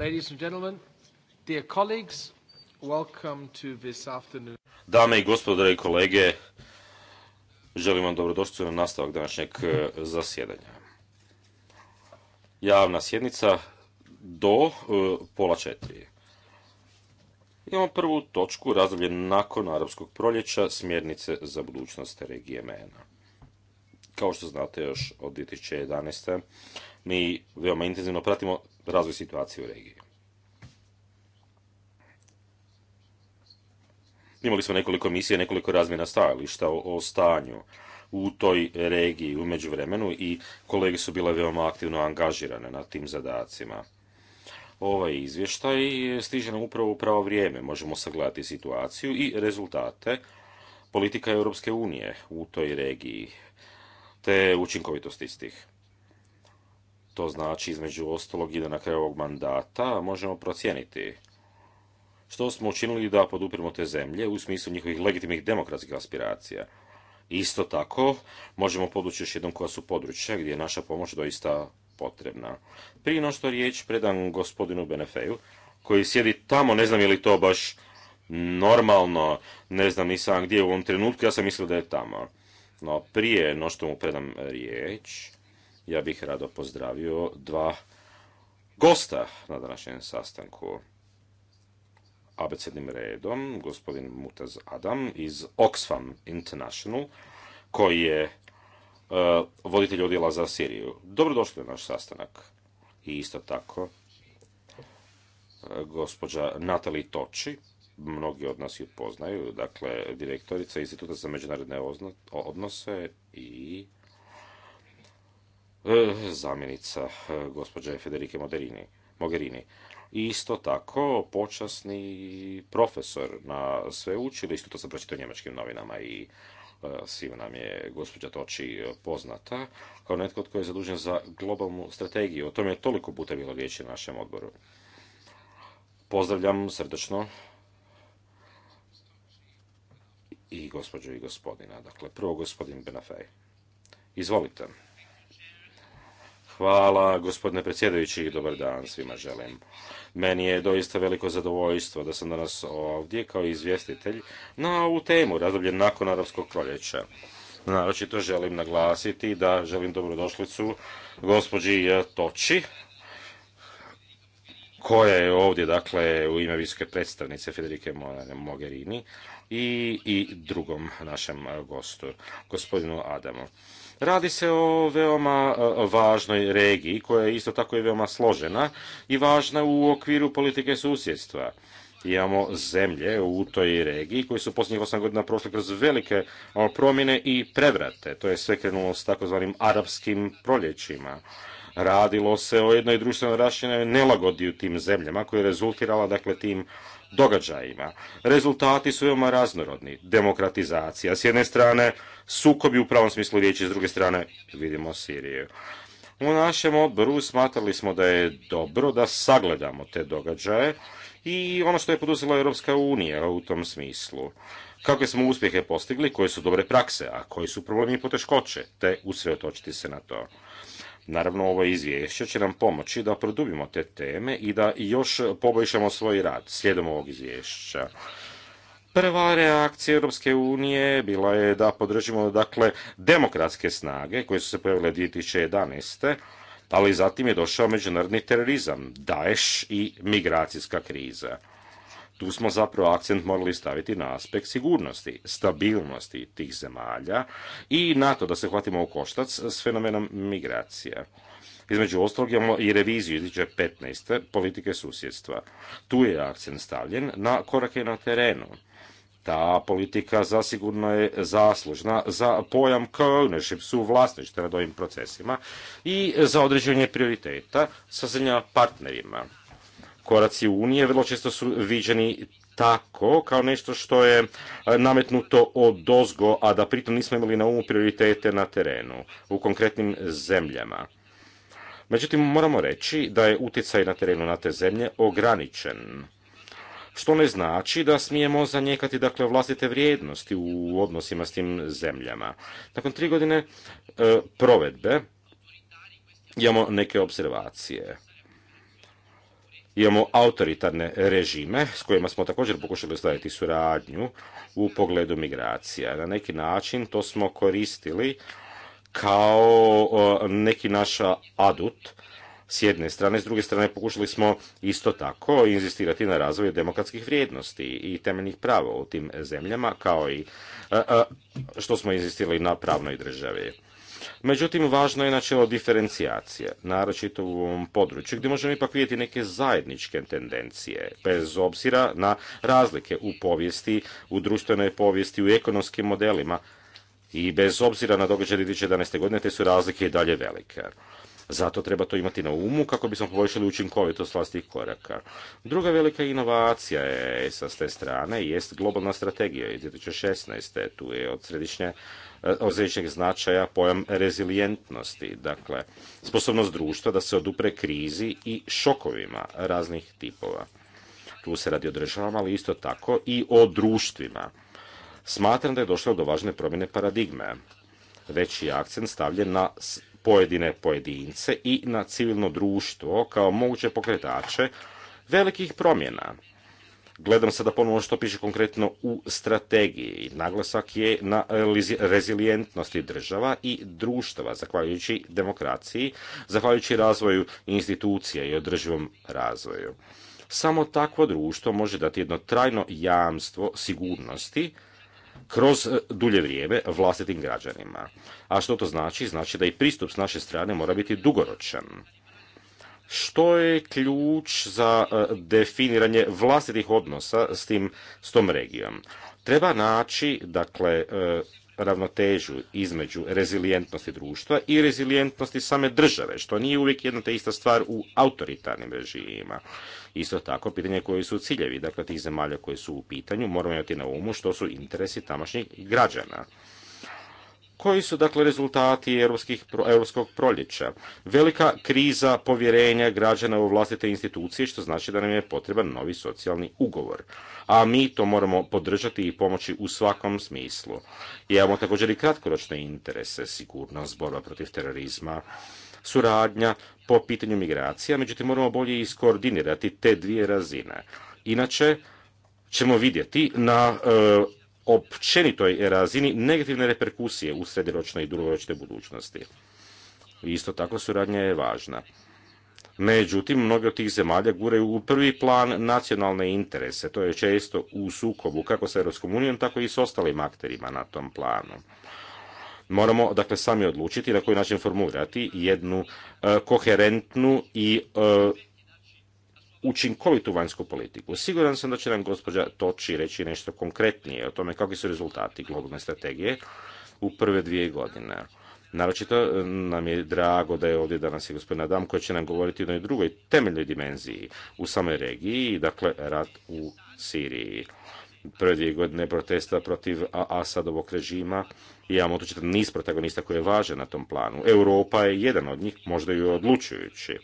Ladies and gentlemen, dear colleagues, welcome Dame i gospodo, i kolege, želim vam dobrodošlicu na nastavak današnjeg e, zasjedanja. Javna sjednica do e, pola četiri. Imamo prvu točku, razdoblje nakon arapskog proljeća, smjernice za budućnost regije MENA. Kao što znate još od 2011 mi veoma intenzivno pratimo razvoj situacije u regiji. Imali smo nekoliko misije, nekoliko razmjena stajališta o, o stanju u toj regiji u međuvremenu i kolege su bile veoma aktivno angažirane na tim zadacima. Ovaj izvještaj stiže nam upravo u pravo vrijeme. Možemo sagledati situaciju i rezultate politika Europske unije u toj regiji te učinkovitosti istih to znači između ostalog i da na kraju ovog mandata možemo procijeniti što smo učinili da poduprimo te zemlje u smislu njihovih legitimnih demokratskih aspiracija. Isto tako, možemo podući još jednom koja su područja gdje je naša pomoć doista potrebna. Prije riječ predam gospodinu Benefeju, koji sjedi tamo, ne znam je li to baš normalno, ne znam nisam gdje u ovom trenutku, ja sam mislio da je tamo. No prije no što mu predam riječ, ja bih rado pozdravio dva gosta na današnjem sastanku abecednim redom, gospodin Mutaz Adam iz Oxfam International, koji je e, voditelj odjela za Siriju. Dobrodošli na naš sastanak. I isto tako e, gospođa Natali Toči, mnogi od nas ju poznaju, dakle direktorica Instituta za međunarodne odnose i E, zamjenica e, gospođe Federike Moderini, Mogherini. Isto tako, počasni profesor na sveučilištu, to sam pročitao njemačkim novinama i e, svima nam je gospođa Toči poznata, kao netko tko je zadužen za globalnu strategiju. O tome je toliko puta bilo riječi na našem odboru. Pozdravljam srdečno i gospođu i gospodina. Dakle, prvo gospodin Benafej. Izvolite. Hvala gospodine predsjedajući i dobar dan svima želim. Meni je doista veliko zadovoljstvo da sam danas ovdje kao izvjestitelj na ovu temu razdoblje nakon arapskog proljeća. Naročito želim naglasiti da želim dobrodošlicu gospođi Toči, koja je ovdje, dakle, u ime viske predstavnice Federike Mogherini i, i drugom našem gostu, gospodinu Adamu. Radi se o veoma e, važnoj regiji koja je isto tako i veoma složena i važna u okviru politike susjedstva. Imamo zemlje u toj regiji koji su posljednjih osam godina prošle kroz velike promjene i prevrate. To je sve krenulo s takozvanim arapskim proljećima. Radilo se o jednoj društveno rašljenoj nelagodi u tim zemljama koja je rezultirala dakle tim događajima. Rezultati su veoma raznorodni. Demokratizacija s jedne strane, sukobi u pravom smislu riječi, s druge strane vidimo Siriju. U našem odboru smatrali smo da je dobro da sagledamo te događaje i ono što je poduzela Europska unija u tom smislu. Kakve smo uspjehe postigli, koje su dobre prakse, a koji su problemi i poteškoće, te usreotočiti se na to. Naravno, ovo izvješće će nam pomoći da produbimo te teme i da još poboljšamo svoj rad slijedom ovog izvješća. Prva reakcija Europske unije bila je da podržimo dakle demokratske snage koje su se pojavile 2011. ali zatim je došao međunarodni terorizam, Daesh i migracijska kriza tu smo zapravo akcent morali staviti na aspekt sigurnosti, stabilnosti tih zemalja i na to da se hvatimo u koštac s fenomenom migracija. Između ostalog imamo i reviziju 2015. politike susjedstva. Tu je akcent stavljen na korake na terenu. Ta politika zasigurno je zaslužna za pojam kao ownership su vlasništva nad ovim procesima i za određenje prioriteta sa zemljama partnerima koraci Unije vrlo često su viđeni tako kao nešto što je e, nametnuto od dozgo, a da pritom nismo imali na umu prioritete na terenu, u konkretnim zemljama. Međutim, moramo reći da je utjecaj na terenu na te zemlje ograničen što ne znači da smijemo zanijekati dakle vlastite vrijednosti u odnosima s tim zemljama. Nakon tri godine e, provedbe imamo neke observacije. Imamo autoritarne režime s kojima smo također pokušali ostvariti suradnju u pogledu migracija. Na neki način to smo koristili kao neki naš adut s jedne strane, s druge strane pokušali smo isto tako inzistirati na razvoju demokratskih vrijednosti i temeljnih prava u tim zemljama, kao i e, e, što smo inzistirali na pravnoj državi. Međutim, važno je načelo diferencijacije, naročito u ovom području gdje možemo ipak vidjeti neke zajedničke tendencije, bez obzira na razlike u povijesti, u društvenoj povijesti, u ekonomskim modelima i bez obzira na događaje 2011. godine te su razlike i dalje velike. Zato treba to imati na umu kako bismo poboljšali učinkovitost vlastih koraka. Druga velika inovacija je sa te strane jest globalna strategija iz 2016. Tu je od središnje eh, od središnjeg značaja pojam rezilijentnosti, dakle sposobnost društva da se odupre krizi i šokovima raznih tipova. Tu se radi o državama, ali isto tako i o društvima. Smatram da je došlo do važne promjene paradigme. Veći akcent stavljen na pojedine pojedince i na civilno društvo kao moguće pokretače velikih promjena. Gledam sada ponovno što piše konkretno u strategiji. Naglasak je na rezilijentnosti država i društava, zahvaljujući demokraciji, zahvaljujući razvoju institucija i održivom razvoju. Samo takvo društvo može dati jedno trajno jamstvo sigurnosti kroz e, dulje vrijeme vlastitim građanima. A što to znači? Znači da i pristup s naše strane mora biti dugoročan. Što je ključ za e, definiranje vlastitih odnosa s, tim, s tom regijom? Treba naći, dakle, e, ravnotežu između rezilijentnosti društva i rezilijentnosti same države, što nije uvijek jedna te ista stvar u autoritarnim režimima. Isto tako, pitanje koji su ciljevi, dakle tih zemalja koje su u pitanju, moramo imati na umu što su interesi tamošnjih građana. Koji su dakle rezultati europskih, europskog proljeća? Velika kriza povjerenja građana u vlastite institucije, što znači da nam je potreban novi socijalni ugovor. A mi to moramo podržati i pomoći u svakom smislu. I imamo također i kratkoročne interese, sigurnost, borba protiv terorizma, suradnja po pitanju migracija, međutim moramo bolje iskoordinirati te dvije razine. Inače ćemo vidjeti na e, općenitoj razini negativne reperkusije u srednjoročnoj i dugoročnoj budućnosti. Isto tako suradnja je važna. Međutim, mnoge od tih zemalja guraju u prvi plan nacionalne interese. To je često u sukobu kako sa Europskom unijom, tako i s ostalim akterima na tom planu. Moramo dakle sami odlučiti na koji način formulirati jednu e, koherentnu i e, učinkovitu vanjsku politiku. Siguran sam da će nam gospođa Toči reći nešto konkretnije o tome kakvi su rezultati globalne strategije u prve dvije godine. Naročito e, nam je drago da je ovdje danas i gospodin Adam koji će nam govoriti o jednoj drugoj temeljnoj dimenziji u samoj regiji, dakle rat u Siriji prve dvije godine protesta protiv Asadovog režima. imamo tu čitav niz protagonista koji je važan na tom planu. Europa je jedan od njih, možda i odlučujući.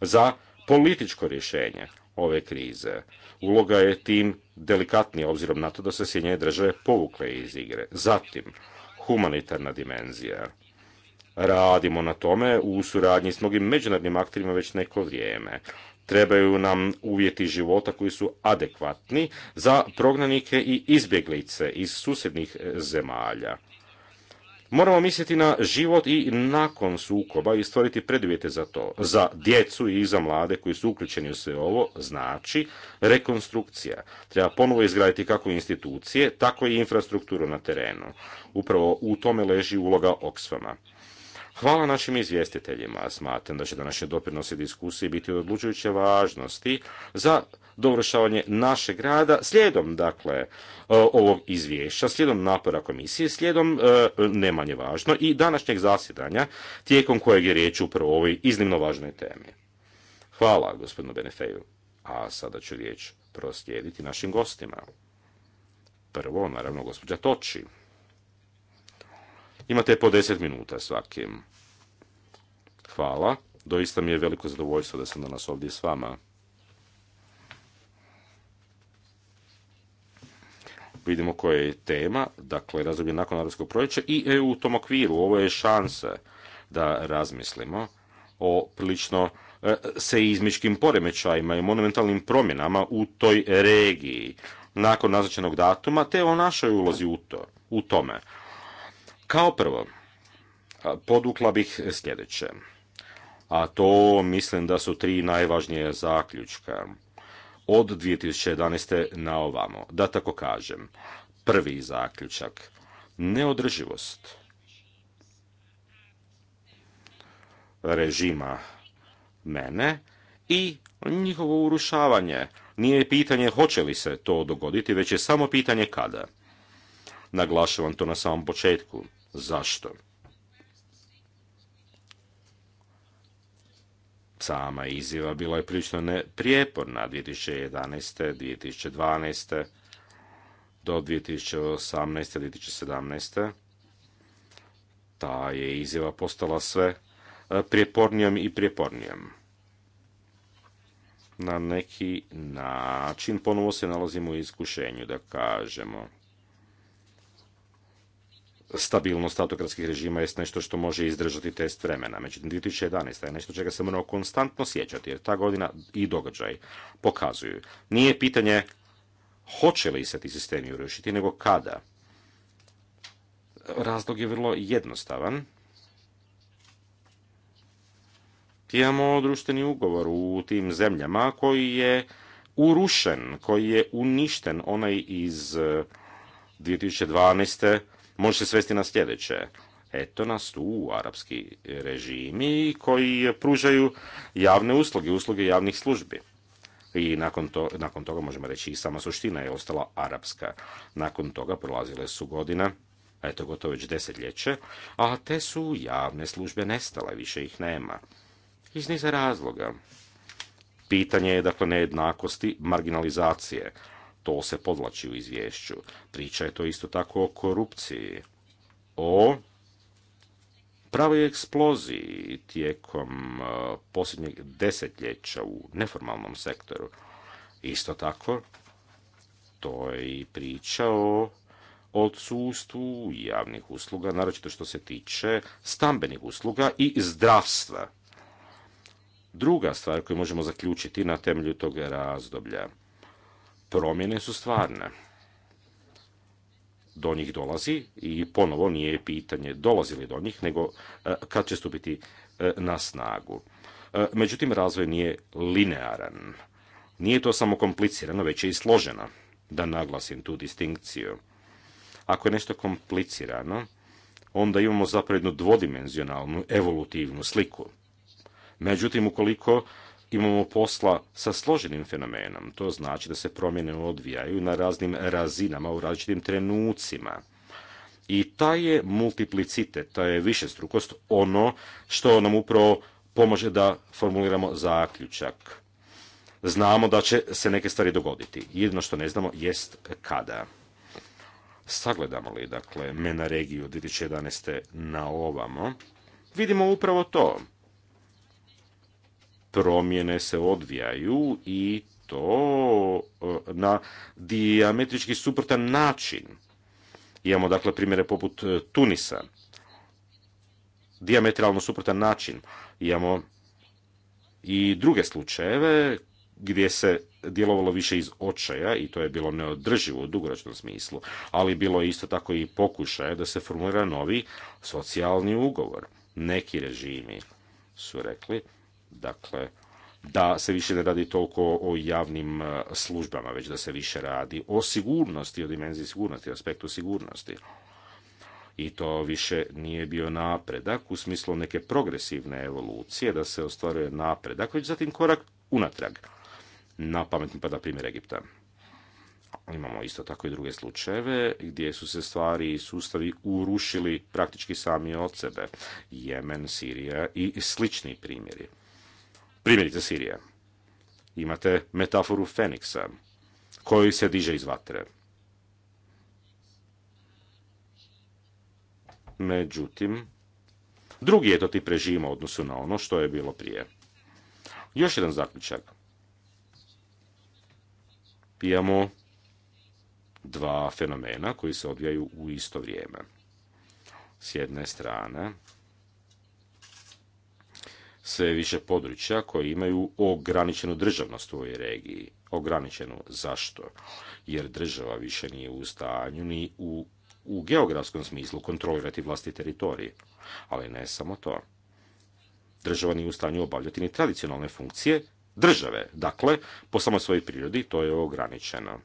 Za političko rješenje ove krize. Uloga je tim delikatnija obzirom na to da se Sjedinjene države povukle iz igre. Zatim, humanitarna dimenzija. Radimo na tome u suradnji s mnogim međunarodnim akterima već neko vrijeme. Trebaju nam uvjeti života koji su adekvatni za prognanike i izbjeglice iz susjednih e, zemalja. Moramo misliti na život i nakon sukoba i stvoriti preduvjete za to. Za djecu i za mlade koji su uključeni u sve ovo znači rekonstrukcija. Treba ponovo izgraditi kako institucije, tako i infrastrukturu na terenu. Upravo u tome leži uloga Oxfama. Hvala našim izvjestiteljima. Smatram da će današnje doprinose diskusije biti od odlučujuće važnosti za dovršavanje našeg rada slijedom dakle e, ovog izvješća, slijedom napora komisije, slijedom e, ne manje važno i današnjeg zasjedanja tijekom kojeg je riječ upravo o ovoj iznimno važnoj temi. Hvala gospodinu Benefeju. A sada ću riječ proslijediti našim gostima. Prvo, naravno, gospođa Toči. Imate po deset minuta svakim. Hvala. Doista mi je veliko zadovoljstvo da sam danas ovdje s vama. Vidimo koja je tema, dakle razdoblje nakon narodskog proljeća i e u tom okviru. Ovo je šansa da razmislimo o prilično e, seizmičkim poremećajima i monumentalnim promjenama u toj regiji nakon naznačenog datuma, te o našoj ulozi u tome. Kao prvo, podukla bih sljedeće, a to mislim da su tri najvažnije zaključka od 2011. na ovamo. Da tako kažem, prvi zaključak, neodrživost režima mene i njihovo urušavanje. Nije pitanje hoće li se to dogoditi, već je samo pitanje kada. Naglašavam to na samom početku. Zašto? Sama izjava bila je prilično prijeporna 2011. 2012. do 2018. 2017. Ta je izjava postala sve e, prijepornijom i prijepornijom. Na neki način ponovo se nalazimo u iskušenju da kažemo stabilnost autokratskih režima jest nešto što može izdržati test vremena. Međutim, 2011. je nešto čega se moramo konstantno sjećati, jer ta godina i događaj pokazuju. Nije pitanje hoće li se ti sistemi urušiti, nego kada. Razlog je vrlo jednostavan. Imamo društveni ugovor u tim zemljama koji je urušen, koji je uništen, onaj iz 2012 može se svesti na sljedeće. Eto nas tu arapski režimi koji pružaju javne usluge, usluge javnih službi. I nakon, to, nakon toga možemo reći i sama suština je ostala arapska. Nakon toga prolazile su godina, eto gotovo već desetljeće, a te su javne službe nestale, više ih nema. Iz niza razloga. Pitanje je dakle nejednakosti, marginalizacije, to se podlači u izvješću. Priča je to isto tako o korupciji, o pravoj eksploziji tijekom uh, posljednjeg desetljeća u neformalnom sektoru. Isto tako, to je i priča o odsustvu javnih usluga, naročito što se tiče stambenih usluga i zdravstva. Druga stvar koju možemo zaključiti na temelju tog razdoblja promjene su stvarne. Do njih dolazi i ponovo nije pitanje dolazi li do njih, nego e, kad će stupiti e, na snagu. E, međutim, razvoj nije linearan. Nije to samo komplicirano, već je i složeno, da naglasim tu distinkciju. Ako je nešto komplicirano, onda imamo zapravo jednu dvodimenzionalnu evolutivnu sliku. Međutim, ukoliko imamo posla sa složenim fenomenom. To znači da se promjene odvijaju na raznim razinama u različitim trenucima. I taj je multiplicitet, ta je višestrukost ono što nam upravo pomaže da formuliramo zaključak. Znamo da će se neke stvari dogoditi. Jedino što ne znamo jest kada. Sagledamo li, dakle, MENA regiju 2011. na ovamo, vidimo upravo to promjene se odvijaju i to e, na diametrički suprotan način. Imamo dakle primjere poput e, Tunisa. Diametralno suprotan način. Imamo i druge slučajeve gdje se djelovalo više iz očaja i to je bilo neodrživo u dugoročnom smislu, ali bilo je isto tako i pokušaja da se formulira novi socijalni ugovor. Neki režimi su rekli dakle da se više ne radi toliko o javnim e, službama, već da se više radi o sigurnosti, o dimenziji sigurnosti, aspektu sigurnosti. I to više nije bio napredak u smislu neke progresivne evolucije, da se ostvaruje napredak, već zatim korak unatrag. Na pametni pada primjer Egipta. Imamo isto tako i druge slučajeve gdje su se stvari i sustavi urušili praktički sami od sebe. Jemen, Sirija i slični primjeri. Primjerice Sirije, Imate metaforu Feniksa koji se diže iz vatre. Međutim, drugi je to tip režima u odnosu na ono što je bilo prije. Još jedan zaključak. Pijamo dva fenomena koji se odvijaju u isto vrijeme. S jedne strane, sve više područja koji imaju ograničenu državnost u ovoj regiji. Ograničenu zašto? Jer država više nije u stanju ni u, u geografskom smislu kontrolirati vlasti teritorije. Ali ne samo to. Država nije u stanju obavljati ni tradicionalne funkcije države. Dakle, po samo svojoj prirodi to je ograničeno.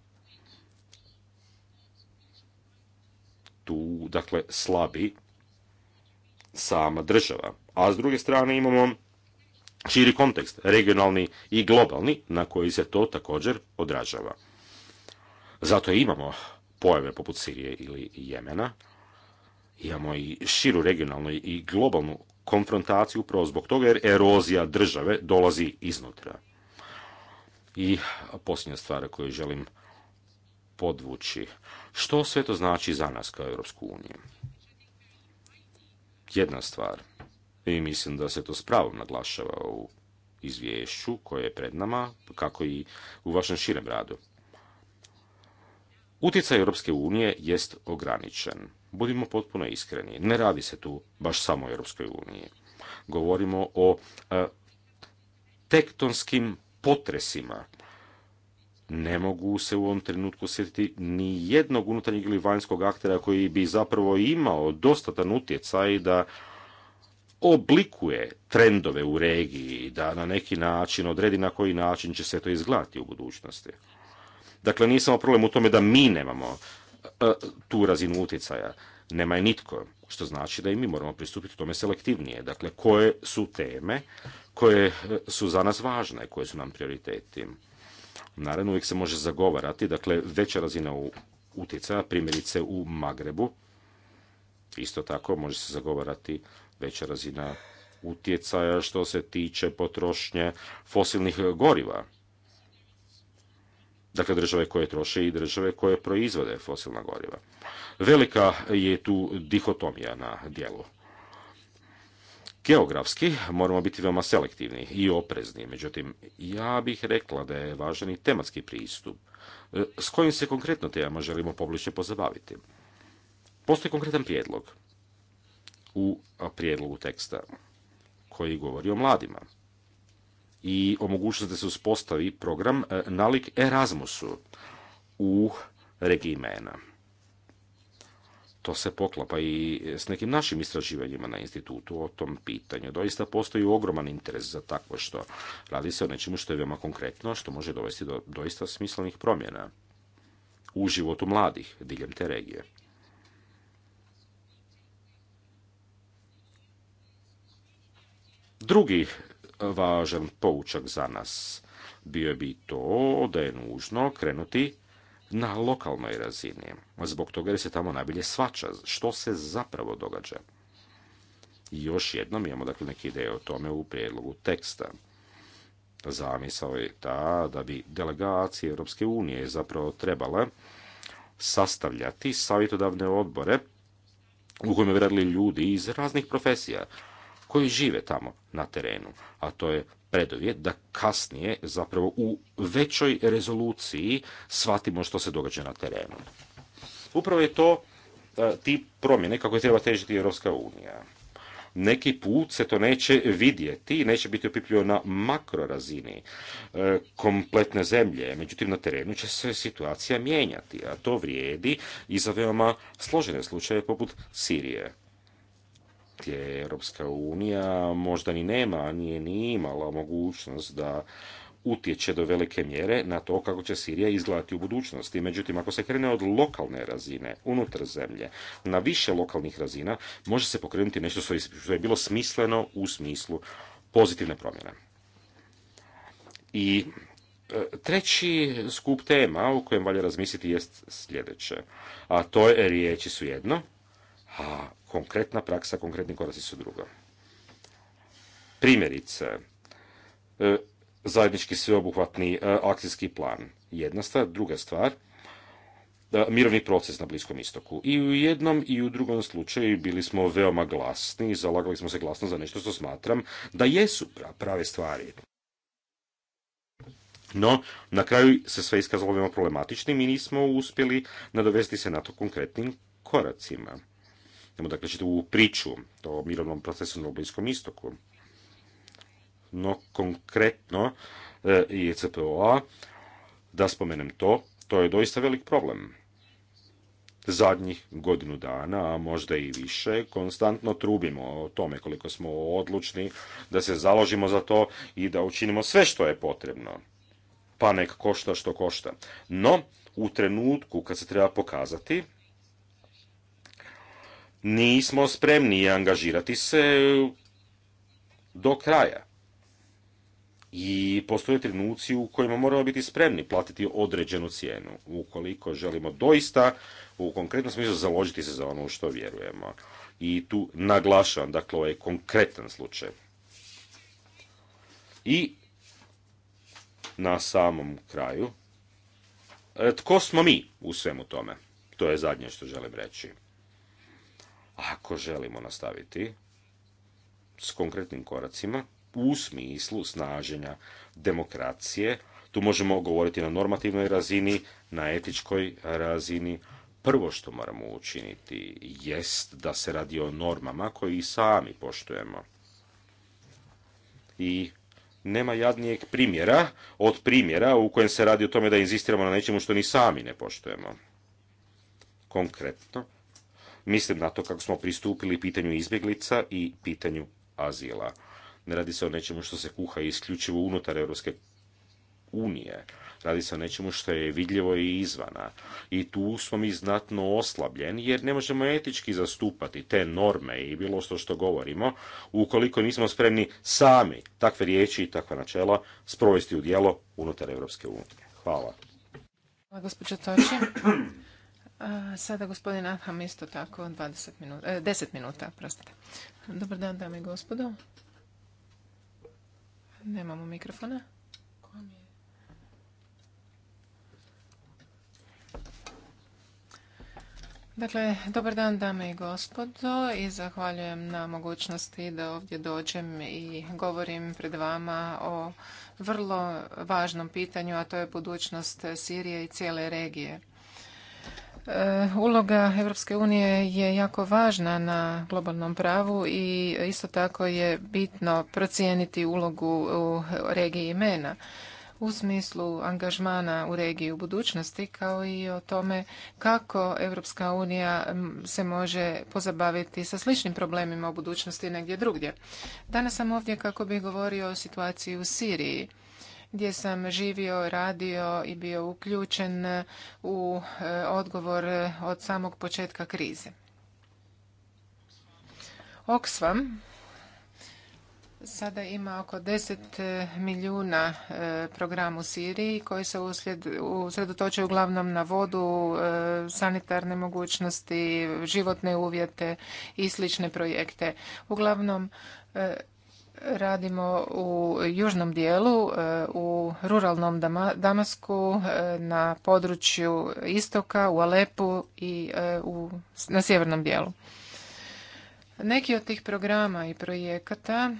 Tu, dakle, slabi sama država. A s druge strane imamo širi kontekst, regionalni i globalni, na koji se to također odražava. Zato imamo pojave poput Sirije ili Jemena, imamo i širu regionalnu i globalnu konfrontaciju upravo zbog toga jer erozija države dolazi iznutra. I posljednja stvar koju želim podvući. Što sve to znači za nas kao Europsku uniju? Jedna stvar i mislim da se to s pravom naglašava u izvješću koje je pred nama, kako i u vašem širem radu. Utjecaj Europske unije jest ograničen. Budimo potpuno iskreni, ne radi se tu baš samo o Europskoj uniji. Govorimo o e, tektonskim potresima. Ne mogu se u ovom trenutku sjetiti ni jednog unutarnjeg ili vanjskog aktera koji bi zapravo imao dostatan utjecaj da oblikuje trendove u regiji, da na neki način odredi na koji način će se to izgledati u budućnosti. Dakle, nije samo problem u tome da mi nemamo e, tu razinu utjecaja, nema je nitko, što znači da i mi moramo pristupiti tome selektivnije. Dakle, koje su teme koje e, su za nas važne, koje su nam prioriteti. Naravno, uvijek se može zagovarati, dakle, veća razina utjecaja, primjerice u Magrebu, isto tako može se zagovarati veća razina utjecaja što se tiče potrošnje fosilnih goriva. Dakle, države koje troše i države koje proizvode fosilna goriva. Velika je tu dihotomija na dijelu. Geografski moramo biti veoma selektivni i oprezni, međutim, ja bih rekla da je važan i tematski pristup e, s kojim se konkretno temama želimo poblično pozabaviti. Postoji konkretan prijedlog u prijedlogu teksta koji govori o mladima i o mogućnosti da se uspostavi program e, nalik Erasmusu u regimena. To se poklapa i s nekim našim istraživanjima na institutu o tom pitanju. Doista postoji ogroman interes za takvo što radi se o nečemu što je veoma konkretno, što može dovesti do doista smislenih promjena u životu mladih diljem te regije. Drugi eh, važan poučak za nas bio bi to da je nužno krenuti na lokalnoj razini, zbog toga jer se tamo najbolje svača što se zapravo događa. Još jednom imamo dakle neke ideje o tome u prijedlogu teksta. Zamisao je ta da bi delegacije Europske unije zapravo trebala sastavljati savjetodavne odbore u kojima bi radili ljudi iz raznih profesija, koji žive tamo na terenu, a to je predovjet da kasnije zapravo u većoj rezoluciji shvatimo što se događa na terenu. Upravo je to e, ti promjene kako je treba težiti Europska unija. Neki put se to neće vidjeti, neće biti opipljivo na makrorazini e, kompletne zemlje, međutim na terenu će se situacija mijenjati, a to vrijedi i za veoma složene slučaje poput Sirije je Europska unija možda ni nema, nije ni imala mogućnost da utječe do velike mjere na to kako će Sirija izgledati u budućnosti. Međutim, ako se krene od lokalne razine, unutar zemlje, na više lokalnih razina, može se pokrenuti nešto što je bilo smisleno u smislu pozitivne promjene. I e, treći skup tema o kojem valja razmisliti jest sljedeće. A to je riječi su jedno, a konkretna praksa, konkretni koraci su drugo. Primjerice, e, zajednički sveobuhvatni e, akcijski plan. Jedna stvar, druga stvar, e, mirovni proces na Bliskom istoku. I u jednom i u drugom slučaju bili smo veoma glasni i zalagali smo se glasno za nešto što smatram da jesu prave stvari. No, na kraju se sve iskazalo veoma problematičnim i nismo uspjeli nadovesti se na to konkretnim koracima da dakle u priču o mirovnom procesu na Bliskom istoku. No konkretno eh, i CPOA, da spomenem to, to je doista velik problem zadnjih godinu dana, a možda i više, konstantno trubimo o tome koliko smo odlučni da se založimo za to i da učinimo sve što je potrebno. Pa nek košta što košta. No, u trenutku kad se treba pokazati, nismo spremni angažirati se do kraja. I postoje trenuci u kojima moramo biti spremni platiti određenu cijenu, ukoliko želimo doista u konkretnom smislu založiti se za ono u što vjerujemo. I tu naglašavam, dakle, ovaj konkretan slučaj. I na samom kraju, e, tko smo mi u svemu tome? To je zadnje što želim reći. Ako želimo nastaviti s konkretnim koracima u smislu snaženja demokracije, tu možemo govoriti na normativnoj razini, na etičkoj razini. Prvo što moramo učiniti jest da se radi o normama koje i sami poštujemo. I nema jadnijeg primjera od primjera u kojem se radi o tome da inzistiramo na nečemu što ni sami ne poštujemo. Konkretno, Mislim na to kako smo pristupili pitanju izbjeglica i pitanju azila. Ne radi se o nečemu što se kuha isključivo unutar Europske unije. Radi se o nečemu što je vidljivo i izvana. I tu smo mi znatno oslabljeni jer ne možemo etički zastupati te norme i bilo što što govorimo ukoliko nismo spremni sami takve riječi i takva načela sprovesti u djelo unutar Europske unije. Hvala. Hvala Toči. Sada gospodin Adham isto tako, 20 minuta, 10 e, minuta, Dobar dan, dame i gospodo. Nemamo mikrofona. Dakle, dobar dan dame i gospodo i zahvaljujem na mogućnosti da ovdje dođem i govorim pred vama o vrlo važnom pitanju, a to je budućnost Sirije i cijele regije. E, uloga Europske unije je jako važna na globalnom pravu i isto tako je bitno procijeniti ulogu u regiji imena u smislu angažmana u regiji u budućnosti kao i o tome kako Europska unija se može pozabaviti sa sličnim problemima u budućnosti negdje drugdje. Danas sam ovdje kako bih govorio o situaciji u Siriji gdje sam živio, radio i bio uključen u e, odgovor e, od samog početka krize. Oxfam sada ima oko 10 e, milijuna programa u Siriji koji se usredotočuje uglavnom na vodu, sanitarne mogućnosti, životne uvjete i slične projekte. Uglavnom radimo u južnom dijelu, eh, u ruralnom Damasku, eh, na području istoka, u Alepu i eh, na sjevernom dijelu. Neki od tih programa i projekata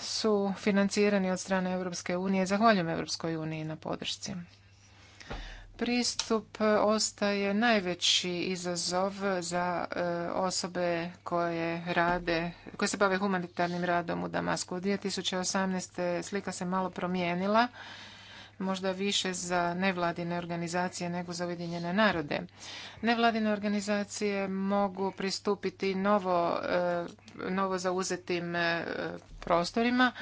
su financirani od strane Europske unije. Zahvaljujem Europskoj uniji na podršci pristup e, ostaje najveći izazov za e, osobe koje rade, koje se bave humanitarnim radom u Damasku. U 2018. slika se malo promijenila, možda više za nevladine organizacije nego za Ujedinjene narode. Nevladine organizacije mogu pristupiti novo, e, novo zauzetim prostorima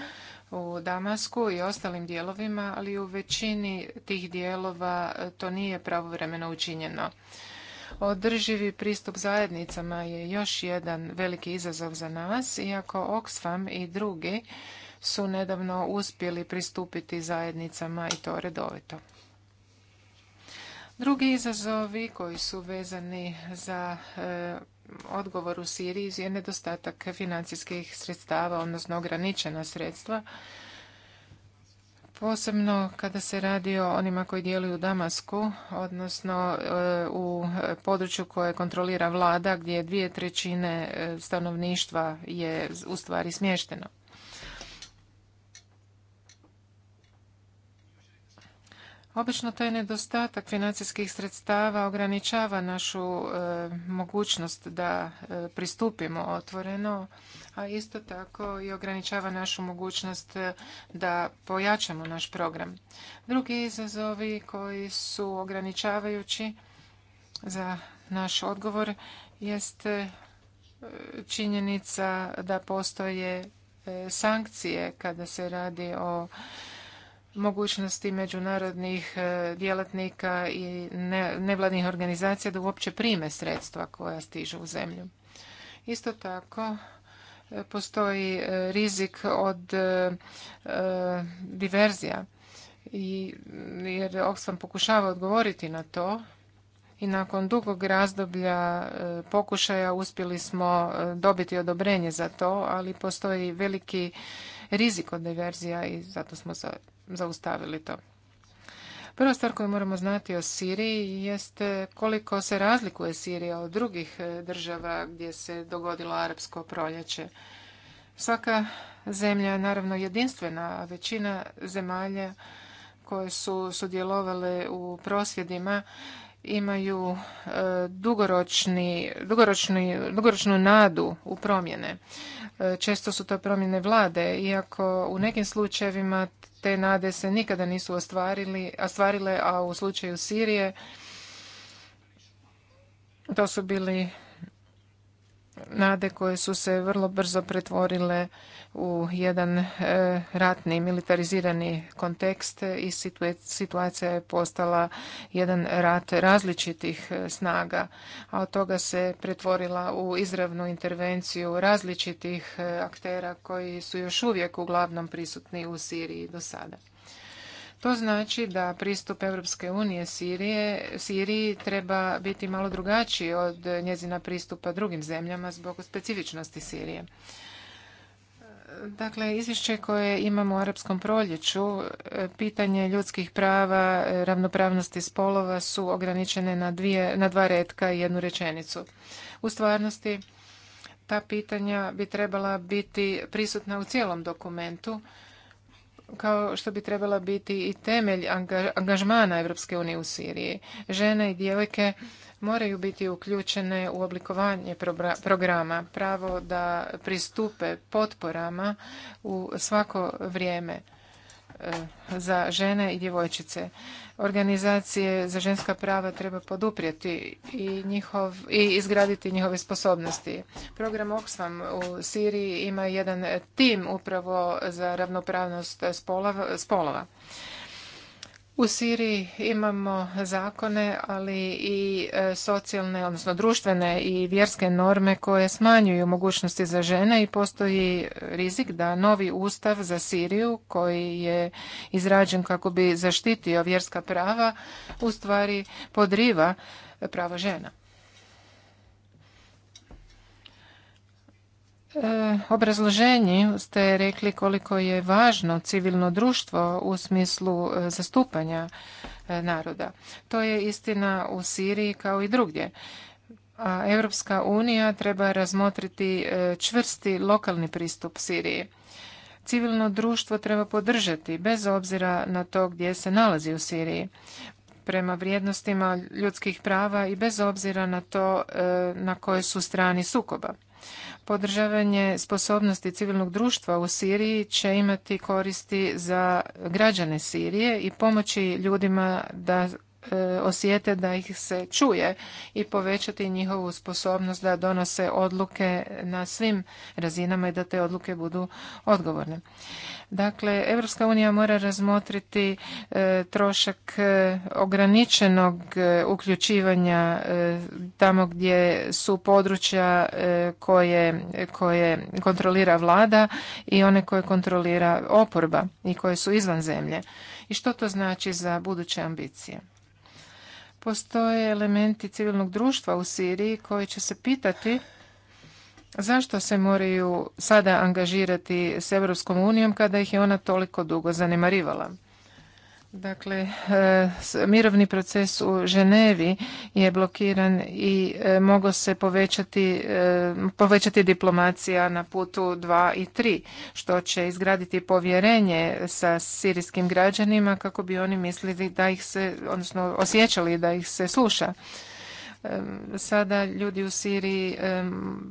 u Damasku i ostalim dijelovima, ali u većini tih dijelova e, to nije pravovremeno učinjeno. Održivi pristup zajednicama je još jedan veliki izazov za nas, iako Oxfam i drugi su nedavno uspjeli pristupiti zajednicama i to redovito. Drugi izazovi koji su vezani za e, odgovor u Siriji je nedostatak financijskih sredstava, odnosno ograničena sredstva. Posebno kada se radi o onima koji djeluju u Damasku, odnosno e, u području koje kontrolira vlada gdje dvije trećine e, stanovništva je u stvari smješteno. Obično taj nedostatak financijskih sredstava ograničava našu e, mogućnost da e, pristupimo otvoreno, a isto tako i ograničava našu mogućnost e, da pojačamo naš program. Drugi izazovi koji su ograničavajući za naš odgovor jest činjenica da postoje sankcije kada se radi o mogućnosti međunarodnih e, djelatnika i nevladnih organizacija da uopće prime sredstva koja stižu u zemlju. Isto tako e, postoji e, rizik od diverzija jer Oxfam pokušava odgovoriti na to i nakon dugog razdoblja pokušaja uspjeli smo dobiti odobrenje za to, ali postoji veliki rizik od diverzija i zato smo zaustavili to. Prva stvar koju moramo znati o Siriji jeste koliko se razlikuje Sirija od drugih e, država gdje se dogodilo arapsko proljeće. Svaka zemlja je naravno jedinstvena, a većina zemalja koje su sudjelovale u prosvjedima imaju e, dugoročni, dugoročni, dugoročnu nadu u promjene. E, često su to promjene vlade, iako u nekim slučajevima te nade se nikada nisu ostvarile, a u slučaju Sirije to su bili nade koje su se vrlo brzo pretvorile u jedan e, ratni militarizirani kontekst i situacija je postala jedan rat različitih e, snaga, a od toga se pretvorila u izravnu intervenciju različitih e, aktera koji su još uvijek uglavnom prisutni u Siriji do sada. To znači da pristup Europske unije Sirije, Siriji treba biti malo drugačiji od njezina pristupa drugim zemljama zbog specifičnosti Sirije. Dakle, izvješće koje imamo u Arapskom proljeću, e, pitanje ljudskih prava, e, ravnopravnosti spolova su ograničene na, dvije, na dva redka i jednu rečenicu. U stvarnosti, ta pitanja bi trebala biti prisutna u cijelom dokumentu kao što bi trebala biti i temelj angažmana Europske unije u Siriji. Žene i djevojke moraju biti uključene u oblikovanje programa, pravo da pristupe potporama u svako vrijeme E, za žene i djevojčice. Organizacije za ženska prava treba poduprijeti i, njihov, i izgraditi njihove sposobnosti. Program Oxfam u Siriji ima jedan tim upravo za ravnopravnost spolova. U Siriji imamo zakone, ali i e, socijalne, odnosno društvene i vjerske norme koje smanjuju mogućnosti za žene i postoji rizik da novi ustav za Siriju koji je izrađen kako bi zaštitio vjerska prava u stvari podriva prava žena. E, obrazloženju ste rekli koliko je važno civilno društvo u smislu e, zastupanja e, naroda. To je istina u Siriji kao i drugdje. A Europska unija treba razmotriti čvrsti lokalni pristup Siriji. Civilno društvo treba podržati bez obzira na to gdje se nalazi u Siriji prema vrijednostima ljudskih prava i bez obzira na to na koje su strani sukoba podržavanje sposobnosti civilnog društva u Siriji će imati koristi za građane Sirije i pomoći ljudima da E, osjete da ih se čuje i povećati njihovu sposobnost da donose odluke na svim razinama i da te odluke budu odgovorne. Dakle, Evropska unija mora razmotriti e, trošak e, ograničenog uključivanja tamo gdje su područja koje, koje kontrolira vlada i one koje kontrolira oporba i koje su izvan zemlje. I što to znači za buduće ambicije? postoje elementi civilnog društva u Siriji koji će se pitati zašto se moraju sada angažirati s Europskom unijom kada ih je ona toliko dugo zanemarivala. Dakle, e, mirovni proces u Ženevi je blokiran i e, mogo se povećati, e, povećati diplomacija na putu 2 i 3, što će izgraditi povjerenje sa sirijskim građanima kako bi oni mislili da ih se, odnosno osjećali da ih se sluša. Sada ljudi u Siriji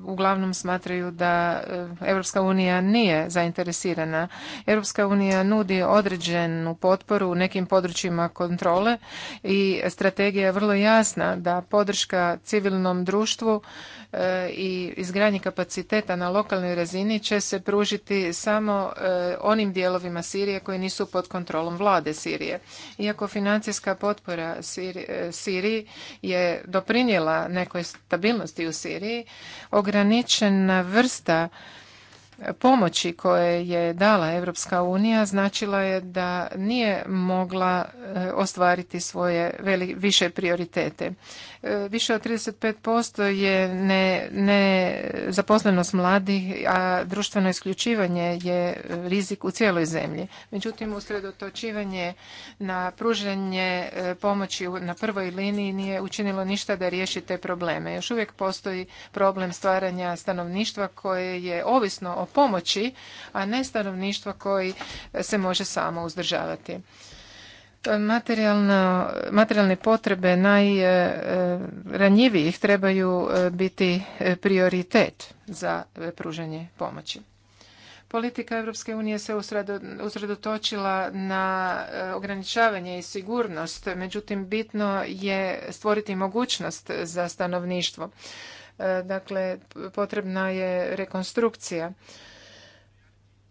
uglavnom smatraju da Europska unija nije zainteresirana. Europska unija nudi određenu potporu u nekim područjima kontrole i strategija je vrlo jasna da podrška civilnom društvu E, i izgradnji kapaciteta na lokalnoj razini će se pružiti samo e, onim dijelovima Sirije koji nisu pod kontrolom vlade Sirije. Iako financijska potpora e, Siriji je doprinijela nekoj stabilnosti u Siriji, ograničena vrsta pomoći koje je dala Europska unija značila je da nije mogla ostvariti svoje više prioritete. E, više od 35% je nezaposlenost ne mladih, a društveno isključivanje je rizik u cijeloj zemlji. Međutim, usredotočivanje na pružanje e, pomoći na prvoj liniji nije učinilo ništa da riješi te probleme. Još uvijek postoji problem stvaranja stanovništva koje je ovisno o pomoći, a ne stanovništva koji se može samo uzdržavati materijalne potrebe najranjivijih e, e, trebaju e, biti prioritet za pružanje pomoći. Politika Europske unije se usredotočila na ograničavanje i sigurnost, međutim bitno je stvoriti mogućnost za stanovništvo. Dakle, potrebna je rekonstrukcija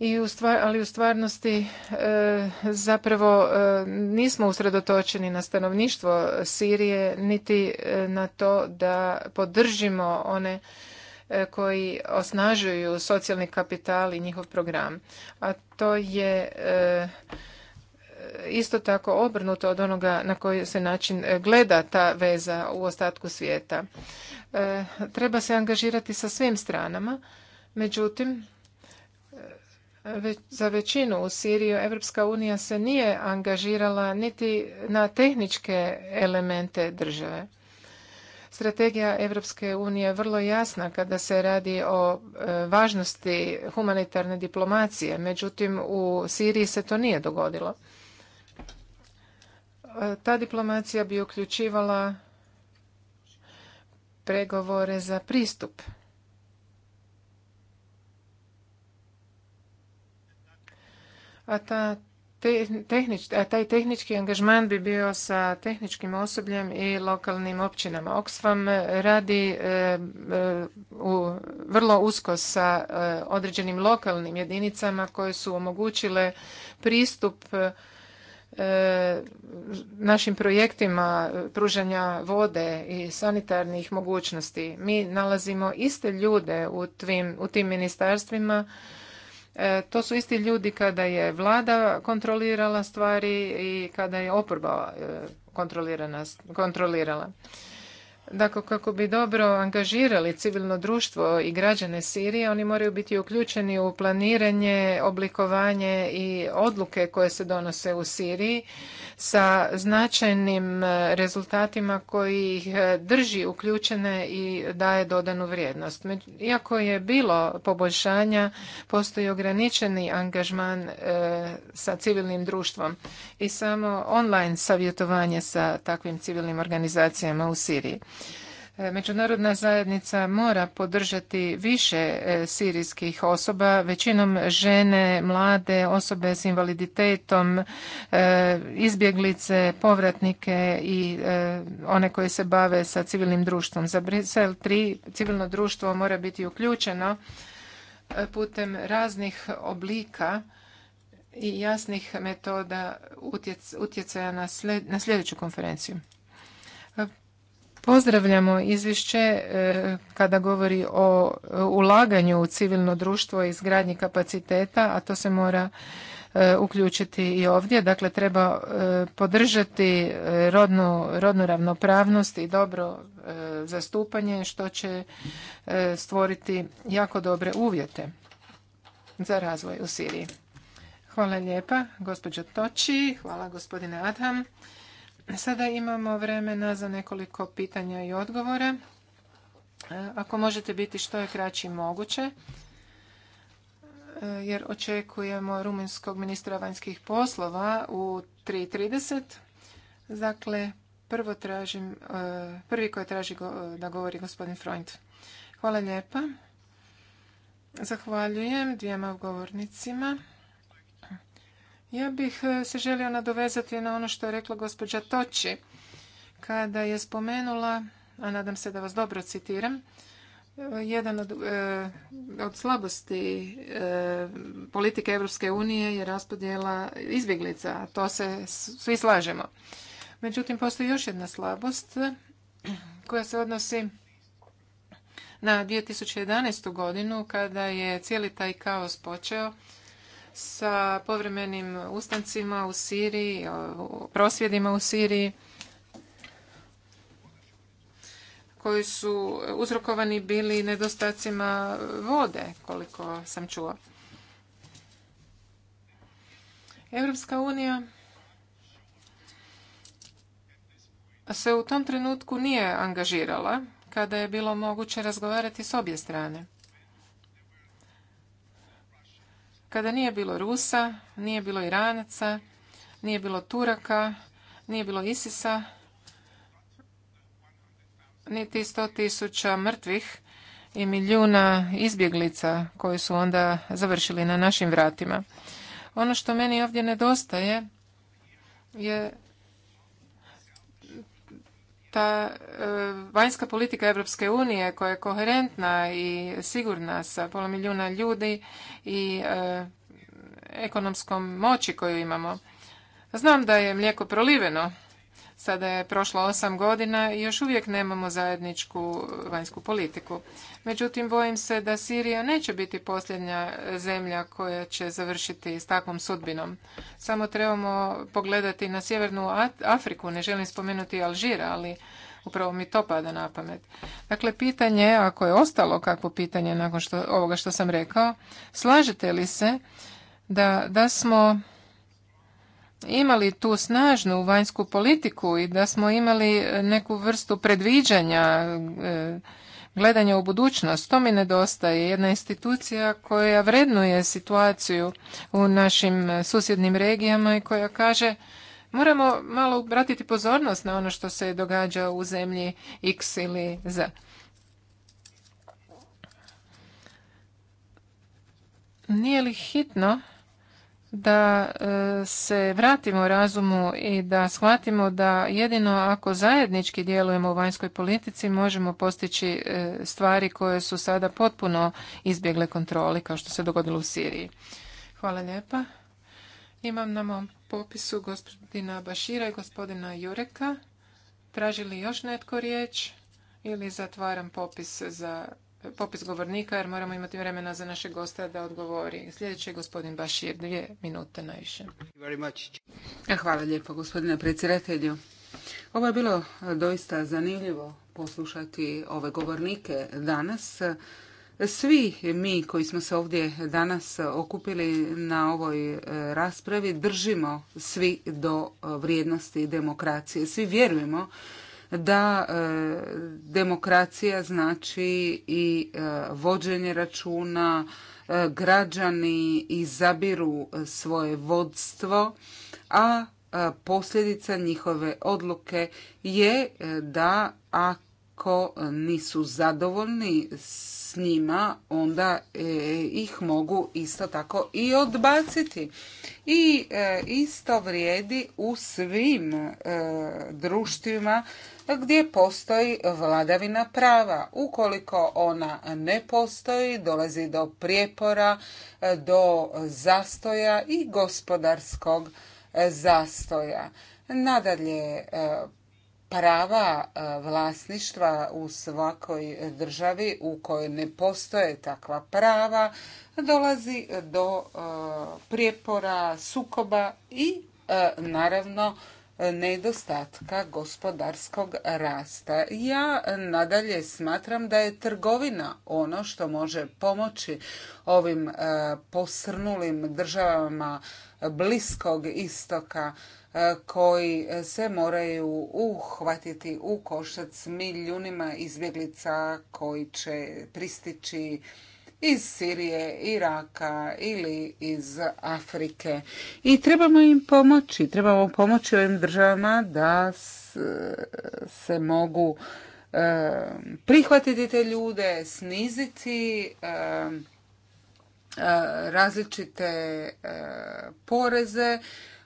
i ali u stvarnosti e, zapravo e, nismo usredotočeni na stanovništvo Sirije niti e, na to da podržimo one koji osnažuju socijalni kapital i njihov program. A to je isto tako obrnuto od onoga na koji se način gleda ta veza u ostatku svijeta. Treba se angažirati sa svim stranama, međutim za većinu u Siriju Evropska unija se nije angažirala niti na tehničke elemente države. Strategija Evropske unije je vrlo jasna kada se radi o e, važnosti humanitarne diplomacije, međutim u Siriji se to nije dogodilo. E, ta diplomacija bi uključivala pregovore za pristup a taj tehnički angažman bi bio sa tehničkim osobljem i lokalnim općinama. Oxfam radi e, e, u, vrlo usko sa e, određenim lokalnim jedinicama koje su omogućile pristup našim projektima pružanja vode i sanitarnih mogućnosti. Mi nalazimo iste ljude u tim, u tim ministarstvima E, to su isti ljudi kada je vlada kontrolirala stvari i kada je oporba e, kontrolirala Dakle, kako bi dobro angažirali civilno društvo i građane Sirije, oni moraju biti uključeni u planiranje, oblikovanje i odluke koje se donose u Siriji sa značajnim e, rezultatima koji ih e, drži uključene i daje dodanu vrijednost. Iako je bilo poboljšanja, postoji ograničeni angažman e, sa civilnim društvom i samo online savjetovanje sa takvim civilnim organizacijama u Siriji. E, Međunarodna zajednica mora podržati više e, sirijskih osoba, većinom žene, mlade, osobe s invaliditetom, e, izbjeglice, povratnike i one koje se bave sa civilnim društvom. Za Brisel 3 civilno društvo mora biti uključeno putem raznih oblika i jasnih metoda utjecaja na sljedeću konferenciju. Pozdravljamo izvješće e, kada govori o e, ulaganju u civilno društvo i izgradnji kapaciteta, a to se mora e, uključiti i ovdje. Dakle, treba podržati rodnu, ravnopravnost i dobro zastupanje što će stvoriti jako dobre uvjete za razvoj u Siriji. Hvala lijepa, gospođo Toči, hvala gospodine Adham. Sada imamo vremena za nekoliko pitanja i odgovora. E, ako možete biti što je kraći moguće, e, jer očekujemo rumunjskog ministra vanjskih poslova u 3.30. Dakle, prvo tražim, e, prvi koji traži da govori gospodin Freund. Hvala lijepa. Zahvaljujem dvijema govornicima. Ja bih e, se želio nadovezati na ono što je rekla gospođa Toči kada je spomenula, a nadam se da vas dobro citiram, e, jedan od, e, od slabosti politike Europske unije je raspodjela izbjeglica, a to se svi slažemo. Međutim, postoji još jedna slabost koja se odnosi na 2011. godinu kada je cijeli taj kaos počeo sa povremenim ustancima u Siriji, prosvjedima u Siriji koji su uzrokovani bili nedostacima vode, koliko sam čuo. Europska unija se u tom trenutku nije angažirala kada je bilo moguće razgovarati s obje strane. kada nije bilo Rusa, nije bilo Iranaca, nije bilo Turaka, nije bilo Isisa, niti sto tisuća mrtvih i milijuna izbjeglica koji su onda završili na našim vratima. Ono što meni ovdje nedostaje je ta e, vanjska politika Europske unije koja je koherentna i sigurna sa pola milijuna ljudi i e, ekonomskom moći koju imamo. Znam da je mlijeko proliveno, Sada je prošlo osam godina i još uvijek nemamo zajedničku vanjsku politiku. Međutim, bojim se da Sirija neće biti posljednja zemlja koja će završiti s takvom sudbinom. Samo trebamo pogledati na Sjevernu Afriku, ne želim spomenuti Alžira, ali upravo mi to pada na pamet. Dakle, pitanje, ako je ostalo kakvo pitanje nakon što, ovoga što sam rekao, slažete li se da, da smo imali tu snažnu vanjsku politiku i da smo imali e, neku vrstu predviđanja, e, gledanja u budućnost, to mi nedostaje. Jedna institucija koja vrednuje situaciju u našim e, susjednim regijama i koja kaže moramo malo obratiti pozornost na ono što se događa u zemlji X ili Z. Nije li hitno da e, se vratimo razumu i da shvatimo da jedino ako zajednički djelujemo u vanjskoj politici možemo postići e, stvari koje su sada potpuno izbjegle kontroli kao što se dogodilo u Siriji. Hvala lijepa. Imam na mom popisu gospodina Bašira i gospodina Jureka. Traži li još netko riječ ili zatvaram popis za popis govornika jer moramo imati vremena za naše gosta da odgovori. Sljedeći je gospodin Bašir, dvije minute najviše. Hvala lijepo gospodine predsjedatelju. Ovo je bilo doista zanimljivo poslušati ove govornike danas. Svi mi koji smo se ovdje danas okupili na ovoj e, raspravi držimo svi do vrijednosti demokracije. Svi vjerujemo da e, demokracija znači i e, vođenje računa, e, građani izabiru svoje vodstvo, a posljedica njihove odluke je da ako ako e, nisu zadovoljni s njima, onda e, ih mogu isto tako i odbaciti. I e, isto vrijedi u svim društvima gdje postoji vladavina prava. Ukoliko ona ne postoji, dolazi do prijepora, do zastoja i gospodarskog zastoja. Nadalje, prava e, vlasništva u svakoj državi u kojoj ne postoje takva prava dolazi do e, prijepora, sukoba i e, naravno nedostatka gospodarskog rasta. Ja nadalje smatram da je trgovina ono što može pomoći ovim posrnulim državama Bliskog istoka E, koji se moraju uhvatiti u košac s milijunima izbjeglica koji će pristići iz Sirije, Iraka ili iz Afrike. I trebamo im pomoći, trebamo pomoći ovim državama da se mogu e, prihvatiti te ljude, sniziti e, različite poreze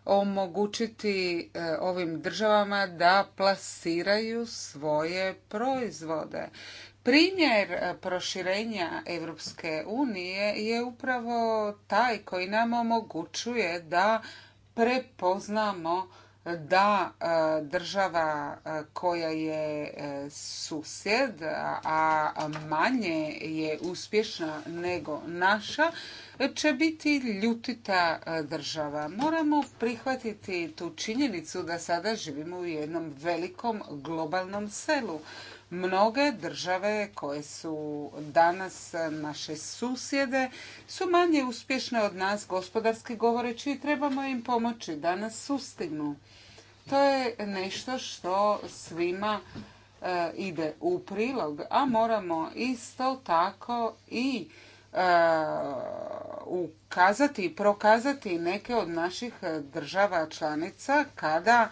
omogućiti e, ovim državama da plasiraju svoje proizvode. Primjer e, proširenja Europske unije je upravo taj koji nam omogućuje da prepoznamo da e, država e, koja je e, susjed, a manje je uspješna nego naša, će biti ljutita država. Moramo prihvatiti tu činjenicu da sada živimo u jednom velikom globalnom selu. Mnoge države koje su danas naše susjede su manje uspješne od nas gospodarski govoreći i trebamo im pomoći da nas sustignu. To je nešto što svima e, ide u prilog, a moramo isto tako i e, ukazati i prokazati neke od naših država članica kada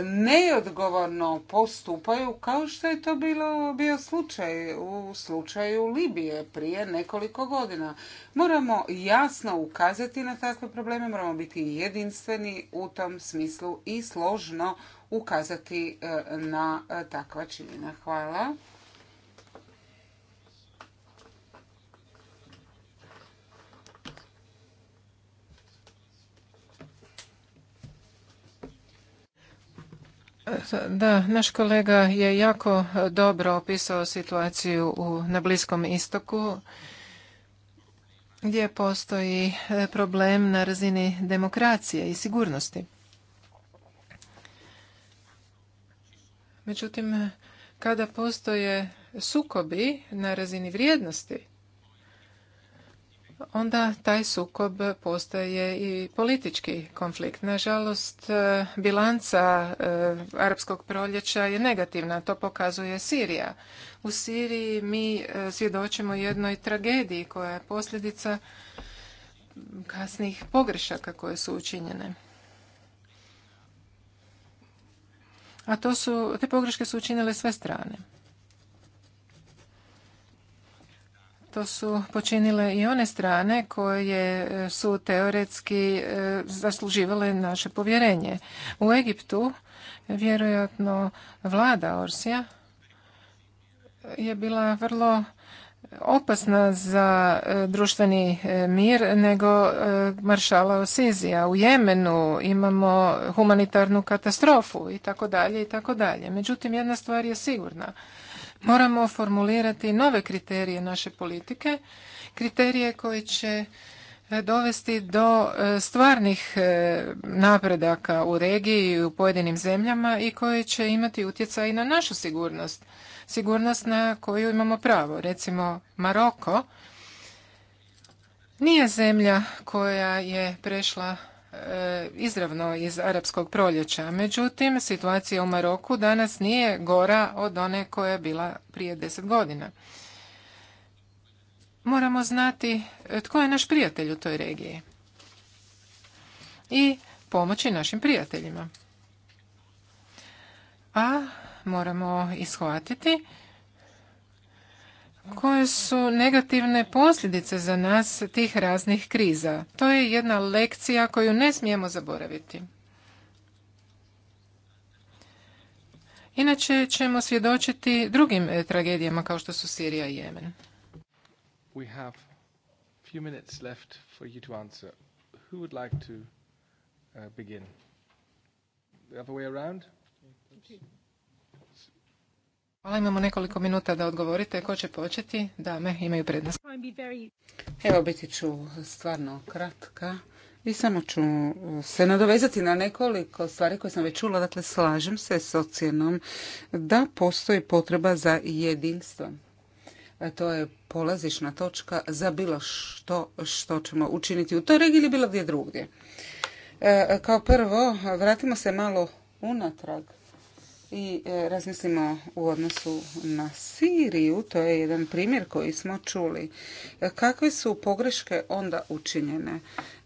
neodgovorno postupaju kao što je to bilo, bio slučaj u slučaju Libije prije nekoliko godina. Moramo jasno ukazati na takve probleme, moramo biti jedinstveni u tom smislu i složno ukazati e, na e, takva činjenja. Hvala. Da, naš kolega je jako e, dobro opisao situaciju u, na Bliskom istoku gdje postoji e, problem na razini demokracije i sigurnosti. Međutim, e, kada postoje sukobi na razini vrijednosti, onda taj sukob postaje i politički konflikt. Nažalost, e, bilanca e, arapskog proljeća je negativna, to pokazuje Sirija. U Siriji mi e, svjedočimo jednoj tragediji koja je posljedica kasnih pogrešaka koje su učinjene. A to su, te pogreške su učinile sve strane. su počinile i one strane koje e, su teoretski e, zasluživale naše povjerenje. U Egiptu vjerojatno vlada Orsija je bila vrlo opasna za e, društveni mir nego maršala Osizija. U Jemenu imamo humanitarnu katastrofu i tako dalje i tako dalje. Međutim, jedna stvar je sigurna. Moramo formulirati nove kriterije naše politike, kriterije koji će e, dovesti do e, stvarnih e, napredaka u regiji i u pojedinim zemljama i koje će imati utjecaj na našu sigurnost, sigurnost na koju imamo pravo. Recimo Maroko nije zemlja koja je prešla E, izravno iz arapskog proljeća. Međutim, situacija u Maroku danas nije gora od one koja je bila prije deset godina. Moramo znati e, tko je naš prijatelj u toj regiji i pomoći našim prijateljima. A moramo ishvatiti koje su negativne posljedice za nas tih raznih kriza. To je jedna lekcija koju ne smijemo zaboraviti. Inače ćemo svjedočiti drugim e, tragedijama kao što su Sirija i Jemen. We you Hvala, imamo nekoliko minuta da odgovorite. Ko će početi? Dame, imaju prednost. Evo, biti ću stvarno kratka i samo ću uh, se nadovezati na nekoliko stvari koje sam već čula. Dakle, slažem se s ocjenom da postoji potreba za jedinstvom. E, to je polazišna točka za bilo što što ćemo učiniti u toj regiji ili bilo gdje drugdje. E, kao prvo, vratimo se malo unatrag i e, razmislimo u odnosu na Siriju, to je jedan primjer koji smo čuli. E, kakve su pogreške onda učinjene?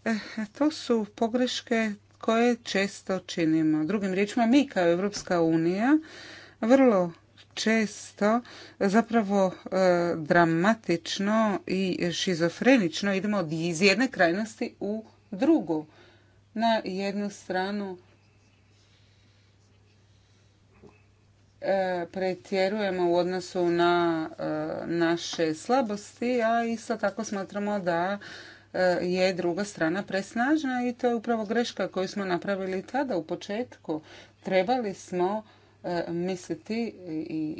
E, to su pogreške koje često činimo. Drugim riječima, mi kao Evropska unija vrlo često zapravo dramatično i šizofrenično idemo iz jedne krajnosti u drugu. Na jednu stranu E, pretjerujemo u odnosu na e, naše slabosti, a isto tako smatramo da e, je druga strana presnažna i to je upravo greška koju smo napravili tada u početku. Trebali smo misliti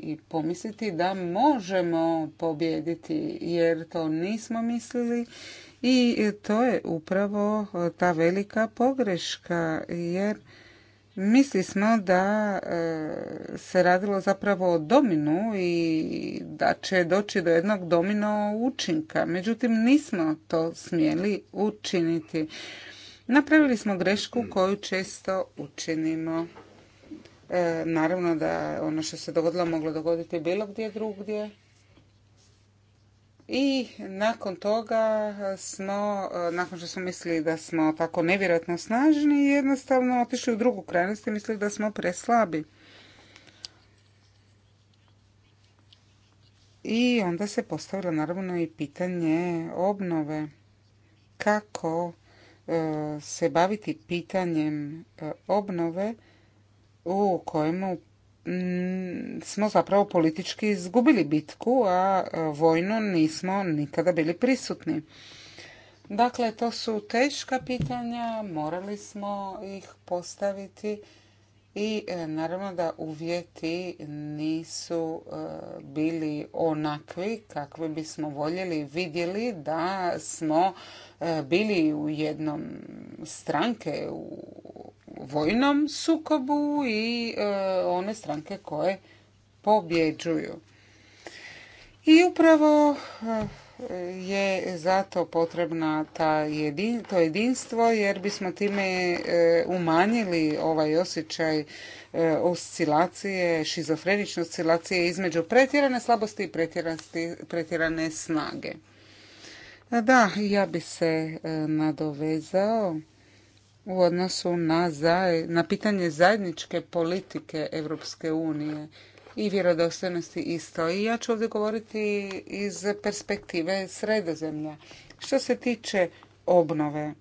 i pomisliti da možemo pobjediti jer to nismo mislili i to je upravo ta velika pogreška jer Misli smo da e, se radilo zapravo o dominu i da će doći do jednog domino učinka. Međutim, nismo to smjeli učiniti. Napravili smo grešku koju često učinimo. E, naravno da ono što se dogodilo moglo dogoditi bilo gdje drugdje i nakon toga smo, e, nakon što smo mislili da smo tako nevjerojatno snažni, jednostavno otišli u drugu krajnost i mislili da smo preslabi. I onda se postavilo naravno i pitanje obnove. Kako e, se baviti pitanjem e, obnove u kojemu Mm, smo zapravo politički izgubili bitku, a e, vojno nismo nikada bili prisutni. Dakle, to su teška pitanja, morali smo ih postaviti i e, naravno da uvjeti nisu e, bili onakvi kakvi bismo voljeli vidjeli da smo bili u jednom stranke u vojnom sukobu i e, one stranke koje pobjeđuju. I upravo e, je zato potrebna ta to jedinstvo jer bismo time e, umanjili ovaj osjećaj oscilacije, šizofrenične oscilacije između pretjerane slabosti i pretjerane snage. Da, ja bi se nadovezao u odnosu na, na pitanje zajedničke politike Europske unije i vjerodostojnosti isto. I ja ću ovdje govoriti iz perspektive sredozemlja. Što se tiče obnove,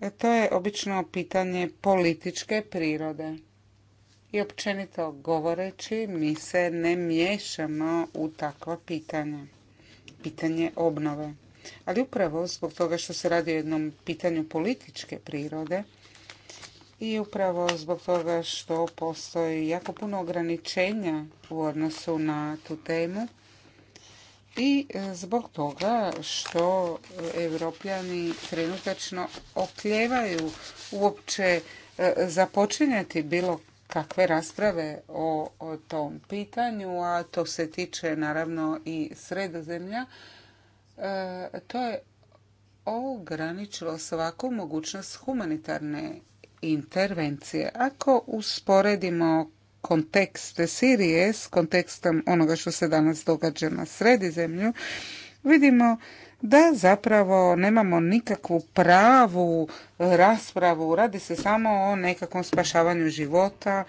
e, to je obično pitanje političke prirode. I općenito govoreći, mi se ne miješamo u takva pitanja. Pitanje obnove. Ali upravo zbog toga što se radi o jednom pitanju političke prirode i upravo zbog toga što postoji jako puno ograničenja u odnosu na tu temu i zbog toga što evropljani trenutačno okljevaju uopće e, započinjati bilo kakve rasprave o, o tom pitanju, a to se tiče naravno i sredozemlja E, to je ograničilo svaku mogućnost humanitarne intervencije. Ako usporedimo kontekst Sirije s kontekstom onoga što se danas događa na zemlju, vidimo da zapravo nemamo nikakvu pravu raspravu. Radi se samo o nekakvom spašavanju života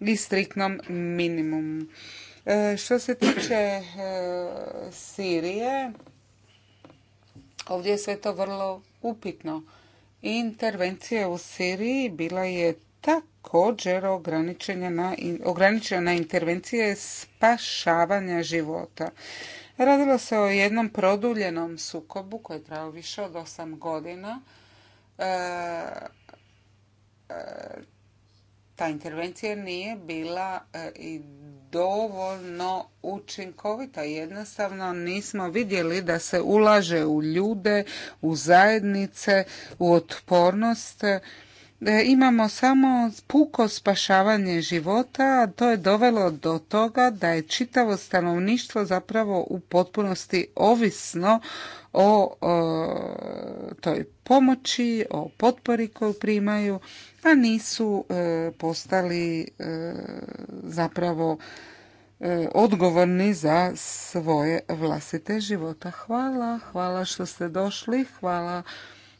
i striktnom minimumu. E, što se tiče e, Sirije, Ovdje je sve to vrlo upitno. Intervencija u Siriji bila je također ograničena na, intervencije spašavanja života. Radilo se o jednom produljenom sukobu koji je trajao više od 8 godina. E, e, ta intervencija nije bila e, i dovoljno učinkovita. Jednostavno nismo vidjeli da se ulaže u ljude, u zajednice, u otpornost E, imamo samo puko spašavanje života, a to je dovelo do toga da je čitavo stanovništvo zapravo u potpunosti ovisno o, o toj pomoći, o potpori koju primaju, a nisu e, postali e, zapravo odgovorni za svoje vlastite života. Hvala, hvala što ste došli, hvala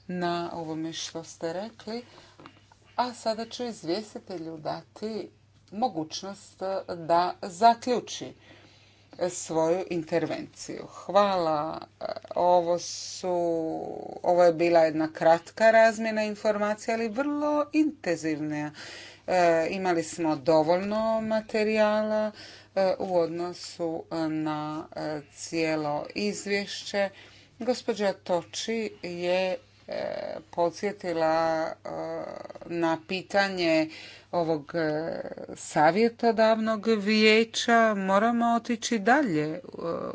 na ovome što ste rekli. A sada ću izvjestitelju dati mogućnost e, da zaključi e, svoju intervenciju. Hvala. E, ovo su, ovo je bila jedna kratka razmjena informacija, ali vrlo intenzivna. imali smo dovoljno materijala u odnosu na cijelo izvješće. Gospođa Toči je podsjetila e, na pitanje ovog e, savjetodavnog vijeća. Moramo otići dalje e,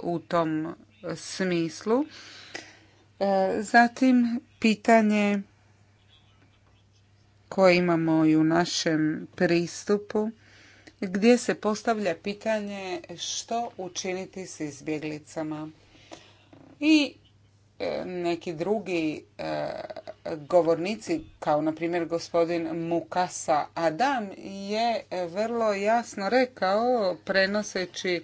u tom smislu. Zatim pitanje koje imamo i u našem pristupu gdje se postavlja pitanje što učiniti s izbjeglicama. I E, neki drugi e, govornici, kao na primjer gospodin Mukasa Adam, je vrlo jasno rekao, prenoseći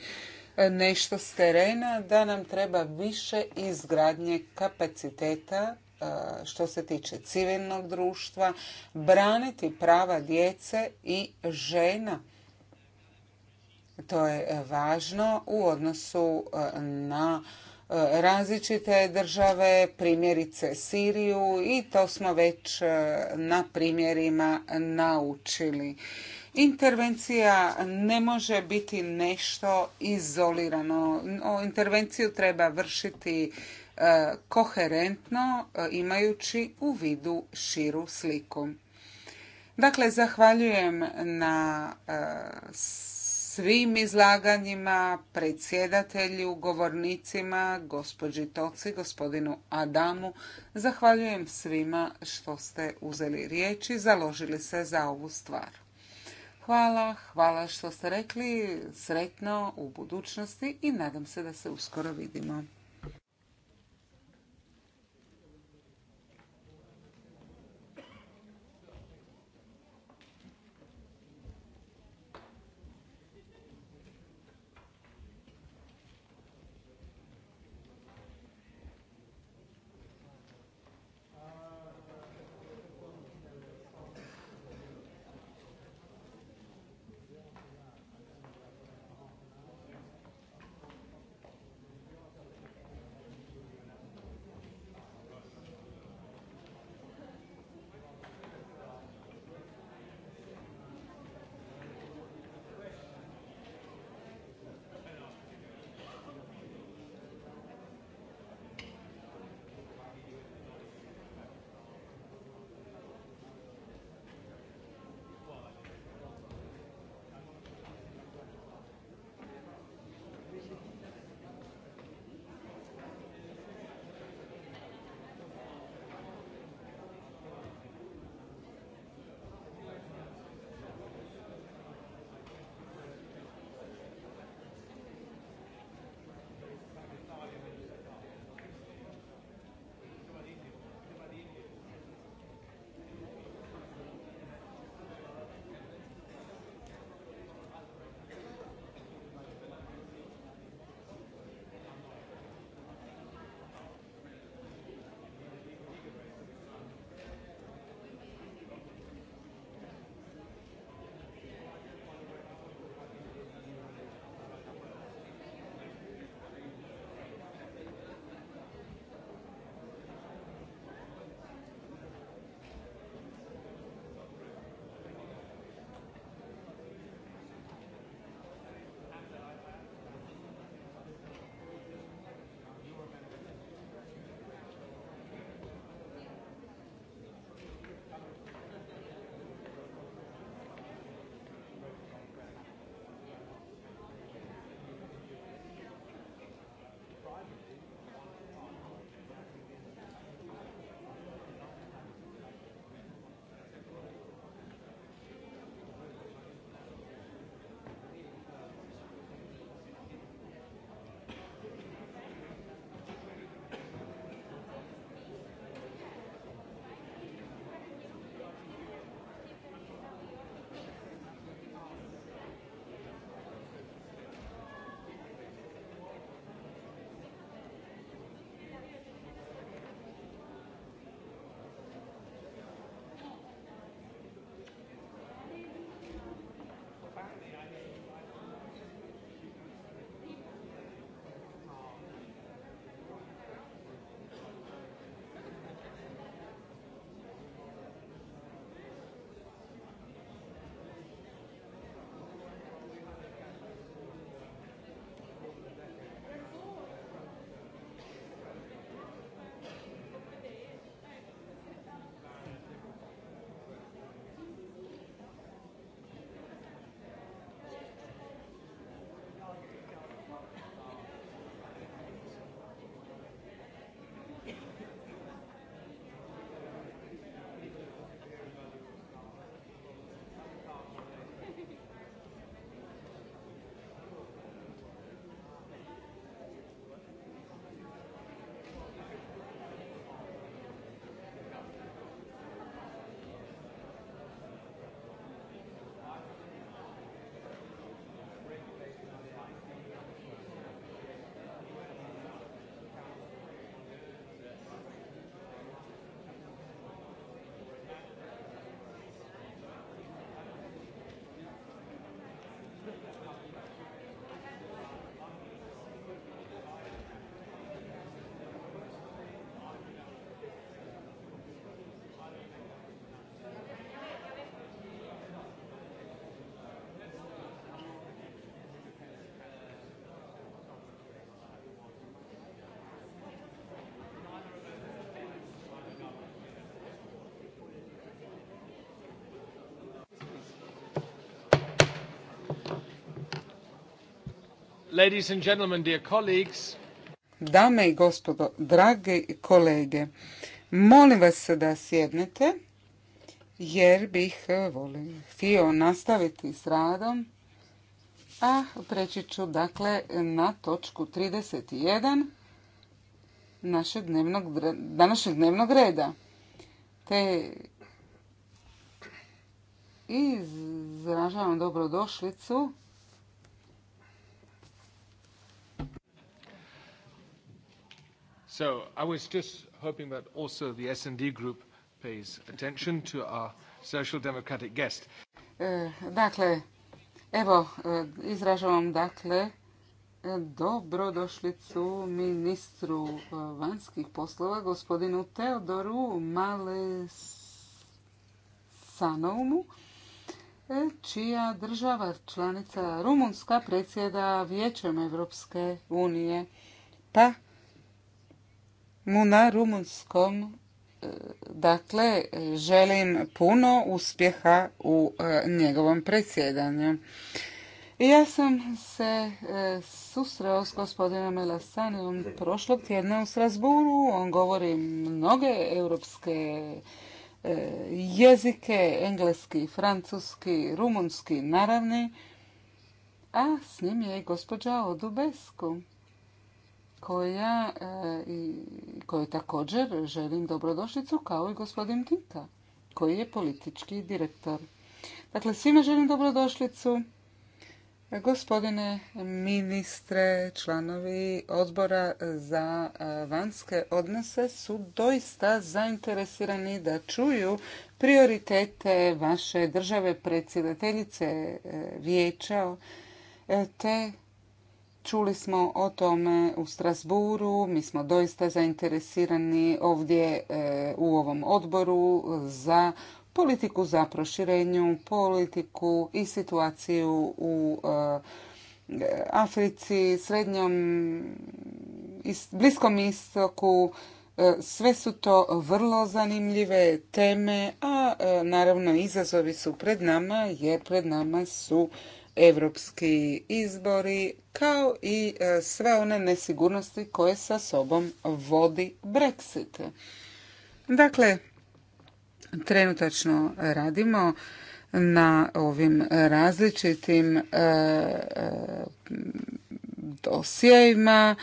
nešto s terena, da nam treba više izgradnje kapaciteta e, što se tiče civilnog društva, braniti prava djece i žena. To je važno u odnosu na različite države, primjerice Siriju i to smo već e, na primjerima naučili. Intervencija ne može biti nešto izolirano. Intervenciju treba vršiti e, koherentno e, imajući u vidu širu sliku. Dakle, zahvaljujem na svim izlaganjima, predsjedatelju, govornicima, gospođi Toci, gospodinu Adamu. Zahvaljujem svima što ste uzeli riječ i založili se za ovu stvar. Hvala, hvala što ste rekli, sretno u budućnosti i nadam se da se uskoro vidimo. Ladies and gentlemen, dear colleagues. Dame i gospodo, drage kolege, molim vas da sjednete jer bih e, volim, htio nastaviti s radom. A preći ću dakle na točku 31 našeg dnevnog, današnjeg dnevnog reda. Te izražavam dobrodošlicu So I was just hoping that also the S&D group pays attention to our social democratic guest. E, dakle, evo, e, izražavam dakle e, dobrodošlicu ministru vanjskih poslova, gospodinu Teodoru Malesanoumu, čija država članica Rumunska predsjeda Vijećem Evropske unije. Pa, mu na rumunskom e, dakle želim puno uspjeha u e, njegovom predsjedanju. Ja sam se e, susreo s gospodinom Elasanijom prošlog tjedna u Strasburu. On govori mnoge europske jezike, engleski, francuski, rumunski, naravni. A s njim je i gospođa Odubesku koja, e, koju također želim dobrodošlicu kao i gospodin Tita koji je politički direktor. Dakle, svima želim dobrodošlicu. Gospodine ministre, članovi odbora za e, vanjske odnose su doista zainteresirani da čuju prioritete vaše države predsjedateljice e, vijeća te Čuli smo o tome u Strasburu, mi smo doista zainteresirani ovdje e, u ovom odboru za politiku za proširenju, politiku i situaciju u e, Africi, Srednjom, Bliskom istoku. E, sve su to vrlo zanimljive teme, a naravno izazovi su pred nama jer pred nama su europski izbori kao i e, sve one nesigurnosti koje sa sobom vodi Brexit. Dakle, trenutačno radimo na ovim različitim e, e, dosjejima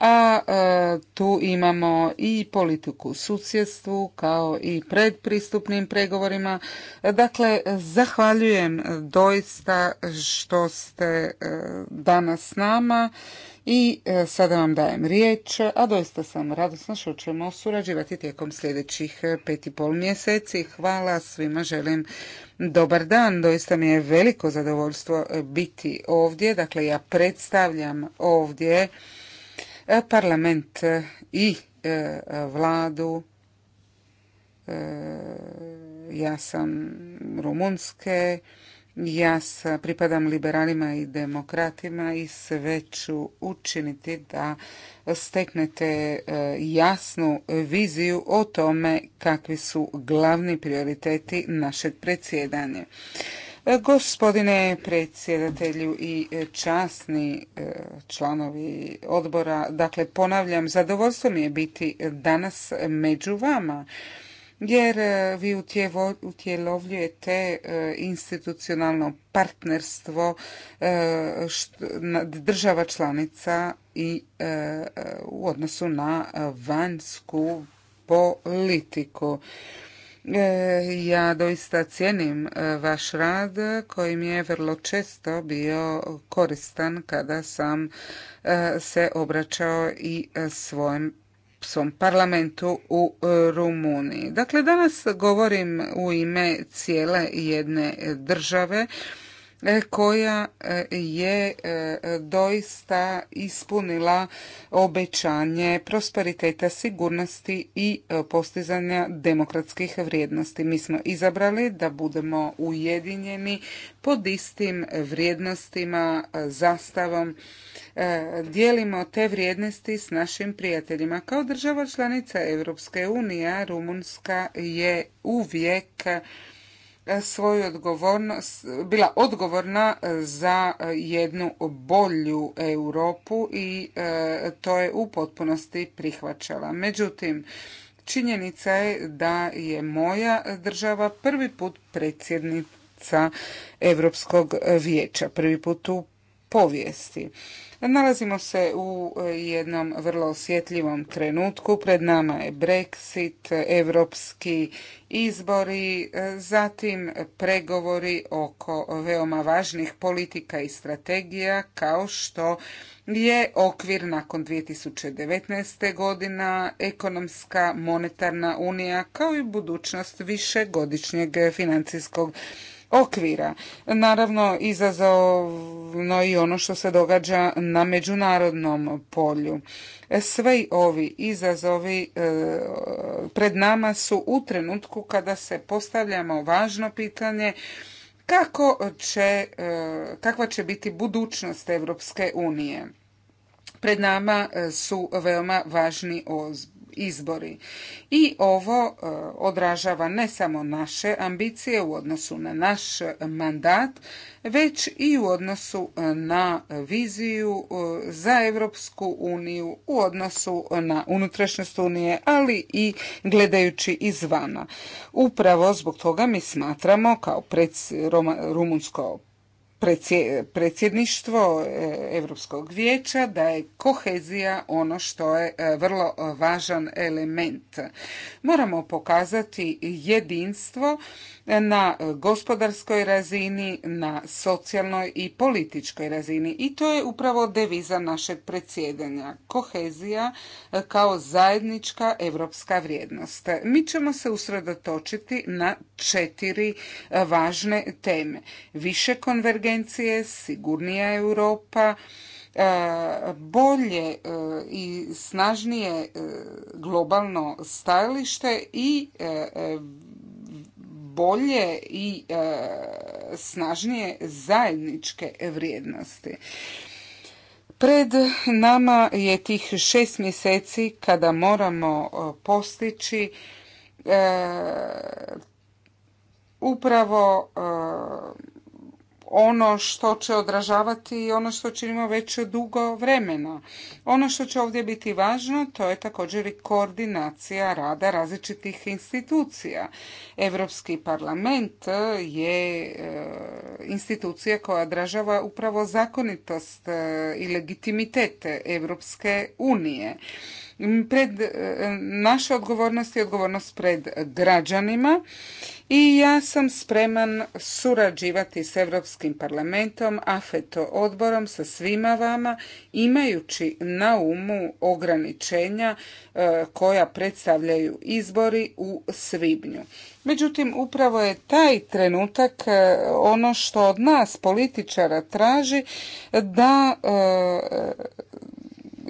a e, tu imamo i politiku susjedstvu kao i predpristupnim pregovorima. Dakle, zahvaljujem doista što ste e, danas s nama i e, sada vam dajem riječ, a doista sam radosna što ćemo surađivati tijekom sljedećih pet i pol mjeseci. Hvala svima, želim dobar dan, doista mi je veliko zadovoljstvo biti ovdje, dakle ja predstavljam ovdje parlament i e, vladu. E, ja sam rumunske, ja sa pripadam liberalima i demokratima i sve ću učiniti da steknete e, jasnu viziju o tome kakvi su glavni prioriteti našeg predsjedanja. E, gospodine predsjedatelju i e, časni e, članovi odbora, dakle ponavljam, zadovoljstvo mi je biti danas među vama jer vi utjelovljujete institucionalno partnerstvo država članica i u odnosu na vanjsku politiku. E, ja doista cijenim e, vaš rad koji mi je vrlo često bio koristan kada sam e, se obraćao i svojem svom parlamentu u Rumuniji. Dakle, danas govorim u ime cijele jedne države E, koja e, je e, doista ispunila obećanje prosperiteta, sigurnosti i postizanja demokratskih vrijednosti. Mi smo izabrali da budemo ujedinjeni pod istim vrijednostima, zastavom. Dijelimo te vrijednosti s našim prijateljima. Kao država članica Europske unije, Rumunska je uvijek svoju odgovornost, bila odgovorna e, za e, jednu bolju Europu i e, to je u potpunosti prihvaćala. Međutim, činjenica je da je moja država prvi put predsjednica Europskog vijeća, prvi put u povijesti. Nalazimo se u e, jednom vrlo osjetljivom trenutku. Pred nama je Brexit, evropski izbori, e, zatim pregovori oko veoma važnih politika i strategija kao što je okvir nakon 2019. godina, ekonomska monetarna unija kao i budućnost višegodišnjeg financijskog okvira. Naravno, izazovno i ono što se događa na međunarodnom polju. Sve ovi izazovi e, pred nama su u trenutku kada se postavljamo važno pitanje kako će, e, kakva će biti budućnost Europske unije. Pred nama su veoma važni izbori. I ovo e, odražava ne samo naše ambicije u odnosu na naš mandat, već i u odnosu e, na viziju e, za Europsku uniju u odnosu na unutrašnjost unije, ali i gledajući izvana. Upravo zbog toga mi smatramo kao preds, rumunsko predsjedništvo Europskog vijeća da je kohezija ono što je e, vrlo e, važan element. Moramo pokazati jedinstvo na gospodarskoj razini, na socijalnoj i političkoj razini. I to je upravo deviza našeg predsjedanja. Kohezija e, kao zajednička evropska vrijednost. Mi ćemo se usredotočiti na četiri e, važne teme. Više konvergencije, sigurnija Europa, e, bolje i snažnije globalno stajalište i bolje i e, snažnije zajedničke vrijednosti. Pred nama je tih šest mjeseci kada moramo e, postići e, upravo ono što će odražavati i ono što činimo već dugo vremena. Ono što će ovdje biti važno to je također i koordinacija rada različitih institucija. Europski parlament je e, institucija koja odražava upravo zakonitost e, i legitimitet Europske unije pred e, naše odgovornosti odgovornost pred građanima i ja sam spreman surađivati s Europskim parlamentom, AFETO odborom, sa svima vama, imajući na umu ograničenja e, koja predstavljaju izbori u svibnju. Međutim, upravo je taj trenutak e, ono što od nas političara traži da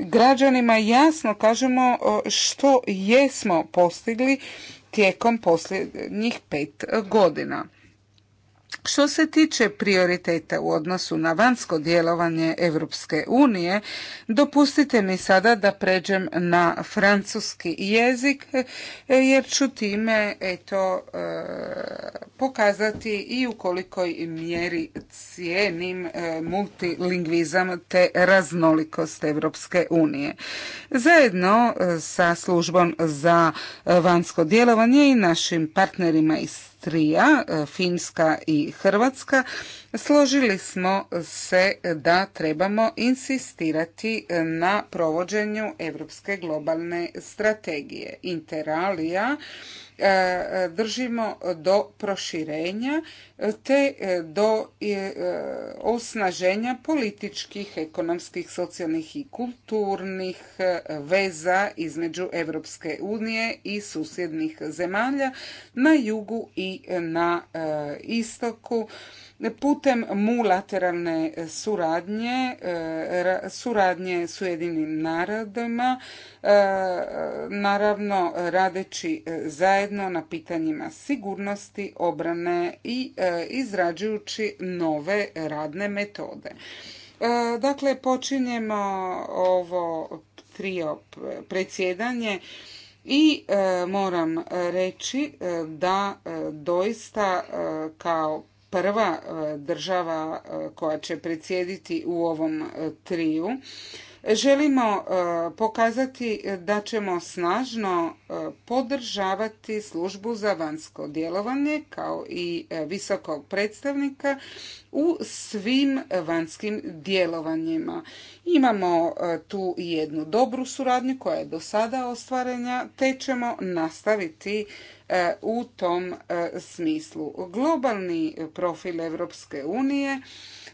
građanima jasno kažemo što jesmo postigli tijekom posljednjih pet godina. Što se tiče prioriteta u odnosu na vanjsko djelovanje Europske unije, dopustite mi sada da pređem na francuski jezik jer ću time eto e, pokazati i u kolikoj mjeri cijenim e, multilingvizam te raznolikost Europske unije. Zajedno e, sa službom za vanjsko djelovanje i našim partnerima iz trija, e, Finska i Hrvatska, složili smo se da trebamo insistirati na provođenju Europske globalne strategije. Interalija E, držimo do proširenja te e, do e, osnaženja političkih, ekonomskih, socijalnih i kulturnih veza između Europske unije i susjednih zemalja na jugu i na istoku putem mulateralne e, suradnje, e, suradnje s Ujedinim narodima, e, naravno radeći zajedno na pitanjima sigurnosti, obrane i izrađujući nove radne metode. Dakle, počinjemo ovo trio predsjedanje i moram reći da doista kao prva e, država e, koja će predsjediti u ovom e, triju Želimo e, pokazati da ćemo snažno e, podržavati službu za vanjsko djelovanje kao i e, visokog predstavnika u svim vanjskim djelovanjima. Imamo tu i jednu dobru suradnju koja je do sada ostvarenja, te ćemo nastaviti u tom smislu. Globalni profil Europske unije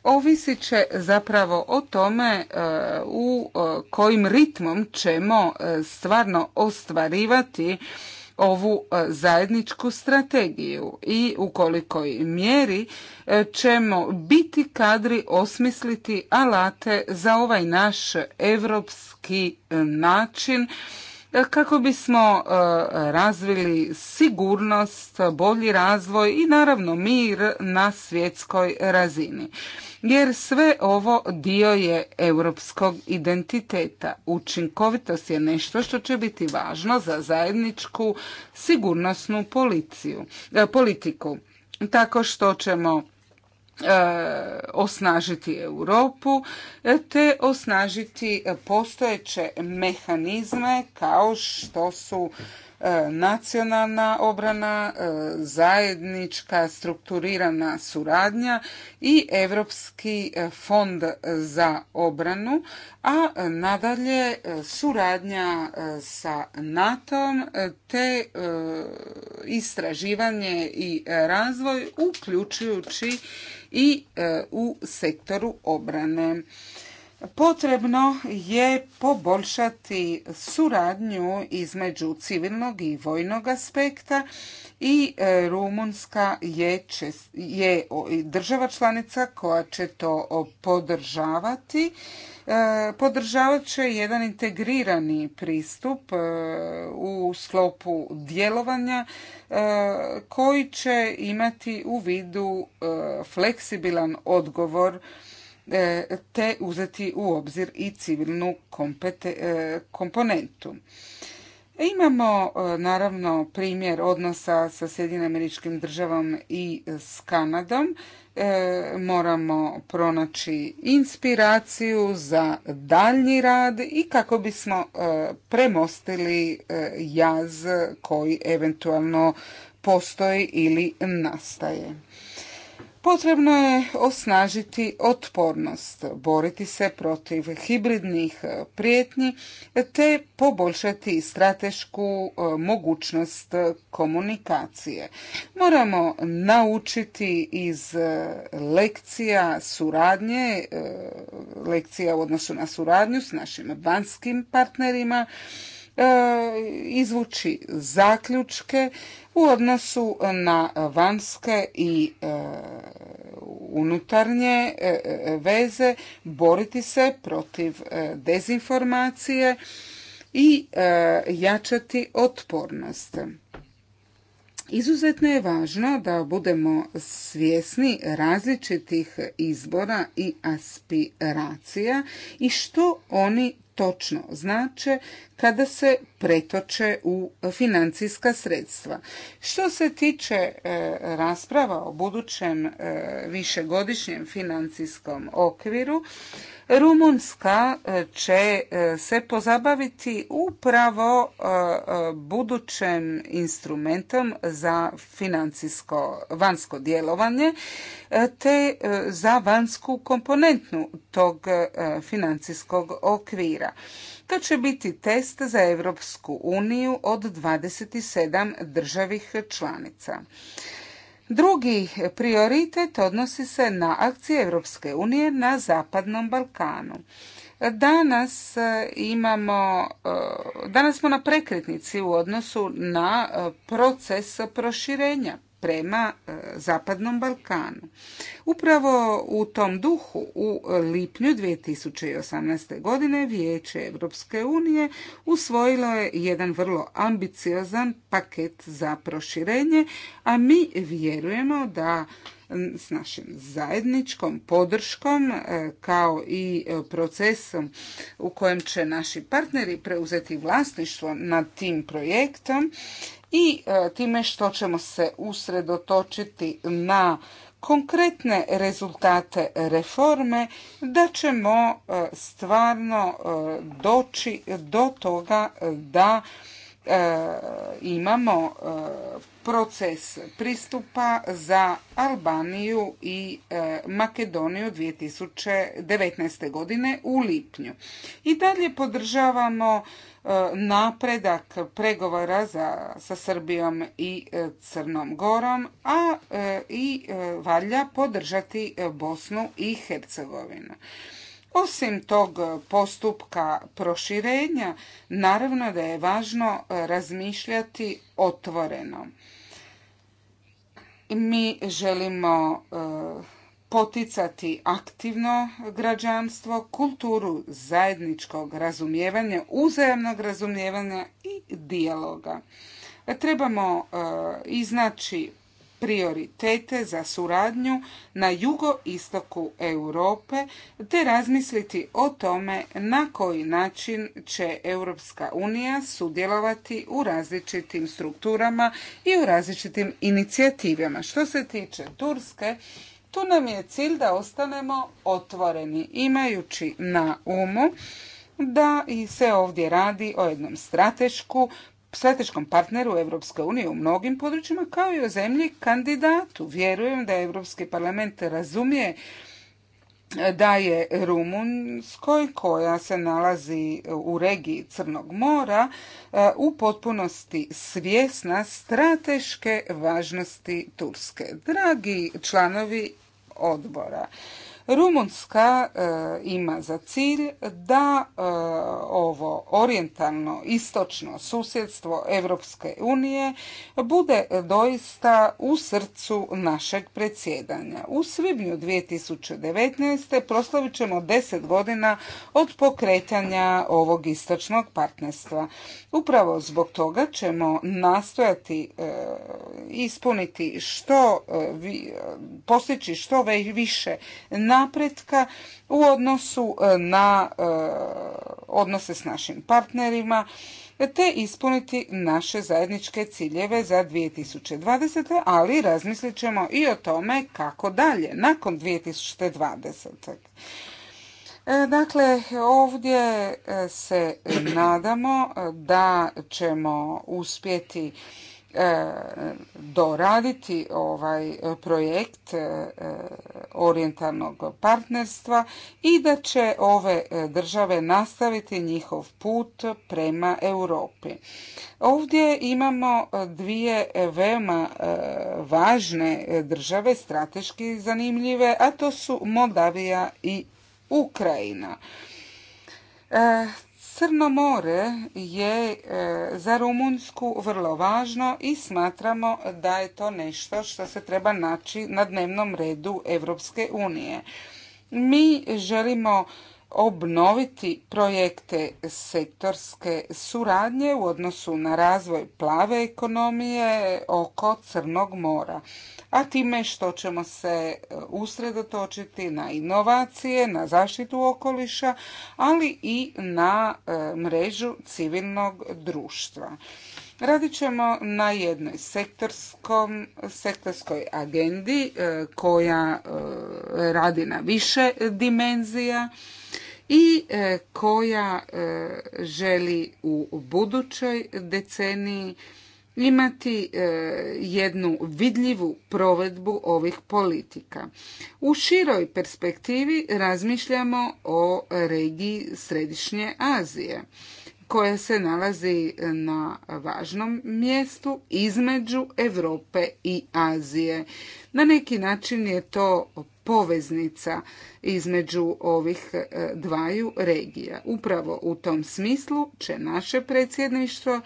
ovisit će zapravo o tome e, u e, kojim ritmom ćemo e, stvarno ostvarivati ovu zajedničku strategiju i u kolikoj mjeri ćemo biti kadri osmisliti alate za ovaj naš europski način kako bismo razvili sigurnost, bolji razvoj i naravno mir na svjetskoj razini jer sve ovo dio je europskog identiteta. Učinkovitost je nešto što će biti važno za zajedničku sigurnosnu policiju, e, politiku. Tako što ćemo e, osnažiti Europu e, te osnažiti postojeće mehanizme kao što su E, nacionalna obrana, e, zajednička strukturirana suradnja i Europski e, fond za obranu, a nadalje suradnja sa NATO-om te istraživanje i razvoj uključujući i u sektoru obrane. Potrebno je poboljšati suradnju između civilnog i vojnog aspekta i e, Rumunska je, je država članica koja će to podržavati. E, podržavat će jedan integrirani pristup e, u sklopu djelovanja koji će imati u vidu fleksibilan odgovor E, te uzeti u obzir i civilnu e, komponentu. E, imamo naravno primjer odnosa sa Sjedinim američkim državom i s Kanadom. Moramo pronaći inspiraciju za daljnji rad i kako bismo premostili jaz koji eventualno postoji ili nastaje. Potrebno je osnažiti otpornost, boriti se protiv hibridnih prijetnji te poboljšati stratešku e, mogućnost komunikacije. Moramo naučiti iz e, lekcija suradnje, e, lekcija u odnosu na suradnju s našim vanjskim partnerima, izvući zaključke u odnosu na vanjske i e, unutarnje e, e, veze boriti se protiv dezinformacije i jačati otpornost. Izuzetno je važno da budemo svjesni različitih izbora i aspiracija i što oni točno znače kada se pretoče u financijska sredstva. Što se tiče e, rasprava o budućem e, višegodišnjem financijskom okviru, Rumunska e, će e, se pozabaviti upravo e, budućem instrumentom za financijsko vanjsko djelovanje te za vanjsku komponentnu tog financijskog okvira. To će biti test za Europsku uniju od 27 državih članica. Drugi prioritet odnosi se na akcije Europske unije na Zapadnom Balkanu. Danas e, imamo, e, danas smo na prekretnici u odnosu na e, proces proširenja prema e, Zapadnom Balkanu. Upravo u tom duhu u lipnju 2018. godine Vijeće Europske unije usvojilo je jedan vrlo ambiciozan paket za proširenje, a mi vjerujemo da s našim zajedničkom podrškom e, kao i e, procesom u kojem će naši partneri preuzeti vlasništvo nad tim projektom i e, time što ćemo se usredotočiti na konkretne rezultate reforme da ćemo e, stvarno e, doći do toga da imamo proces pristupa za Albaniju i Makedoniju 2019. godine u lipnju. I dalje podržavamo E, napredak pregovora sa Srbijom i e, Crnom Gorom, a e, i valja podržati Bosnu i Hercegovinu. Osim tog postupka proširenja, naravno da je važno razmišljati otvoreno. Mi želimo poticati aktivno građanstvo, kulturu zajedničkog razumijevanja, uzajemnog razumijevanja i dijaloga. E, trebamo e, iznaći prioritete za suradnju na jugoistoku Europe te razmisliti o tome na koji način će Europska unija sudjelovati u različitim strukturama i u različitim inicijativama. Što se tiče Turske, tu nam je cilj da ostanemo otvoreni, imajući na umu da i se ovdje radi o jednom stratešku, strateškom partneru Evropske unije u mnogim područjima kao i o zemlji kandidatu. Vjerujem da Europski parlament razumije da je Rumunskoj koja se nalazi u regiji Crnog mora e, u potpunosti svjesna strateške važnosti Turske. Dragi članovi odbora. Rumunska e, ima za cilj da e, ovo orijentalno istočno susjedstvo Europske unije bude doista u srcu našeg predsjedanja. U svibnju 2019. proslavit ćemo 10 godina od pokretanja ovog istočnog partnerstva. Upravo zbog toga ćemo nastojati e, ispuniti što postići što više na napretka u odnosu e, na e, odnose s našim partnerima te ispuniti naše zajedničke ciljeve za 2020. ali razmislit ćemo i o tome kako dalje nakon 2020. E, dakle, ovdje se nadamo da ćemo uspjeti doraditi ovaj projekt e, orientalnog partnerstva i da će ove države nastaviti njihov put prema Europi. Ovdje imamo dvije veoma e, važne države, strateški zanimljive, a to su Moldavija i Ukrajina. E, Crno more je e, za Rumunsku vrlo važno i smatramo da je to nešto što se treba naći na dnevnom redu Europske unije. Mi želimo obnoviti projekte sektorske suradnje u odnosu na razvoj plave ekonomije oko Crnog mora. A time što ćemo se usredotočiti na inovacije, na zaštitu okoliša, ali i na e, mrežu civilnog društva. Radit ćemo na jednoj sektorskom, sektorskoj agendi e, koja e, radi na više dimenzija i e, koja želi u budućoj deceniji imati jednu vidljivu provedbu ovih politika. U široj perspektivi razmišljamo o regiji Središnje Azije koje se nalazi e, na važnom mjestu između Europe i Azije. Na neki način je to poveznica između ovih e, dvaju regija. Upravo u tom smislu će naše predsjedništvo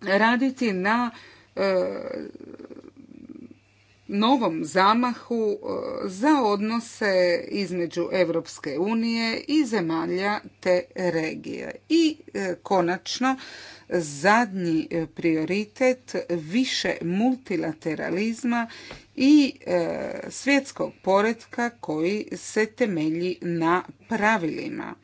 raditi na e, novom zamahu e, za odnose između Europske unije i zemalja te regije. I e, konačno zadnji e, prioritet više multilateralizma i svjetskog poretka koji se temelji na pravilima.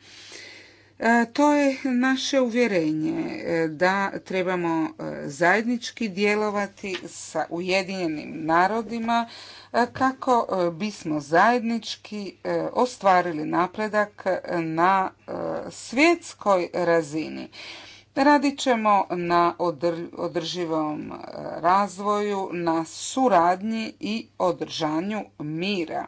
E, to je naše uvjerenje e, da trebamo e, zajednički djelovati sa Ujedinjenim narodima kako bismo zajednički ostvarili napredak na svjetskoj razini. Radit ćemo na održivom razvoju, na suradnji i održanju mira.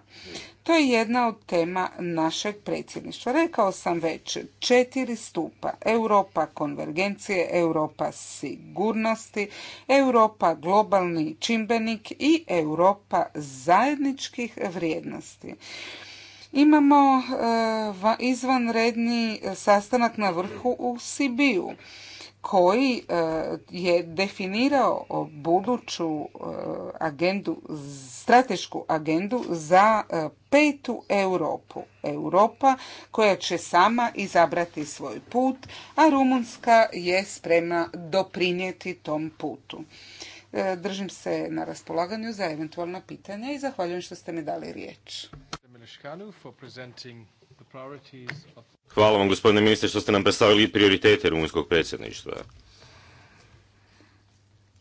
To je jedna od tema našeg predsjedništva. Rekao sam već četiri stupa. Europa konvergencije, Europa sigurnosti, Europa globalni čimbenik i Europa zajedničkih vrijednosti. Imamo e, izvanredni sastanak na vrhu u Sibiju koji e, je definirao buduću e, agendu, stratešku agendu za e, petu Europu. Europa koja će sama izabrati svoj put, a Rumunska je spremna doprinijeti tom putu. Držim se na raspolaganju za eventualna pitanja i zahvaljujem što ste mi dali riječ. Hvala vam gospodine ministre što ste nam predstavili prioritete rumunjskog predsjedništva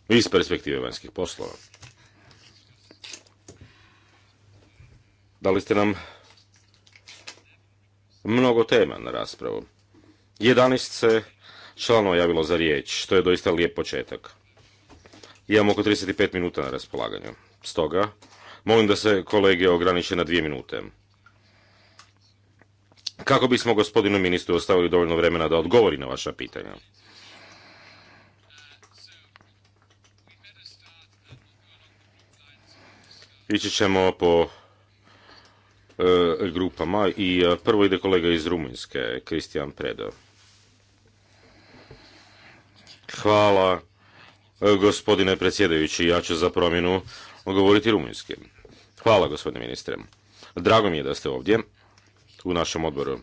iz perspektive vanjskih poslova. Dali ste nam mnogo tema na raspravu. 11 se članova javilo za riječ, što je doista lijep početak. Imamo oko 35 minuta na raspolaganju. Stoga, molim da se kolege ograniče na dvije minute kako bismo gospodinu ministru ostavili dovoljno vremena da odgovori na vaša pitanja. Ići ćemo po e, grupama i e, prvo ide kolega iz Rumunjske, Kristijan Predo. Hvala e, gospodine predsjedajući, ja ću za promjenu govoriti rumunjski. Hvala gospodine ministre. Drago mi je da ste ovdje u našem odboru.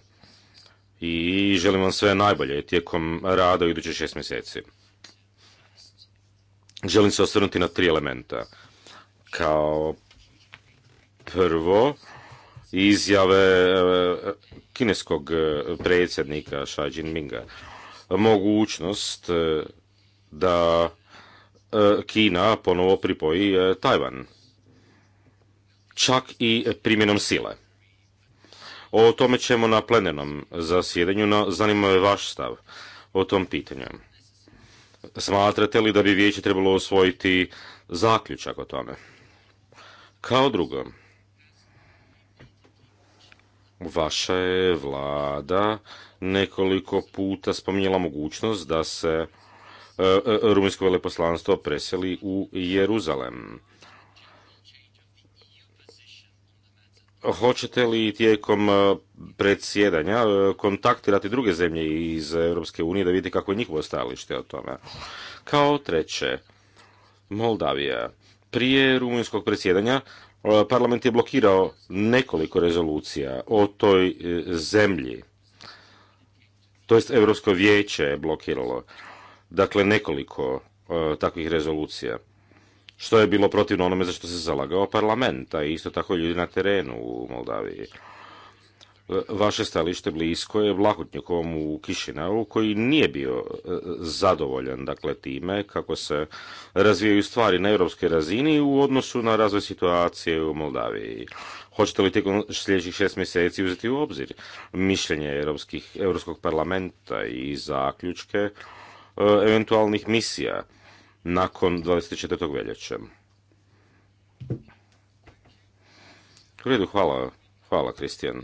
I želim vam sve najbolje tijekom rada u idućih šest mjeseci. Želim se osvrnuti na tri elementa. Kao prvo, izjave eh, kineskog eh, predsjednika Xi Jinpinga. Mogućnost eh, da Kina ponovo pripoji Tajvan. Čak i primjenom sile. O tome ćemo na plenarnom zasjedanju, no zanima je vaš stav o tom pitanju. Smatrate li da bi vijeće trebalo osvojiti zaključak o tome? Kao drugo, vaša je vlada nekoliko puta spominjala mogućnost da se e, e, rumunjsko veleposlanstvo preseli u Jeruzalem. Hoćete li tijekom e, predsjedanja e, kontaktirati druge zemlje iz Europske unije da vidite kako je njihovo stajalište o tome? Kao treće, Moldavija. Prije rumunjskog predsjedanja e, parlament je blokirao nekoliko rezolucija o toj zemlji. To jest Europsko vijeće je blokiralo. Dakle, nekoliko takvih rezolucija što je bilo protivno onome za što se zalagao parlament, i isto tako ljudi na terenu u Moldaviji. Vaše stalište blisko je Vlahutnjukovom u Kišinavu koji nije bio e, zadovoljan dakle time kako se razvijaju stvari na europskoj razini u odnosu na razvoj situacije u Moldaviji. Hoćete li tijekom sljedećih šest mjeseci uzeti u obzir mišljenje Europskog parlamenta i zaključke e, eventualnih misija nakon 24. veljače. U redu, hvala. Hvala, Kristijan.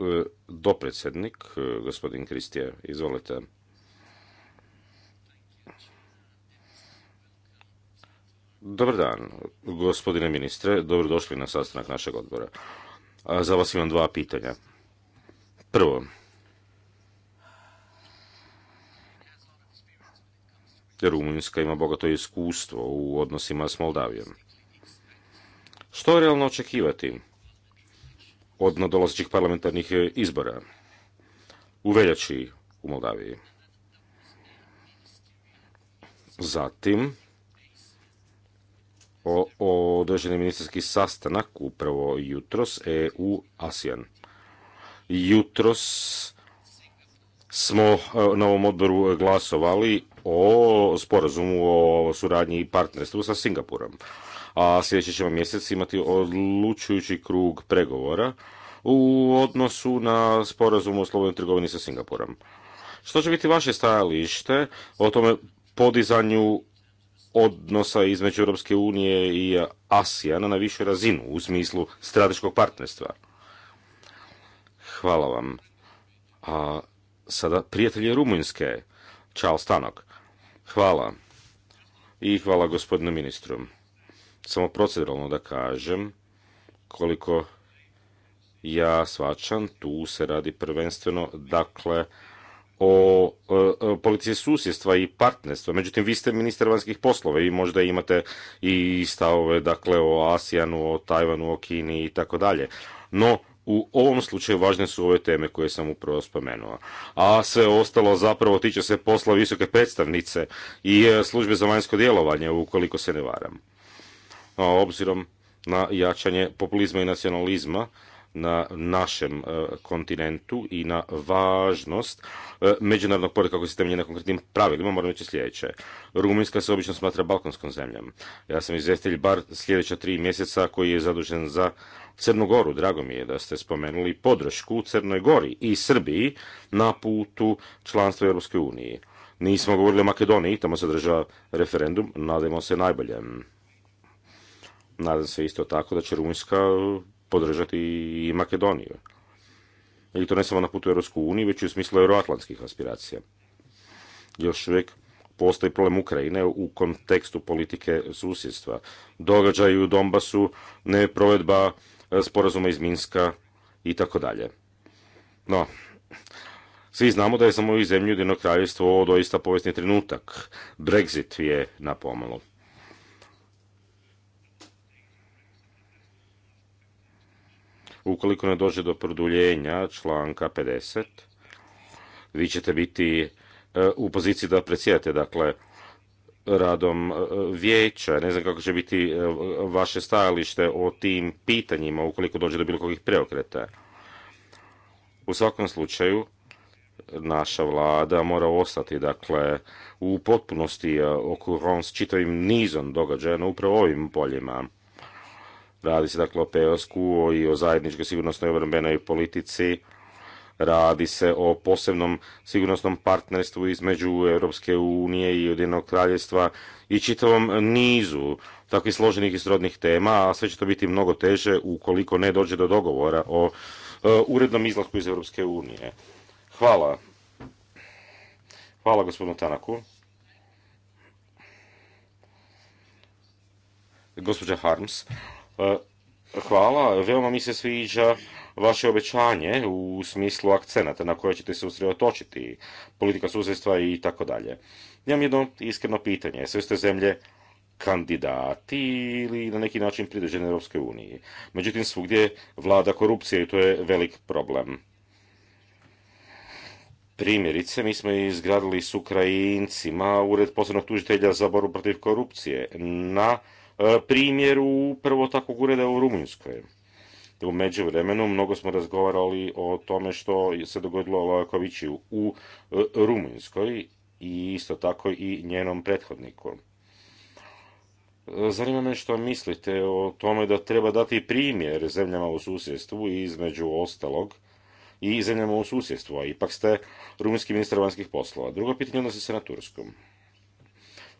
E, dopredsjednik, e, gospodin Kristijan, izvolite. Dobar dan, gospodine ministre. Dobrodošli na sastanak našeg odbora. Za vas imam dva pitanja. Prvo, Rumunjska ima bogato iskustvo u odnosima s Moldavijom. Što je realno očekivati od nadolazećih parlamentarnih izbora u veljači u Moldaviji? Zatim, o je ministarski sastanak upravo jutros EU ASEAN. Jutros smo e, na ovom odboru glasovali o sporazumu o suradnji i partnerstvu sa Singapurom. A sljedeći ćemo mjesec imati odlučujući krug pregovora u odnosu na sporazum o slobodnoj trgovini sa Singapurom. Što će biti vaše stajalište o tome podizanju odnosa između Europske unije i Asijana na višu razinu u smislu strateškog partnerstva? Hvala vam. A sada prijatelje Rumunjske, Charles Tanok. Hvala. I hvala gospodinu ministru. Samo proceduralno da kažem koliko ja svačam, tu se radi prvenstveno, dakle, o, e, e, policije susjedstva i partnerstva. Međutim, vi ste ministar vanjskih poslova i možda imate i stavove, dakle, o Asijanu, o Tajvanu, o Kini i tako dalje. No, u ovom slučaju važne su ove teme koje sam upravo spomenuo. A sve ostalo zapravo tiče se posla visoke predstavnice i e, službe za vanjsko djelovanje, ukoliko se ne varam. A Obzirom na jačanje populizma i nacionalizma na našem e, kontinentu i na važnost e, međunarodnog poredka koji se temelje na konkretnim pravilima, moram reći sljedeće. Rumunjska se obično smatra balkanskom zemljom. Ja sam izvjestitelj bar sljedeća tri mjeseca koji je zadužen za Crnu Goru. Drago mi je da ste spomenuli podršku Crnoj Gori i Srbiji na putu članstva Europske unije. Nismo govorili o Makedoniji, tamo se država referendum, nadamo se najbolje. Nadam se isto tako da će Rumunjska podržati i Makedoniju. Ili to ne samo na putu Europske unije, već i u smislu euroatlantskih aspiracija. Još uvijek postoji problem Ukrajine u kontekstu politike susjedstva. Događaju u Donbasu, neprovedba E, sporazuma iz Minska i tako dalje. No, svi znamo da je samo i zemlju Ujedinjeno kraljevstvo ovo doista povijesni trenutak. Brexit je na pomalu. Ukoliko ne dođe do produljenja članka 50, vi ćete biti e, u poziciji da predsjedate, dakle, radom e, vijeća. Ne znam kako će biti e, vaše stajalište o tim pitanjima ukoliko dođe do bilo kakvih preokreta. U svakom slučaju, naša vlada mora ostati dakle u potpunosti e, okuron s čitavim nizom događaja na upravo ovim poljima. Radi se dakle o psk i o zajedničkoj sigurnosnoj obrambenoj politici, Radi se o posebnom sigurnosnom partnerstvu između Europske unije i Ujedinog kraljevstva i čitavom nizu takvih složenih i srodnih tema, a sve će to biti mnogo teže ukoliko ne dođe do dogovora o e, urednom izlasku iz Europske unije. Hvala. Hvala gospodinu Tanaku. Harms. E, hvala, veoma mi se sviđa vaše obećanje u smislu akcenata na koje ćete se usredotočiti, politika susjedstva i tako dalje. Imam jedno iskreno pitanje. Sve ste zemlje kandidati ili na neki način pridruženi Europskoj uniji. Međutim, svugdje vlada korupcija i to je velik problem. Primjerice, mi smo izgradili s Ukrajincima Ured posebnog tužitelja za boru protiv korupcije na e, primjeru prvo takvog ureda u Rumunjskoj. U međuvremenu mnogo smo razgovarali o tome što se dogodilo u e, Rumunjskoj i isto tako i njenom prethodniku. Zanima me što mislite o tome da treba dati primjer zemljama u susjedstvu i između ostalog i zemljama u susjedstvu, a ipak ste rumunski ministar vanjskih poslova. Drugo pitanje odnosi se na Turskom.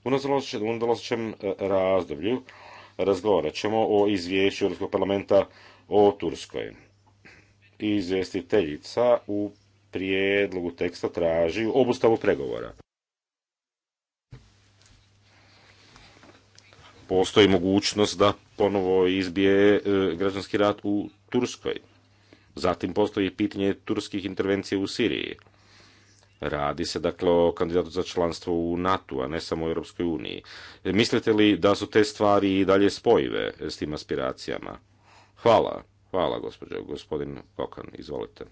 U nadolazećem e, razdoblju razgovarat ćemo o izvješću Europskog parlamenta o Turskoj. Izvjestiteljica u prijedlogu teksta traži obustavu pregovora. Postoji mogućnost da ponovo izbije e, građanski rat u Turskoj. Zatim postoji pitanje turskih intervencija u Siriji. Radi se dakle o kandidatu za članstvo u NATO, a ne samo u Europskoj uniji. Mislite li da su te stvari i dalje spojive s tim aspiracijama? Hvala, hvala gospođo, gospodin Kokan, izvolite.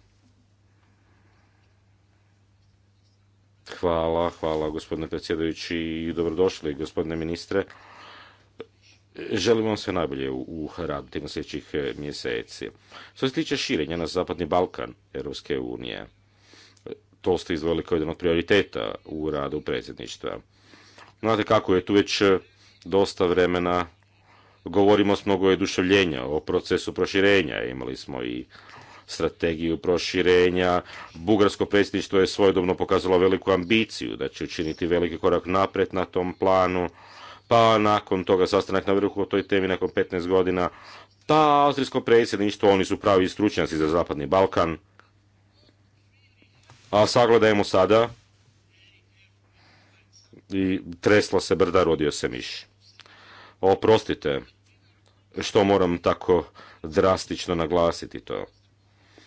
Hvala, hvala gospodine predsjedajući i dobrodošli gospodine ministre. Želim vam sve najbolje u radu tijekom sljedećih eh, mjeseci. Što se tiče širenja na Zapadni Balkan Europske unije, to ste izdvojili kao jedan od prioriteta u radu predsjedništva. Znate kako je tu već eh, dosta vremena govorimo s mnogo oduševljenja o procesu proširenja. Imali smo i strategiju proširenja. Bugarsko predsjedništvo je svojedobno pokazalo veliku ambiciju da će učiniti veliki korak naprijed na tom planu. Pa nakon toga sastanak na vrhu o toj temi nakon 15 godina. Ta austrijsko predsjedništvo, oni su pravi stručnjaci za Zapadni Balkan. A sagledajmo sada i tresla se brda, rodio se miš. Oprostite, što moram tako drastično naglasiti to.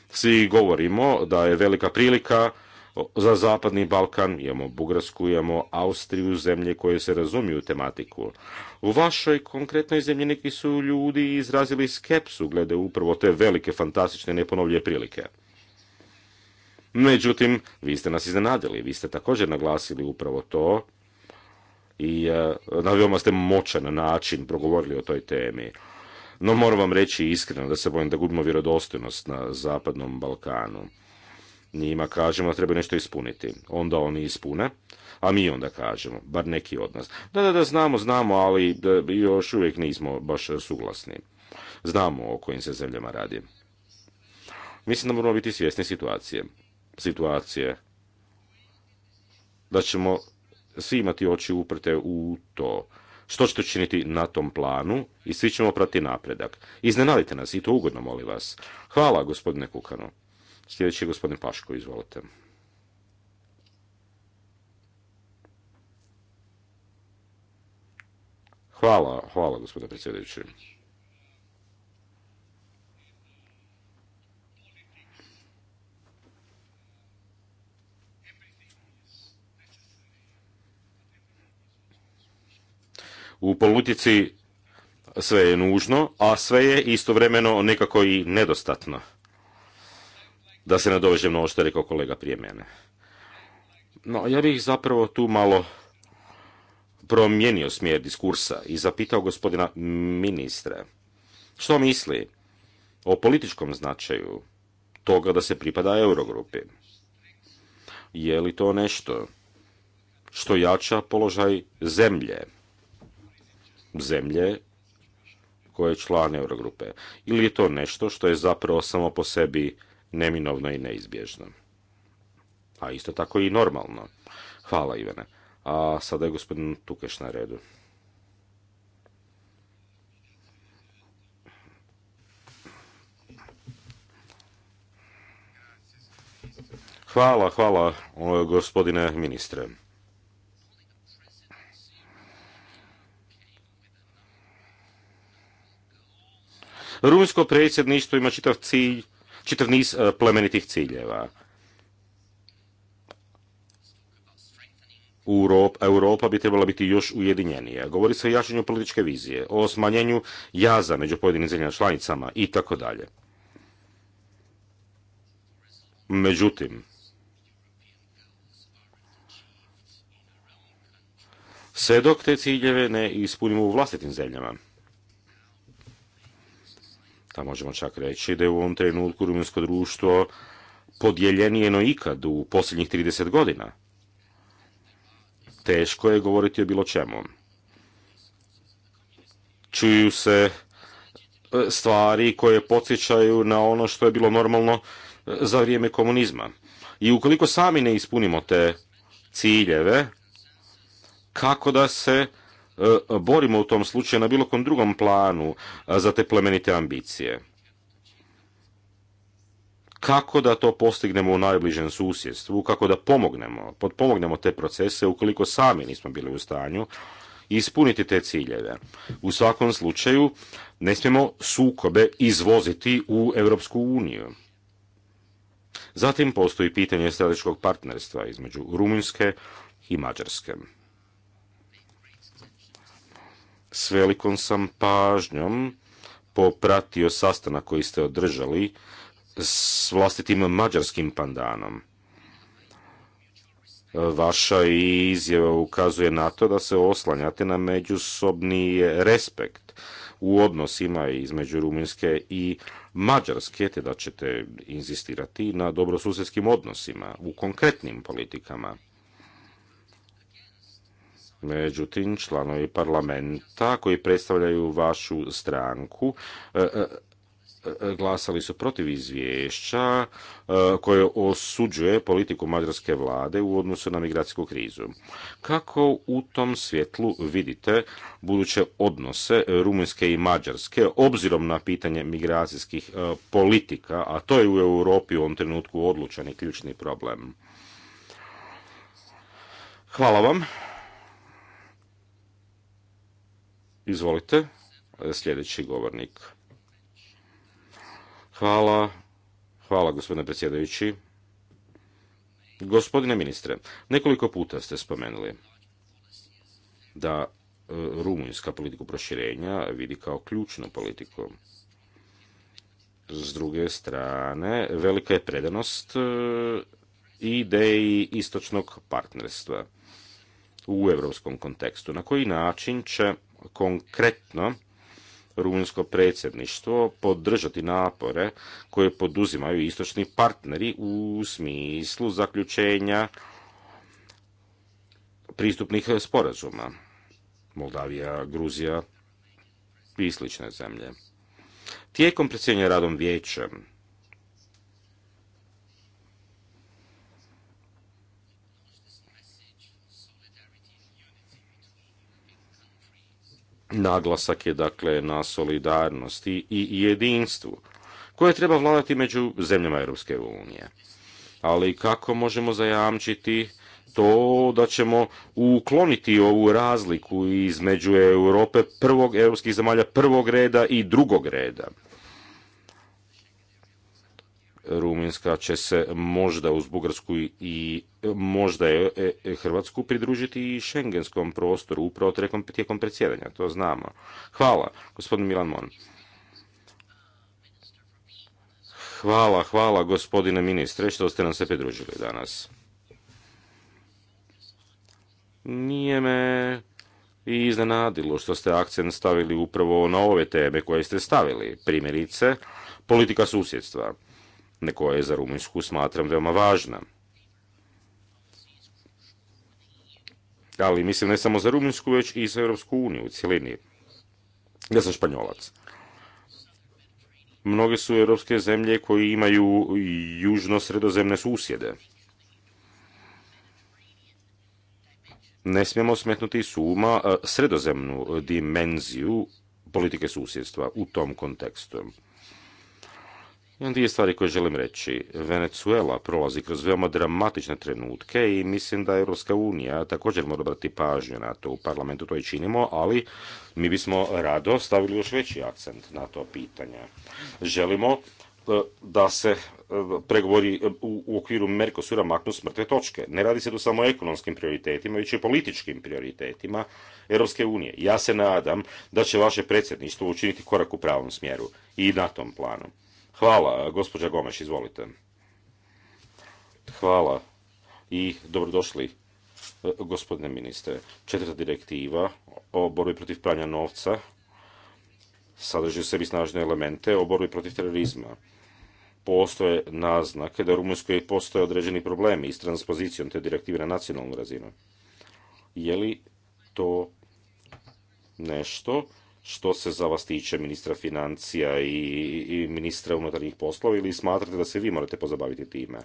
Svi govorimo da je velika prilika za Zapadni Balkan, imamo Bugarsku, imamo Austriju, zemlje koje se razumiju tematiku. U vašoj konkretnoj zemlji neki su ljudi izrazili skepsu glede upravo te velike, fantastične, neponovlje prilike. Međutim, vi ste nas iznenadili, vi ste također naglasili upravo to i eh, na veoma ste moćan način progovorili o toj temi. No moram vam reći iskreno da se bojim da gubimo vjerodostojnost na Zapadnom Balkanu. Njima kažemo da treba nešto ispuniti. Onda oni ispune, a mi onda kažemo, bar neki od nas. Da, da, da, znamo, znamo, ali da, još uvijek nismo baš suglasni. Znamo o kojim se zemljama radi. Mislim da moramo biti svjesni situacije. Situacije da ćemo svi imati oči uprte u to što ćete učiniti na tom planu i svi ćemo prati napredak. Iznenadite nas i to ugodno, molim vas. Hvala, gospodine Kukano. Sljedeći je gospodin Paško, izvolite. Hvala, hvala, gospodine predsjedeći. U politici sve je nužno, a sve je istovremeno nekako i nedostatno. Da se nadovežem na ovo što je rekao kolega prije mene. No, ja bih zapravo tu malo promijenio smjer diskursa i zapitao gospodina ministra što misli o političkom značaju toga da se pripada Eurogrupi. Je li to nešto što jača položaj zemlje zemlje koje je član Eurogrupe? Ili je to nešto što je zapravo samo po sebi neminovno i neizbježno? A isto tako i normalno. Hvala Ivane. A sada je gospodin Tukeš na redu. Hvala, hvala gospodine ministre. Rumunjsko predsjedništvo ima čitav cilj, čitav niz e, plemenitih ciljeva. Europa, Europa bi trebala biti još ujedinjenija. Govori se o jačanju političke vizije, o smanjenju jaza među pojedinim zemljama članicama i tako dalje. Međutim, sve dok te ciljeve ne ispunimo u vlastitim zemljama možemo čak reći da je u ovom trenutku rumunsko društvo podijeljenije no ikad u posljednjih 30 godina. Teško je govoriti o bilo čemu. Čuju se e, stvari koje podsjećaju na ono što je bilo normalno e, za vrijeme komunizma. I ukoliko sami ne ispunimo te ciljeve, kako da se E, borimo u tom slučaju na bilo kom drugom planu e, za te plemenite ambicije. Kako da to postignemo u najbližem susjedstvu, kako da pomognemo, potpomognemo te procese ukoliko sami nismo bili u stanju ispuniti te ciljeve. U svakom slučaju ne smijemo sukobe izvoziti u Europsku uniju. Zatim postoji pitanje strateškog partnerstva između Rumunjske i Mađarske. S velikom sam pažnjom popratio sastanak koji ste održali s vlastitim mađarskim pandanom. Vaša izjava ukazuje na to da se oslanjate na međusobni respekt u odnosima između Rumunjske i Mađarske, te da ćete inzistirati na dobrosusjedskim odnosima u konkretnim politikama. Međutim, članovi parlamenta koji predstavljaju vašu stranku e, e, e, glasali su protiv izvješća koje osuđuje politiku mađarske vlade u odnosu na migracijsku krizu. Kako u tom svjetlu vidite buduće odnose Rumunjske i Mađarske obzirom na pitanje migracijskih politika, a to je u Europi u ovom trenutku odlučan i ključni problem? Hvala vam. Izvolite, sljedeći govornik. Hvala, hvala gospodine predsjedajući. Gospodine ministre, nekoliko puta ste spomenuli da e, rumunjska politiku proširenja vidi kao ključnu politiku. S druge strane, velika je predanost e, ideji istočnog partnerstva u europskom kontekstu. Na koji način će konkretno rumunjsko predsjedništvo podržati napore koje poduzimaju istočni partneri u smislu zaključenja pristupnih sporazuma. Moldavija, Gruzija i slične zemlje. Tijekom predsjedanja radom vijeća Naglasak je dakle na solidarnosti i jedinstvu koje treba vladati među zemljama Europske unije. Ali kako možemo zajamčiti to da ćemo ukloniti ovu razliku između Europe prvog europskih zemalja prvog reda i drugog reda? Rumunjska će se možda uz Bugarsku i e, možda je e, e, Hrvatsku pridružiti i šengenskom prostoru upravo tijekom predsjedanja, to znamo. Hvala, gospodin Milan Mon. Hvala, hvala gospodine ministre što ste nam se pridružili danas. Nije me i iznenadilo što ste akcent stavili upravo na ove teme koje ste stavili, primjerice politika susjedstva koja je za Rumunjsku smatram veoma važna. Ali mislim ne samo za Rumunjsku, već i za Europsku uniju u cjelini. Ja sam španjolac. Mnoge su europske zemlje koje imaju južno-sredozemne susjede. Ne smijemo smetnuti suma e, sredozemnu dimenziju politike susjedstva u tom kontekstu. Imam dvije stvari koje želim reći. Venezuela prolazi kroz veoma dramatične trenutke i mislim da Europska unija također mora obrati pažnju na to. U parlamentu to i činimo, ali mi bismo rado stavili još veći akcent na to pitanje. Želimo e, da se e, pregovori e, u okviru Merkosura maknu smrtve točke. Ne radi se tu samo o ekonomskim prioritetima, već i o političkim prioritetima Europske unije. Ja se nadam da će vaše predsjedništvo učiniti korak u pravom smjeru i na tom planu. Hvala, gospođa Gomeš, izvolite. Hvala i dobrodošli e, gospodine ministre. Četvrta direktiva o borbi protiv pranja novca sadrži u sebi snažne elemente o borbi protiv terorizma. Postoje naznake da u Rumunjskoj postoje određeni problemi s transpozicijom te direktive na nacionalnu razinu. Je li to nešto što se za vas tiče ministra financija i, ministra unutarnjih poslova ili smatrate da se vi morate pozabaviti time?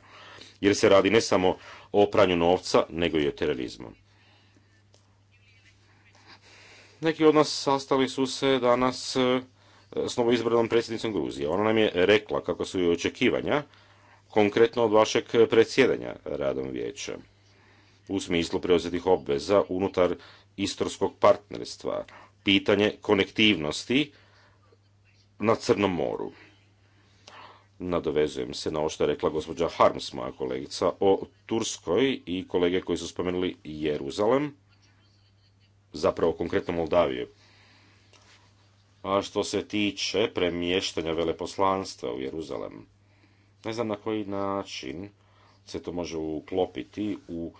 Jer se radi ne samo o pranju novca, nego i o terorizmu. Neki od nas sastali su se danas e, s novoizbranom predsjednicom Gruzije. Ona nam je rekla kako su i očekivanja, konkretno od vašeg predsjedanja radom vijeća, u smislu preuzetih obveza unutar istorskog partnerstva – pitanje konektivnosti na Crnom moru. Nadovezujem se na ovo što je rekla gospođa Harms, moja kolegica, o Turskoj i kolege koji su spomenuli Jeruzalem, zapravo konkretno Moldaviju. A što se tiče premještanja veleposlanstva u Jeruzalem, ne znam na koji način se to može uklopiti u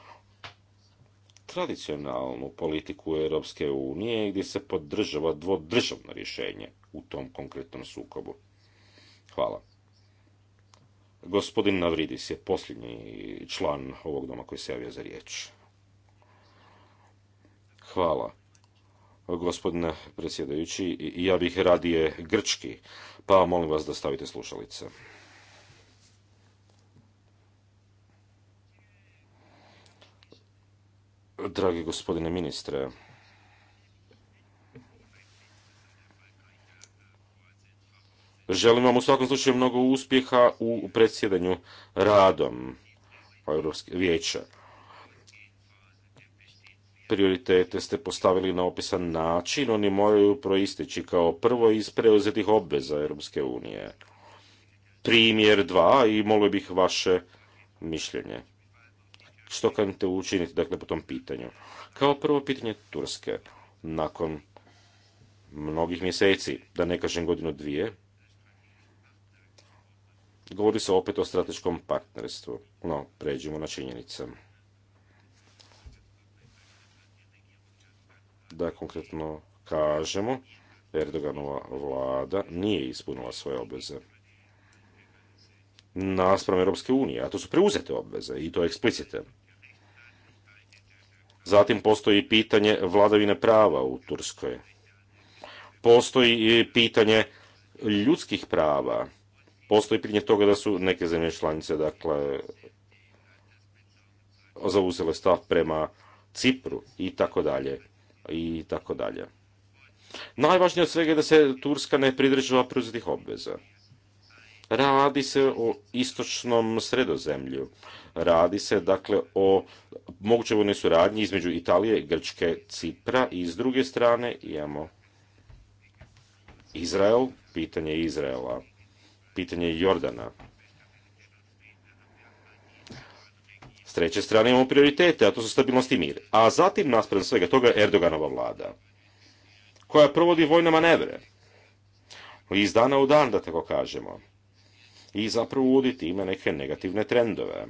tradicionalnu politiku Europske unije gdje se podržava dvodržavno rješenje u tom konkretnom sukobu. Hvala. Gospodin Navridis je posljednji član ovog doma koji se javio za riječ. Hvala. Gospodine predsjedajući, ja bih radije grčki, pa molim vas da stavite slušalice. Dragi gospodine ministre, želim vam u svakom slučaju mnogo uspjeha u predsjedanju radom Europske vijeća. Prioritete ste postavili na opisan način, oni moraju proisteći kao prvo iz preuzetih obveza Europske unije. Primjer dva i molio bih vaše mišljenje. Što kanite učiniti dakle, po tom pitanju? Kao prvo pitanje Turske. Nakon mnogih mjeseci, da ne kažem godinu dvije, govori se opet o strateškom partnerstvu. No, pređimo na činjenice. Da konkretno kažemo, Erdoganova vlada nije ispunila svoje obveze naspram Europske unije, a to su preuzete obveze i to eksplicite. Zatim postoji pitanje vladavine prava u Turskoj. Postoji i pitanje ljudskih prava. Postoji pitanje toga da su neke zemlje članice, dakle, zauzele stav prema Cipru i tako dalje i tako dalje. Najvažnije od svega je da se Turska ne pridržava preuzetih obveza. Radi se o istočnom sredozemlju. Radi se dakle o mogućoj vojnoj suradnji između Italije, Grčke, Cipra i s druge strane imamo Izrael, pitanje Izraela, pitanje Jordana. S treće strane imamo prioritete, a to su stabilnost i mir. A zatim, naspram svega toga, Erdoganova vlada, koja provodi vojne manevre. Iz dana u dan, da tako kažemo i zapravo uvodi time neke negativne trendove.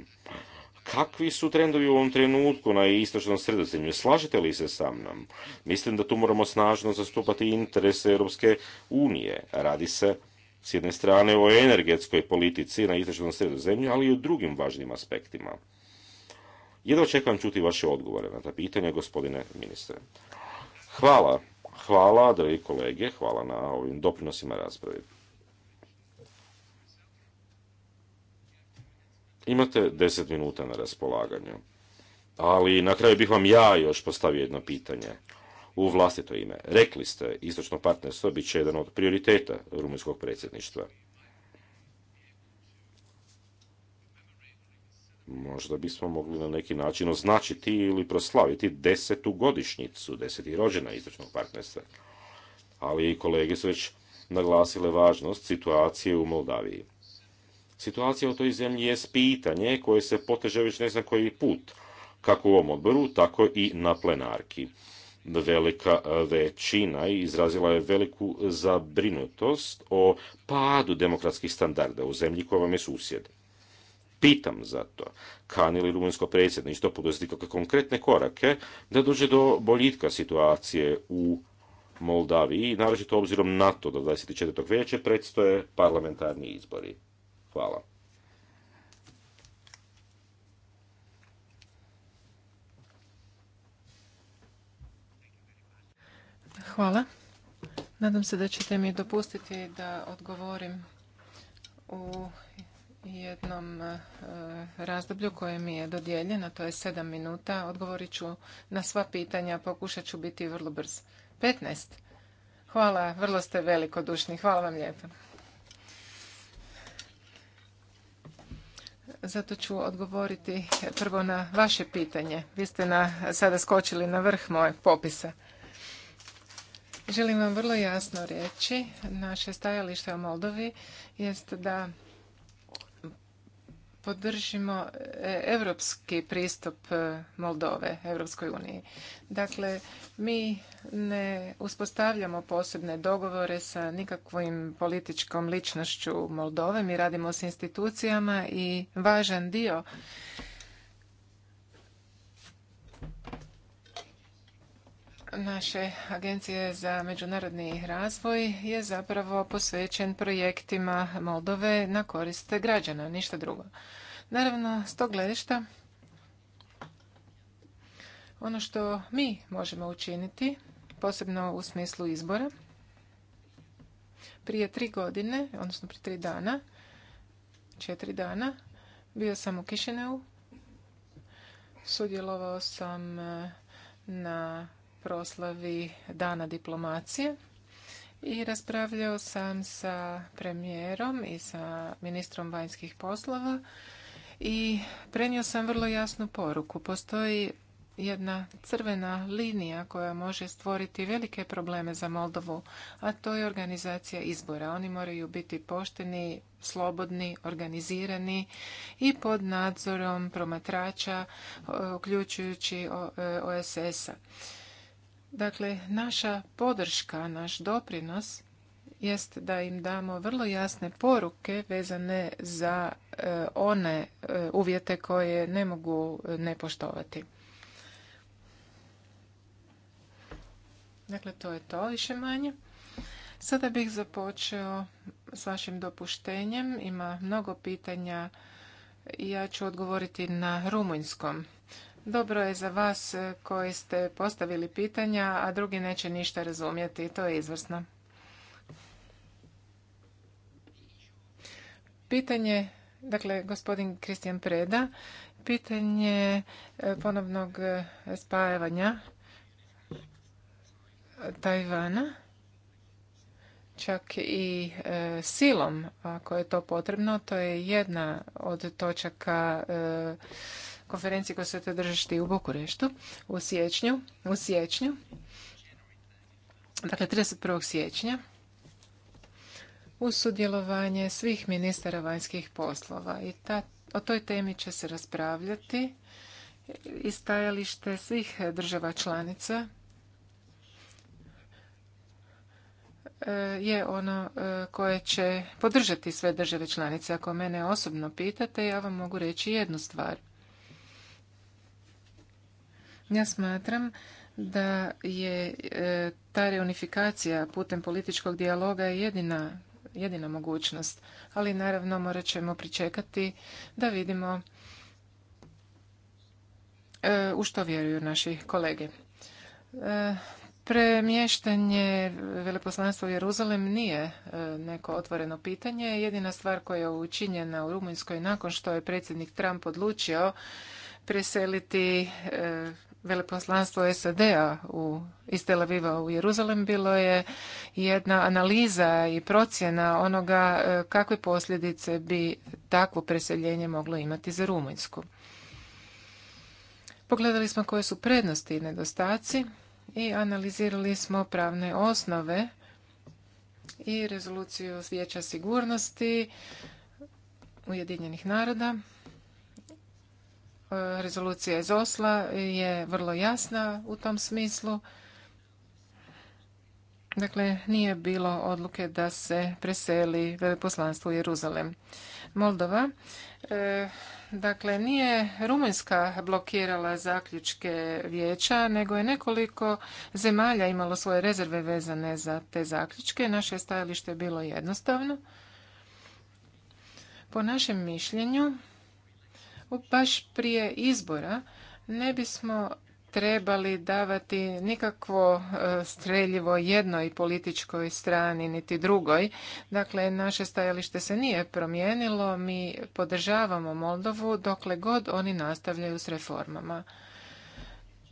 Kakvi su trendovi u ovom trenutku na istočnom sredozemlju? Slažete li se sa mnom? Mislim da tu moramo snažno zastupati interese Europske unije. Radi se s jedne strane o energetskoj politici na istočnom sredozemlju, ali i o drugim važnim aspektima. Jedva čekam čuti vaše odgovore na ta pitanja, gospodine ministre. Hvala, hvala, dragi kolege, hvala na ovim doprinosima raspravi. Imate deset minuta na raspolaganju. Ali na kraju bih vam ja još postavio jedno pitanje. U vlastito ime. Rekli ste, istočno partnerstvo bit će jedan od prioriteta rumunjskog predsjedništva. Možda bismo mogli na neki način označiti ili proslaviti desetu godišnjicu, deseti rođena istočnog partnerstva. Ali i kolege su već naglasile važnost situacije u Moldaviji. Situacija u toj zemlji je pitanje koje se poteže već ne znam koji put, kako u ovom odboru, tako i na plenarki. Velika e, većina izrazila je veliku zabrinutost o padu demokratskih standarda u zemlji koja vam je susjed. Pitam zato, kani li rumunjsko predsjedništvo poduzeti kakve konkretne korake da dođe do boljitka situacije u Moldaviji, naročito obzirom na to da 24. veljače predstoje parlamentarni izbori. Hvala. Hvala. Nadam se da ćete mi dopustiti da odgovorim u jednom e, razdoblju koje mi je dodijeljeno, to je sedam minuta. Odgovorit ću na sva pitanja, pokušat ću biti vrlo brz. 15. Hvala, vrlo ste velikodušni. Hvala vam lijepo. zato ću odgovoriti prvo na vaše pitanje. Vi ste na, sada skočili na vrh mojeg popisa. Želim vam vrlo jasno reći, naše stajalište o Moldovi jest da podržimo europski pristup e, Moldove, Evropskoj uniji. Dakle, mi ne uspostavljamo posebne dogovore sa nikakvim političkom ličnošću Moldove. Mi radimo s institucijama i važan dio naše agencije za međunarodni razvoj je zapravo posvećen projektima Moldove na korist građana, ništa drugo. Naravno, s tog gledišta ono što mi možemo učiniti, posebno u smislu izbora, prije tri godine, odnosno prije tri dana, četiri dana, bio sam u Kišineu, sudjelovao sam eh, na proslavi Dana diplomacije i raspravljao sam sa premijerom i sa ministrom vanjskih poslova i prenio sam vrlo jasnu poruku. Postoji jedna crvena linija koja može stvoriti velike probleme za Moldovu, a to je organizacija izbora. Oni moraju biti pošteni, slobodni, organizirani i pod nadzorom promatrača, e, uključujući OSS-a. E, Dakle, naša podrška, naš doprinos jest da im damo vrlo jasne poruke vezane za e, one e, uvjete koje ne mogu ne poštovati. Dakle, to je to više manje. Sada bih započeo s vašim dopuštenjem. Ima mnogo pitanja i ja ću odgovoriti na rumunjskom. Dobro je za vas e, koji ste postavili pitanja, a drugi neće ništa razumjeti. To je izvrsno. Pitanje, dakle, gospodin Kristijan Preda, pitanje e, ponovnog e, spajavanja Tajvana, čak i silom, ako je to potrebno, to je jedna od točaka konferenciji koja se te držati u Bukureštu u siječnju, u siječnju, dakle 31. siječnja, uz sudjelovanje svih ministara vanjskih poslova. I ta, o toj temi će se raspravljati i stajalište svih država članica e, je ono e, koje će podržati sve države članice. Ako mene osobno pitate, ja vam mogu reći jednu stvar. Ja smatram da je e, ta reunifikacija putem političkog dijaloga jedina, jedina mogućnost, ali naravno morat ćemo pričekati da vidimo e, u što vjeruju naši kolege. E, premještanje veleposlanstva u Jeruzalem nije neko otvoreno pitanje. Jedina stvar koja je učinjena u Rumunjskoj nakon što je predsjednik Trump odlučio preseliti e, veleposlanstvo SAD-a u, iz Tel Aviva u Jeruzalem bilo je jedna analiza i procjena onoga e, kakve posljedice bi takvo preseljenje moglo imati za Rumunjsku. Pogledali smo koje su prednosti i nedostaci i analizirali smo pravne osnove i rezoluciju Vijeća sigurnosti Ujedinjenih naroda E, rezolucija iz Osla je vrlo jasna u tom smislu. Dakle, nije bilo odluke da se preseli veleposlanstvo u Jeruzalem. Moldova, e, dakle, nije Rumunjska blokirala zaključke vijeća, nego je nekoliko zemalja imalo svoje rezerve vezane za te zaključke. Naše stajalište je bilo jednostavno. Po našem mišljenju, baš prije izbora ne bismo trebali davati nikakvo e, streljivo jednoj političkoj strani niti drugoj. Dakle, naše stajalište se nije promijenilo, mi podržavamo Moldovu dokle god oni nastavljaju s reformama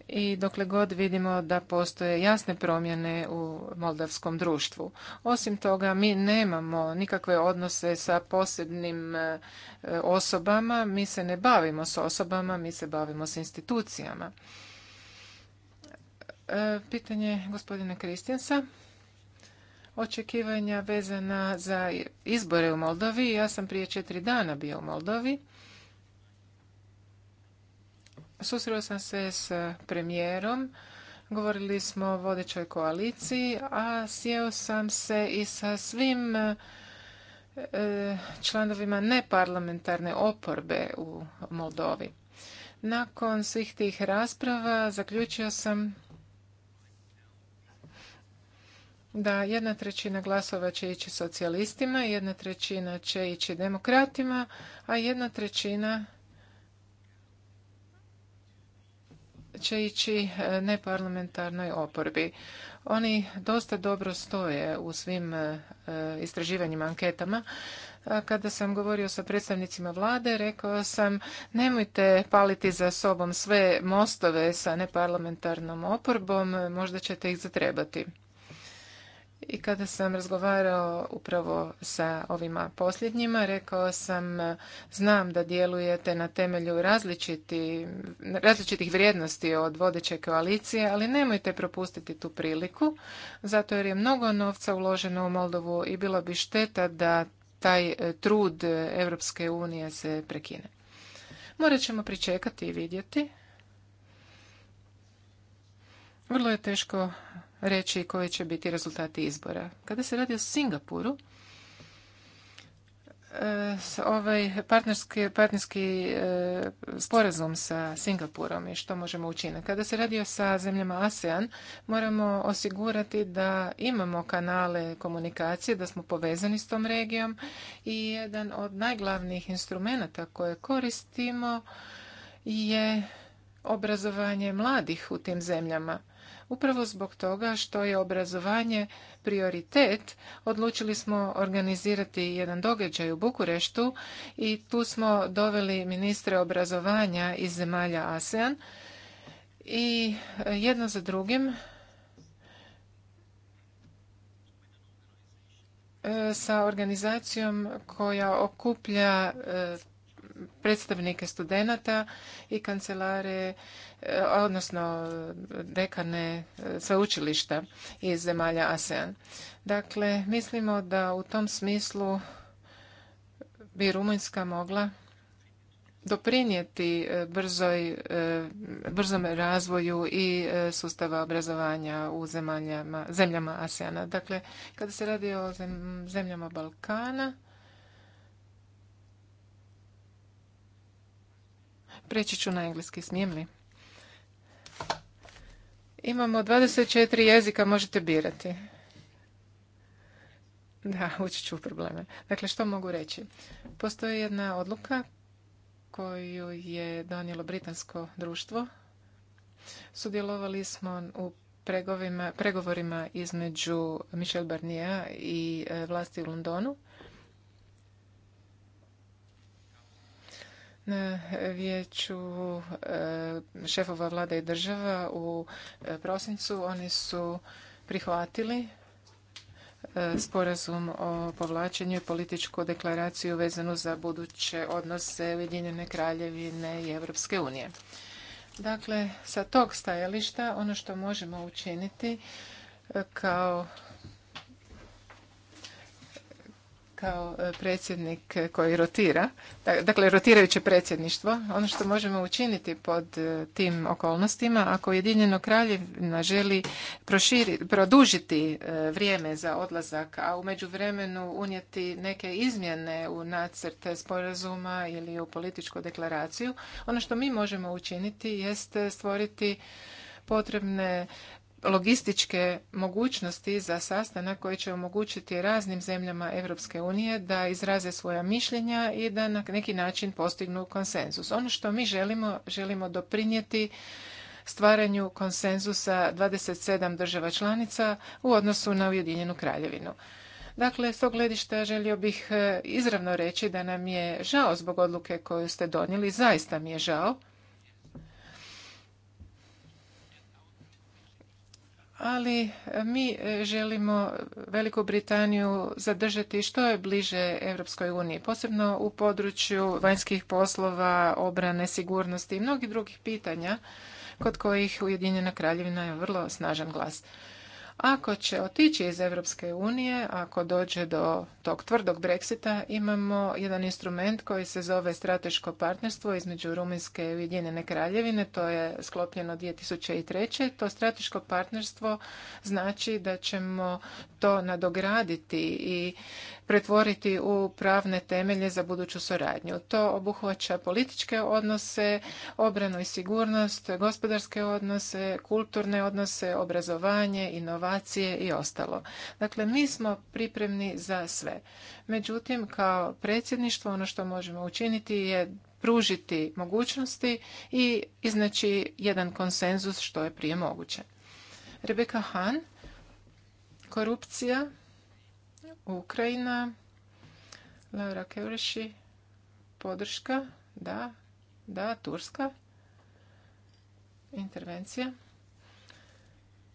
i dokle god vidimo da postoje jasne promjene u moldavskom društvu. Osim toga, mi nemamo nikakve odnose sa posebnim e, osobama, mi se ne bavimo s osobama, mi se bavimo s institucijama. E, pitanje gospodina Kristjansa. Očekivanja vezana za izbore u Moldovi. Ja sam prije četiri dana bio u Moldovi susreo sam se s premijerom, govorili smo o vodećoj koaliciji, a sjeo sam se i sa svim e, članovima neparlamentarne oporbe u Moldovi. Nakon svih tih rasprava zaključio sam da jedna trećina glasova će ići socijalistima, jedna trećina će ići demokratima, a jedna trećina će ići e, neparlamentarnoj oporbi. Oni dosta dobro stoje u svim e, istraživanjima, anketama. Kada sam govorio sa predstavnicima vlade, rekao sam nemojte paliti za sobom sve mostove sa neparlamentarnom oporbom, možda ćete ih zatrebati i kada sam razgovarao upravo sa ovima posljednjima, rekao sam znam da djelujete na temelju različiti, različitih vrijednosti od vodeće koalicije, ali nemojte propustiti tu priliku, zato jer je mnogo novca uloženo u Moldovu i bilo bi šteta da taj e, trud Europske unije se prekine. Morat ćemo pričekati i vidjeti. Vrlo je teško reći koji će biti rezultati izbora. Kada se radi o Singapuru, e, ovaj partnerski, e, sporazum sa Singapurom i što možemo učiniti. Kada se radi o sa zemljama ASEAN, moramo osigurati da imamo kanale komunikacije, da smo povezani s tom regijom i jedan od najglavnijih instrumenata koje koristimo je obrazovanje mladih u tim zemljama Upravo zbog toga što je obrazovanje prioritet, odlučili smo organizirati jedan događaj u Bukureštu i tu smo doveli ministre obrazovanja iz zemalja ASEAN i jedno za drugim e, sa organizacijom koja okuplja e, predstavnike studenata i kancelare, e, odnosno dekane e, sveučilišta iz zemalja ASEAN. Dakle, mislimo da u tom smislu bi Rumunjska mogla doprinijeti e, brzoj, brzom razvoju i sustava obrazovanja u zemljama, zemljama ASEANA. Dakle, kada se radi o zemljama Balkana, Preći ću na engleski, smijem li? Imamo 24 jezika, možete birati. Da, ući ću u probleme. Dakle, što mogu reći? Postoji jedna odluka koju je donijelo britansko društvo. Sudjelovali smo u pregovorima između Michel Barnier i e, vlasti u Londonu. na vijeću e, šefova vlada i država u e, prosincu oni su prihvatili e, sporazum o povlačenju i političku deklaraciju vezanu za buduće odnose Ujedinjene kraljevine i Europske unije. Dakle, sa tog stajališta ono što možemo učiniti kao kao e, predsjednik koji rotira, dakle rotirajuće predsjedništvo, ono što možemo učiniti pod e, tim okolnostima, ako Ujedinjeno Kraljevina želi proširi, produžiti e, vrijeme za odlazak, a u međuvremenu unijeti neke izmjene u nacrte sporazuma ili u političku deklaraciju, ono što mi možemo učiniti jest stvoriti potrebne logističke mogućnosti za sastanak koji će omogućiti raznim zemljama Europske unije da izraze svoja mišljenja i da na neki način postignu konsenzus. Ono što mi želimo, želimo doprinijeti stvaranju konsenzusa 27 država članica u odnosu na Ujedinjenu kraljevinu. Dakle, s tog gledišta želio bih eh, izravno reći da nam je žao zbog odluke koju ste donijeli, zaista mi je žao, ali e, mi e, želimo Veliku Britaniju zadržati što je bliže Europskoj uniji, posebno u području vanjskih poslova, obrane, sigurnosti i mnogih drugih pitanja kod kojih Ujedinjena kraljevina je vrlo snažan glas. Ako će otići iz Europske unije, ako dođe do tog tvrdog Brexita, imamo jedan instrument koji se zove strateško partnerstvo između Rumunjske i Ujedinjene kraljevine. To je sklopljeno 2003. To strateško partnerstvo znači da ćemo to nadograditi i pretvoriti u pravne temelje za buduću suradnju. To obuhvaća političke odnose, obranu i sigurnost, gospodarske odnose, kulturne odnose, obrazovanje, inovacije i ostalo. Dakle, mi smo pripremni za sve. Međutim, kao predsjedništvo ono što možemo učiniti je pružiti mogućnosti i iznaći jedan konsenzus što je prije moguće. Rebeka Han, korupcija Ukrajina, Laura Kevriši, podrška, da, da, Turska, intervencija.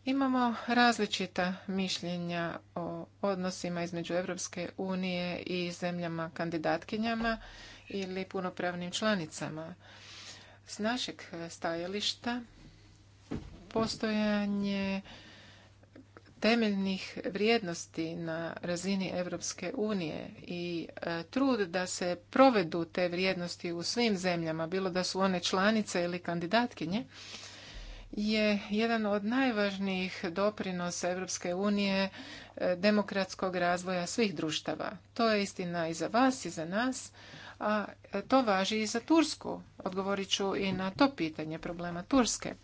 Imamo različita mišljenja o odnosima između Europske unije i zemljama kandidatkinjama ili punopravnim članicama. S našeg stajališta postojanje temeljnih vrijednosti na razini Europske unije i e, trud da se provedu te vrijednosti u svim zemljama, bilo da su one članice ili kandidatkinje, je jedan od najvažnijih doprinosa Europske unije e, demokratskog razvoja svih društava. To je istina i za vas i za nas, a e, to važi i za Tursku. Odgovorit ću i na to pitanje problema Turske.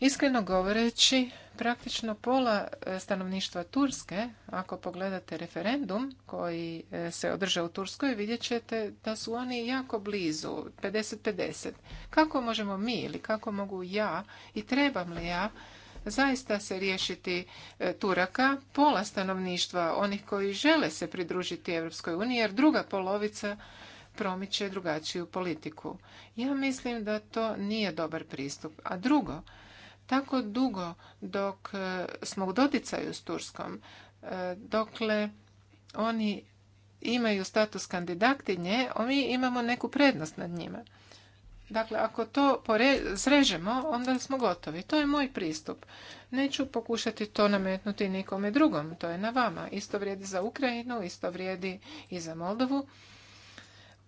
Iskreno govoreći, Praktično pola e, stanovništva Turske, ako pogledate referendum koji e, se održa u Turskoj, vidjet ćete da su oni jako blizu, 50-50. Kako možemo mi ili kako mogu ja i trebam li ja zaista se riješiti e, Turaka, pola stanovništva, onih koji žele se pridružiti Europskoj uniji, jer druga polovica promiče drugačiju politiku. Ja mislim da to nije dobar pristup. A drugo, tako dugo dok e, smo u doticaju s Turskom, e, dokle oni imaju status a mi imamo neku prednost nad njima. Dakle, ako to srežemo, onda smo gotovi. To je moj pristup. Neću pokušati to nametnuti nikome drugom. To je na vama. Isto vrijedi za Ukrajinu, isto vrijedi i za Moldovu.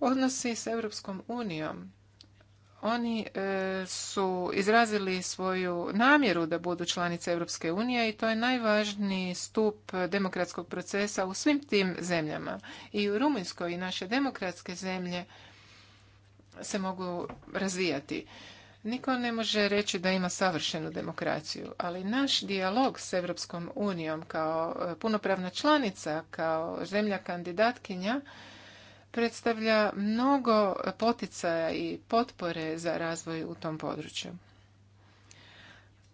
Odnosi s Europskom unijom oni e, su izrazili svoju namjeru da budu članice Europske unije i to je najvažniji stup demokratskog procesa u svim tim zemljama. I u Rumunjskoj i naše demokratske zemlje se mogu razvijati. Niko ne može reći da ima savršenu demokraciju, ali naš dijalog s Europskom unijom kao e, punopravna članica, kao zemlja kandidatkinja predstavlja mnogo poticaja i potpore za razvoj u tom području.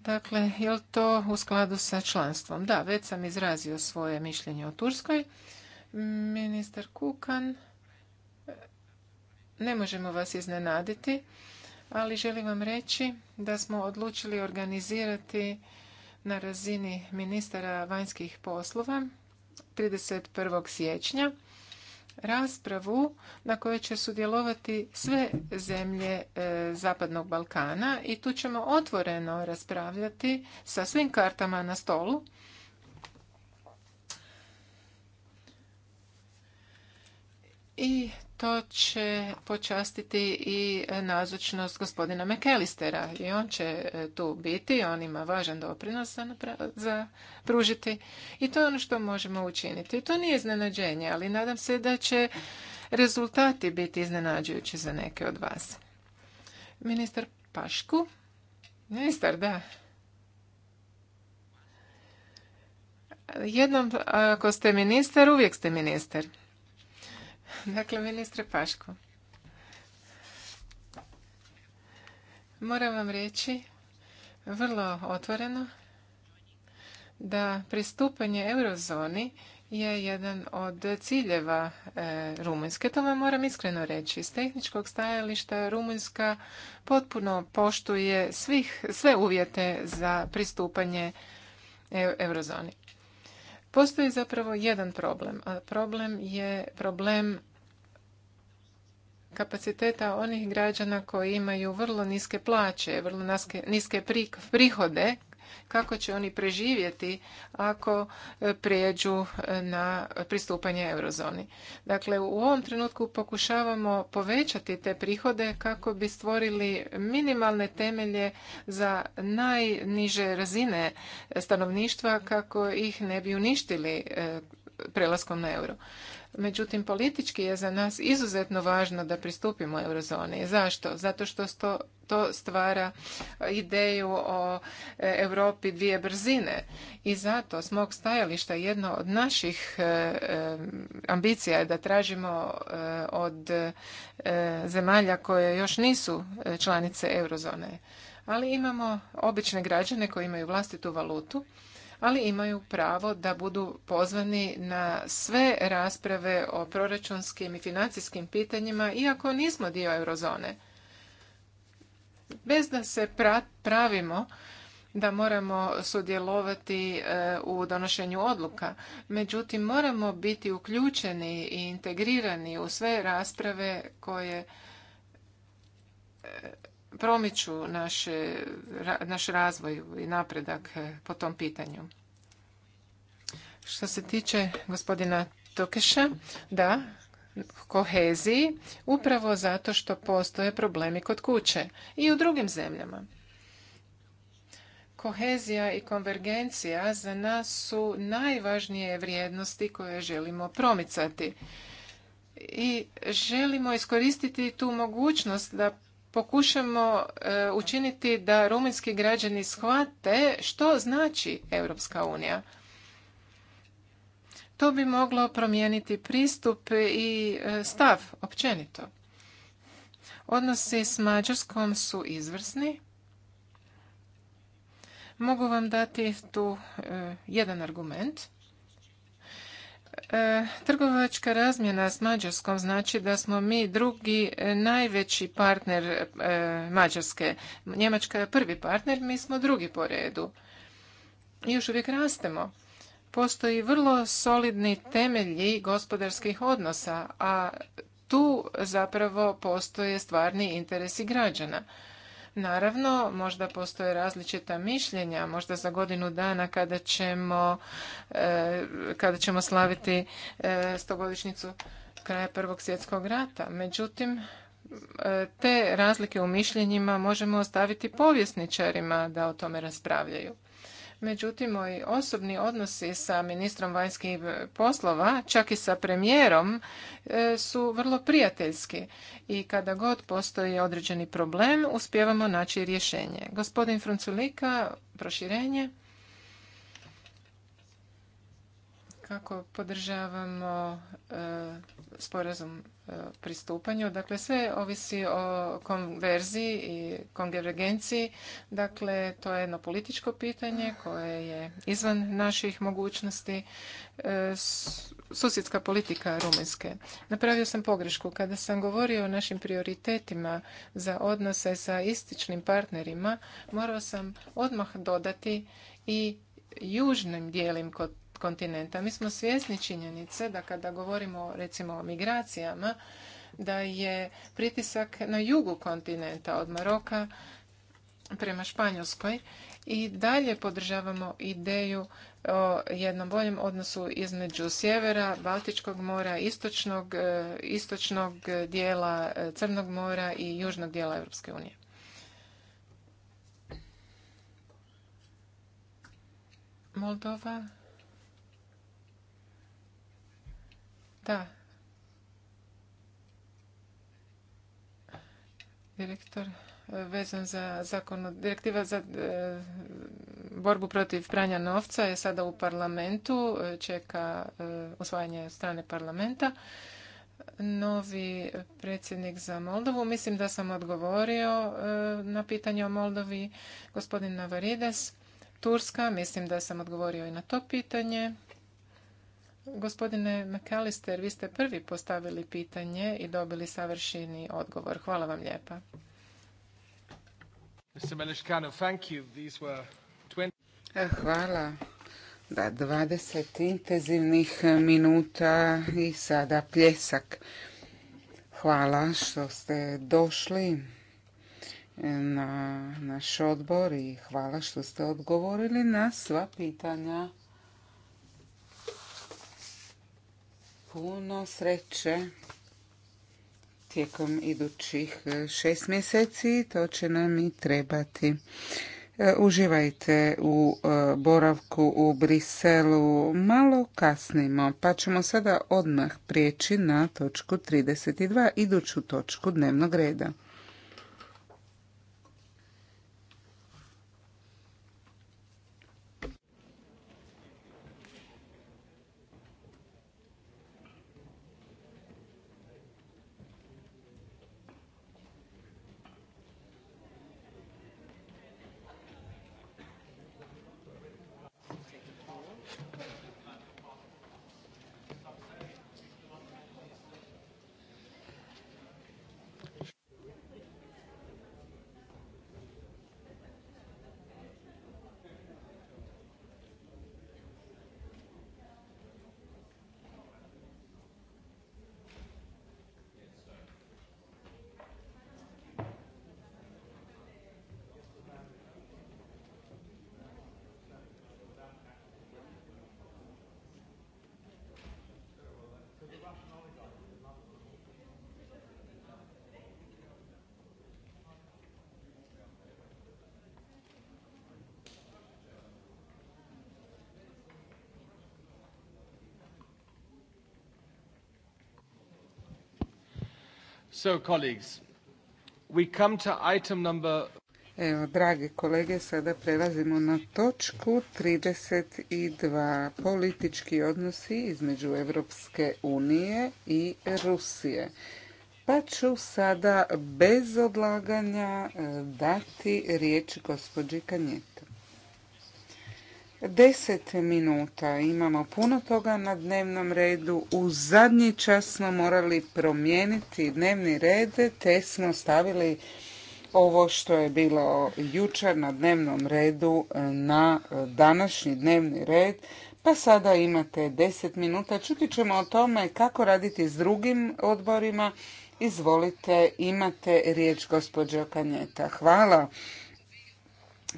Dakle, je li to u skladu sa članstvom? Da, već sam izrazio svoje mišljenje o Turskoj. Ministar Kukan, ne možemo vas iznenaditi, ali želim vam reći da smo odlučili organizirati na razini ministara vanjskih poslova 31. siječnja raspravu na kojoj će sudjelovati sve zemlje e, Zapadnog Balkana i tu ćemo otvoreno raspravljati sa svim kartama na stolu. I to će počastiti i nazočnost gospodina McAllistera i on će e, tu biti, on ima važan doprinos za, za pružiti i to je ono što možemo učiniti. To nije iznenađenje, ali nadam se da će rezultati biti iznenađujući za neke od vas. Ministar Pašku? Ministar, da. Jednom ako ste ministar, uvijek ste ministar. Dakle, ministre Paško, moram vam reći vrlo otvoreno da pristupanje eurozoni je jedan od ciljeva e, Rumunjske. To vam moram iskreno reći. Iz tehničkog stajališta Rumunjska potpuno poštuje svih, sve uvjete za pristupanje e, eurozoni. Postoji zapravo jedan problem, a problem je problem kapaciteta onih građana koji imaju vrlo niske plaće, vrlo niske prihode kako će oni preživjeti ako e, prijeđu e, na pristupanje eurozoni? Dakle, u ovom trenutku pokušavamo povećati te prihode kako bi stvorili minimalne temelje za najniže razine stanovništva kako ih ne bi uništili e, prelaskom na euro. Međutim, politički je za nas izuzetno važno da pristupimo eurozoni. Zašto? Zato što to stvara ideju o e, Europi dvije brzine. I zato s mog stajališta jedno od naših e, e, ambicija je da tražimo od zemalja koje još nisu članice eurozone. Ali imamo obične građane koji imaju vlastitu valutu ali imaju pravo da budu pozvani na sve rasprave o proračunskim i financijskim pitanjima iako nismo dio eurozone. Bez da se pravimo da moramo sudjelovati e, u donošenju odluka. Međutim, moramo biti uključeni i integrirani u sve rasprave koje e, promiču naš razvoj i napredak eh, po tom pitanju. Što se tiče gospodina Tokeša, da, koheziji, upravo zato što postoje problemi kod kuće i u drugim zemljama. Kohezija i konvergencija za nas su najvažnije vrijednosti koje želimo promicati i želimo iskoristiti tu mogućnost da pokušamo e, učiniti da rumunjski građani shvate što znači Europska unija. To bi moglo promijeniti pristup i e, stav općenito. Odnosi s Mađarskom su izvrsni. Mogu vam dati tu e, jedan argument – E, trgovačka razmjena s Mađarskom znači da smo mi drugi e, najveći partner e, Mađarske. Njemačka je prvi partner, mi smo drugi po redu. Još uvijek rastemo. Postoji vrlo solidni temelji gospodarskih odnosa, a tu zapravo postoje stvarni interesi građana. Naravno, možda postoje različita mišljenja, možda za godinu dana kada ćemo, e, kada ćemo slaviti e, stogodišnjicu kraja Prvog svjetskog rata. Međutim, e, te razlike u mišljenjima možemo ostaviti povjesničarima da o tome raspravljaju. Međutim, moji osobni odnosi sa ministrom vanjskih poslova, čak i sa premijerom, e, su vrlo prijateljski i kada god postoji određeni problem, uspjevamo naći rješenje. Gospodin Frunculika, proširenje. kako podržavamo e, sporazum e, pristupanju. Dakle, sve ovisi o konverziji i konvergenciji. Dakle, to je jedno političko pitanje koje je izvan naših mogućnosti e, susjedska politika Rumunjske. Napravio sam pogrešku kada sam govorio o našim prioritetima za odnose sa ističnim partnerima, morao sam odmah dodati i južnim dijelim kod kontinenta. Mi smo svjesni činjenice da kada govorimo recimo o migracijama, da je pritisak na jugu kontinenta od Maroka prema Španjolskoj i dalje podržavamo ideju o jednom boljem odnosu između sjevera, Baltičkog mora, istočnog, e, istočnog dijela e, Crnog mora i južnog dijela Europske unije. Moldova Da. Direktor e, vezan za zakon, direktiva za e, borbu protiv pranja novca je sada u parlamentu, e, čeka usvajanje osvajanje strane parlamenta. Novi predsjednik za Moldovu, mislim da sam odgovorio na pitanje o Moldovi, gospodin Navarides. Turska, mislim da sam odgovorio i na to pitanje. Gospodine McAllister, vi ste prvi postavili pitanje i dobili savršeni odgovor. Hvala vam lijepa. Eh, hvala. Da, 20 intenzivnih minuta i sada pljesak. Hvala što ste došli eh, na naš odbor i hvala što ste odgovorili na sva pitanja puno sreće tijekom idućih šest mjeseci. To će nam i trebati. E, uživajte u e, boravku u Briselu. Malo kasnimo, pa ćemo sada odmah prijeći na točku 32, iduću točku dnevnog reda. So, colleagues, Evo, dragi kolege, sada prelazimo na točku 32. Politički odnosi između Evropske unije i Rusije. Pa ću sada bez odlaganja eh, dati riječ gospođi Kanjeti deset minuta. Imamo puno toga na dnevnom redu. U zadnji čas smo morali promijeniti dnevni red te smo stavili ovo što je bilo jučer na dnevnom redu e, na današnji dnevni red. Pa sada imate deset minuta. Čuti ćemo o tome kako raditi s drugim odborima. Izvolite, imate riječ gospođo Kanjeta. Hvala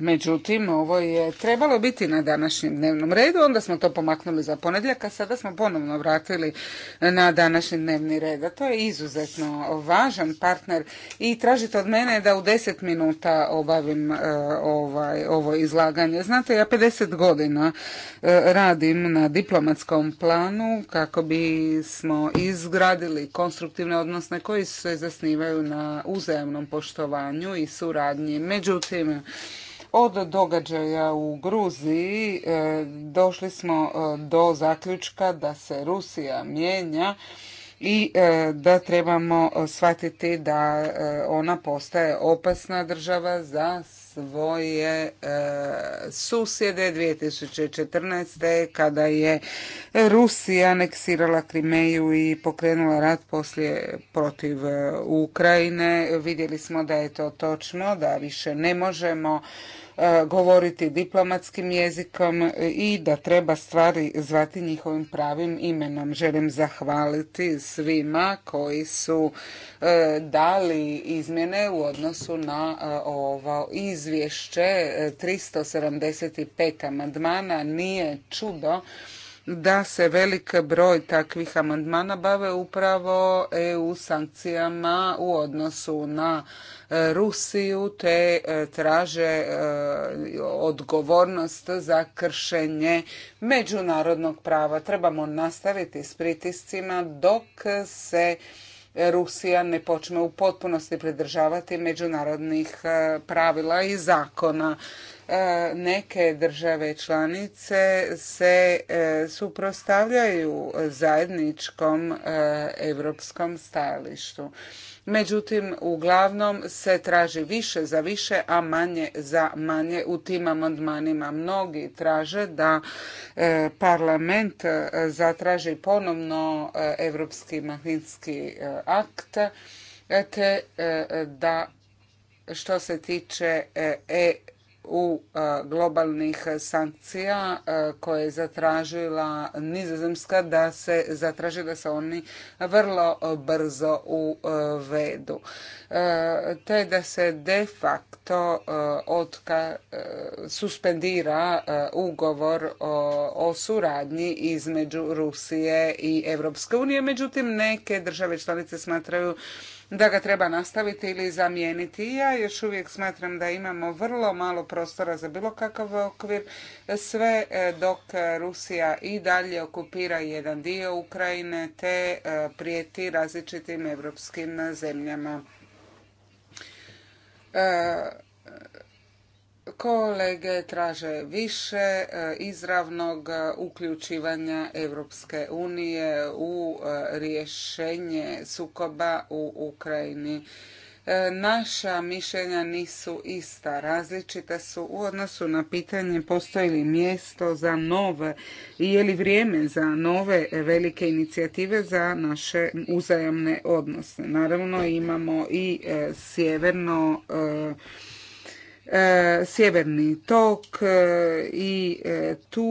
Međutim, ovo je trebalo biti na današnjem dnevnom redu, onda smo to pomaknuli za ponedjeljak, a sada smo ponovno vratili na današnji dnevni red. A to je izuzetno važan partner i tražite od mene da u deset minuta obavim e, ovaj, ovo izlaganje. Znate, ja 50 godina e, radim na diplomatskom planu kako bi smo izgradili konstruktivne odnosne koji se zasnivaju na uzajemnom poštovanju i suradnji. Međutim, od događaja u Gruziji e, došli smo e, do zaključka da se Rusija mijenja i e, da trebamo shvatiti da ona postaje opasna država za svoje susjede 2014. kada je Rusija aneksirala Krimeju i pokrenula rat poslije protiv Ukrajine. Vidjeli smo da je to točno, da više ne možemo E, govoriti diplomatskim jezikom i da treba stvari zvati njihovim pravim imenom. Želim zahvaliti svima koji su e, dali izmjene u odnosu na e, ovo izvješće. 375 amandmana nije čudo da se velik broj takvih amandmana bave upravo EU sankcijama u odnosu na e, Rusiju te e, traže e, odgovornost za kršenje međunarodnog prava. Trebamo nastaviti s pritiscima dok se Rusija ne počne u potpunosti pridržavati međunarodnih pravila i zakona. E, neke države članice se e, suprostavljaju zajedničkom europskom stajalištu. Međutim, uglavnom se traži više za više, a manje za manje. U tim amandmanima mnogi traže da e, parlament zatraži ponovno Europski mahinski akt, te da što se tiče e u e, globalnih sankcija e, koje je zatražila Nizozemska da se zatraži da se oni vrlo brzo uvedu. E, te da se de facto suspendira ugovor o suradnji između Rusije i Europske unije. Međutim, neke države članice smatraju da ga treba nastaviti ili zamijeniti. Ja još uvijek smatram da imamo vrlo malo prostora za bilo kakav okvir, sve e, dok Rusija i dalje okupira jedan dio Ukrajine te e, prijeti različitim evropskim zemljama. E, Kolege traže više e, izravnog e, uključivanja Europske unije u e, rješenje sukoba u Ukrajini. Naša mišljenja nisu ista, različita su u odnosu na pitanje postoji li mjesto za nove i je li vrijeme za nove velike inicijative za naše uzajamne odnose. Naravno imamo i sjeverno E, sjeverni tok e, i e, tu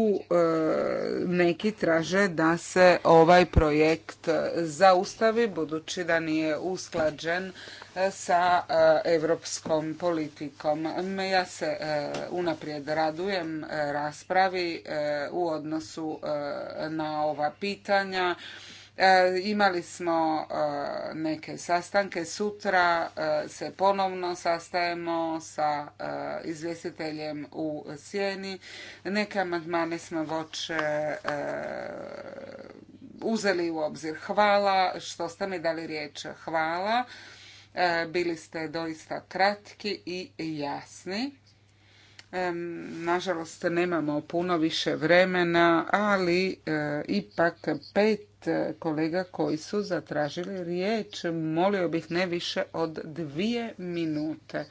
neki traže da se ovaj projekt zaustavi budući da nije usklađen sa europskom politikom. Ja se unaprijed radujem raspravi u odnosu na ova pitanja E, imali smo e, neke sastanke. Sutra e, se ponovno sastajemo sa izvjestiteljem u sjeni. Neke amandmane smo voće uzeli u obzir. Hvala što ste mi dali riječ. Hvala. Bili ste doista kratki i jasni. Nažalost, nemamo puno više vremena, ali e, ipak pet e, kolega koji su zatražili riječ. Molio bih ne više od dvije minute.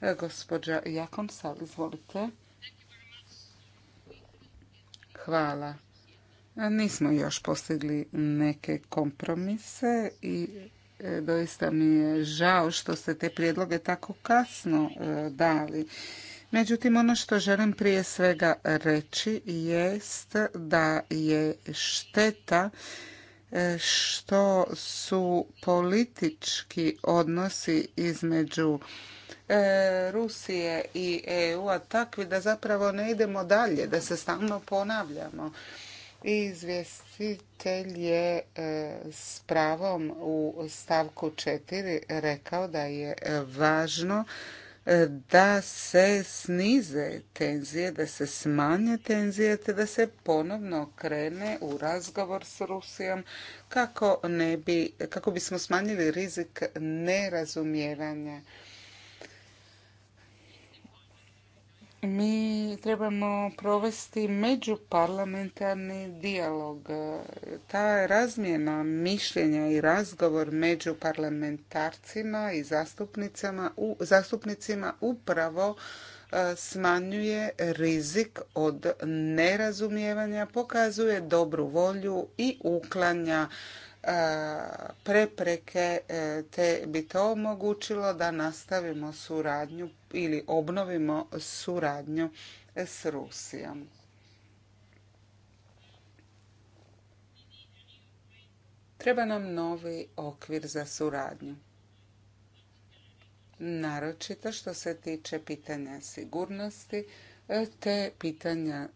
E, gospođa Jakonsal, izvolite. Hvala. Nismo još postigli neke kompromise i doista mi je žao što ste te prijedloge tako kasno dali. Međutim, ono što želim prije svega reći jest da je šteta e, što su politički odnosi između e, Rusije i EU-a takvi da zapravo ne idemo dalje, da se stalno ponavljamo. I izvjestitelj je e, s pravom u stavku 4 rekao da je važno da se snize tenzije, da se smanje tenzije te da se ponovno krene u razgovor s Rusijom kako, ne bi, kako bismo smanjili rizik nerazumijevanja mi trebamo provesti međuparlamentarni dijalog. Ta razmjena mišljenja i razgovor među parlamentarcima i zastupnicama, u, zastupnicima upravo e, smanjuje rizik od nerazumijevanja, pokazuje dobru volju i uklanja E, prepreke e, te bi to omogućilo da nastavimo suradnju ili obnovimo suradnju e, s Rusijom. Treba nam novi okvir za suradnju. Naročito što se tiče pitanja sigurnosti, te pitanja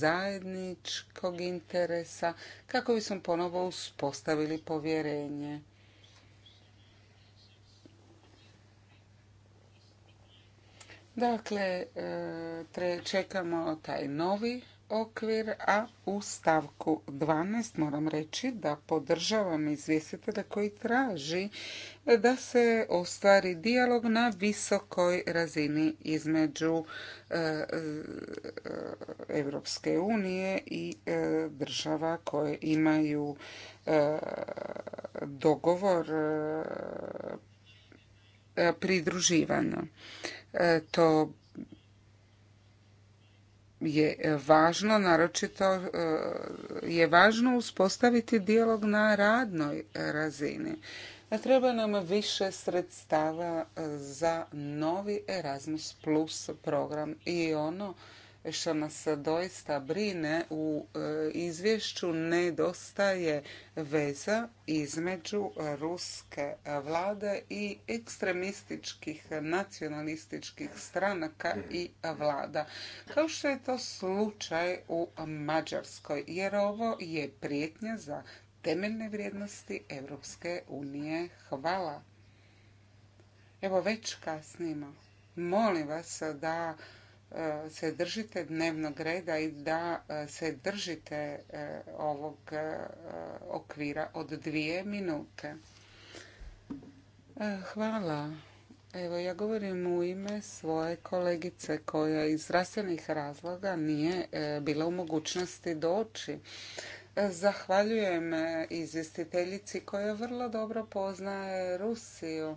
zajedničkog interesa kako bismo ponovo uspostavili povjerenje. Dakle, e, čekamo taj novi okvir, a u stavku 12 moram reći da podržavam izvjestitelja koji traži da se ostvari dijalog na visokoj razini između Europske e, unije i e, država koje imaju e, dogovor pridruživanja. To je e, važno, naročito e, je važno uspostaviti dijalog na radnoj razini. treba nam više sredstava e, za novi Erasmus Plus program i ono što nas doista brine u e, izvješću nedostaje veza između ruske vlade i ekstremističkih nacionalističkih stranaka mm. i vlada. Kao što je to slučaj u Mađarskoj, jer ovo je prijetnja za temeljne vrijednosti Europske unije. Hvala. Evo već kasnimo. Molim vas da se držite dnevnog reda i da e, se držite e, ovog e, okvira od dvije minute. Hvala. Evo, ja govorim u ime svoje kolegice koja iz zdravstvenih razloga nije bila u mogućnosti doći. Zahvaljujem izvjestiteljici koja vrlo dobro poznaje Rusiju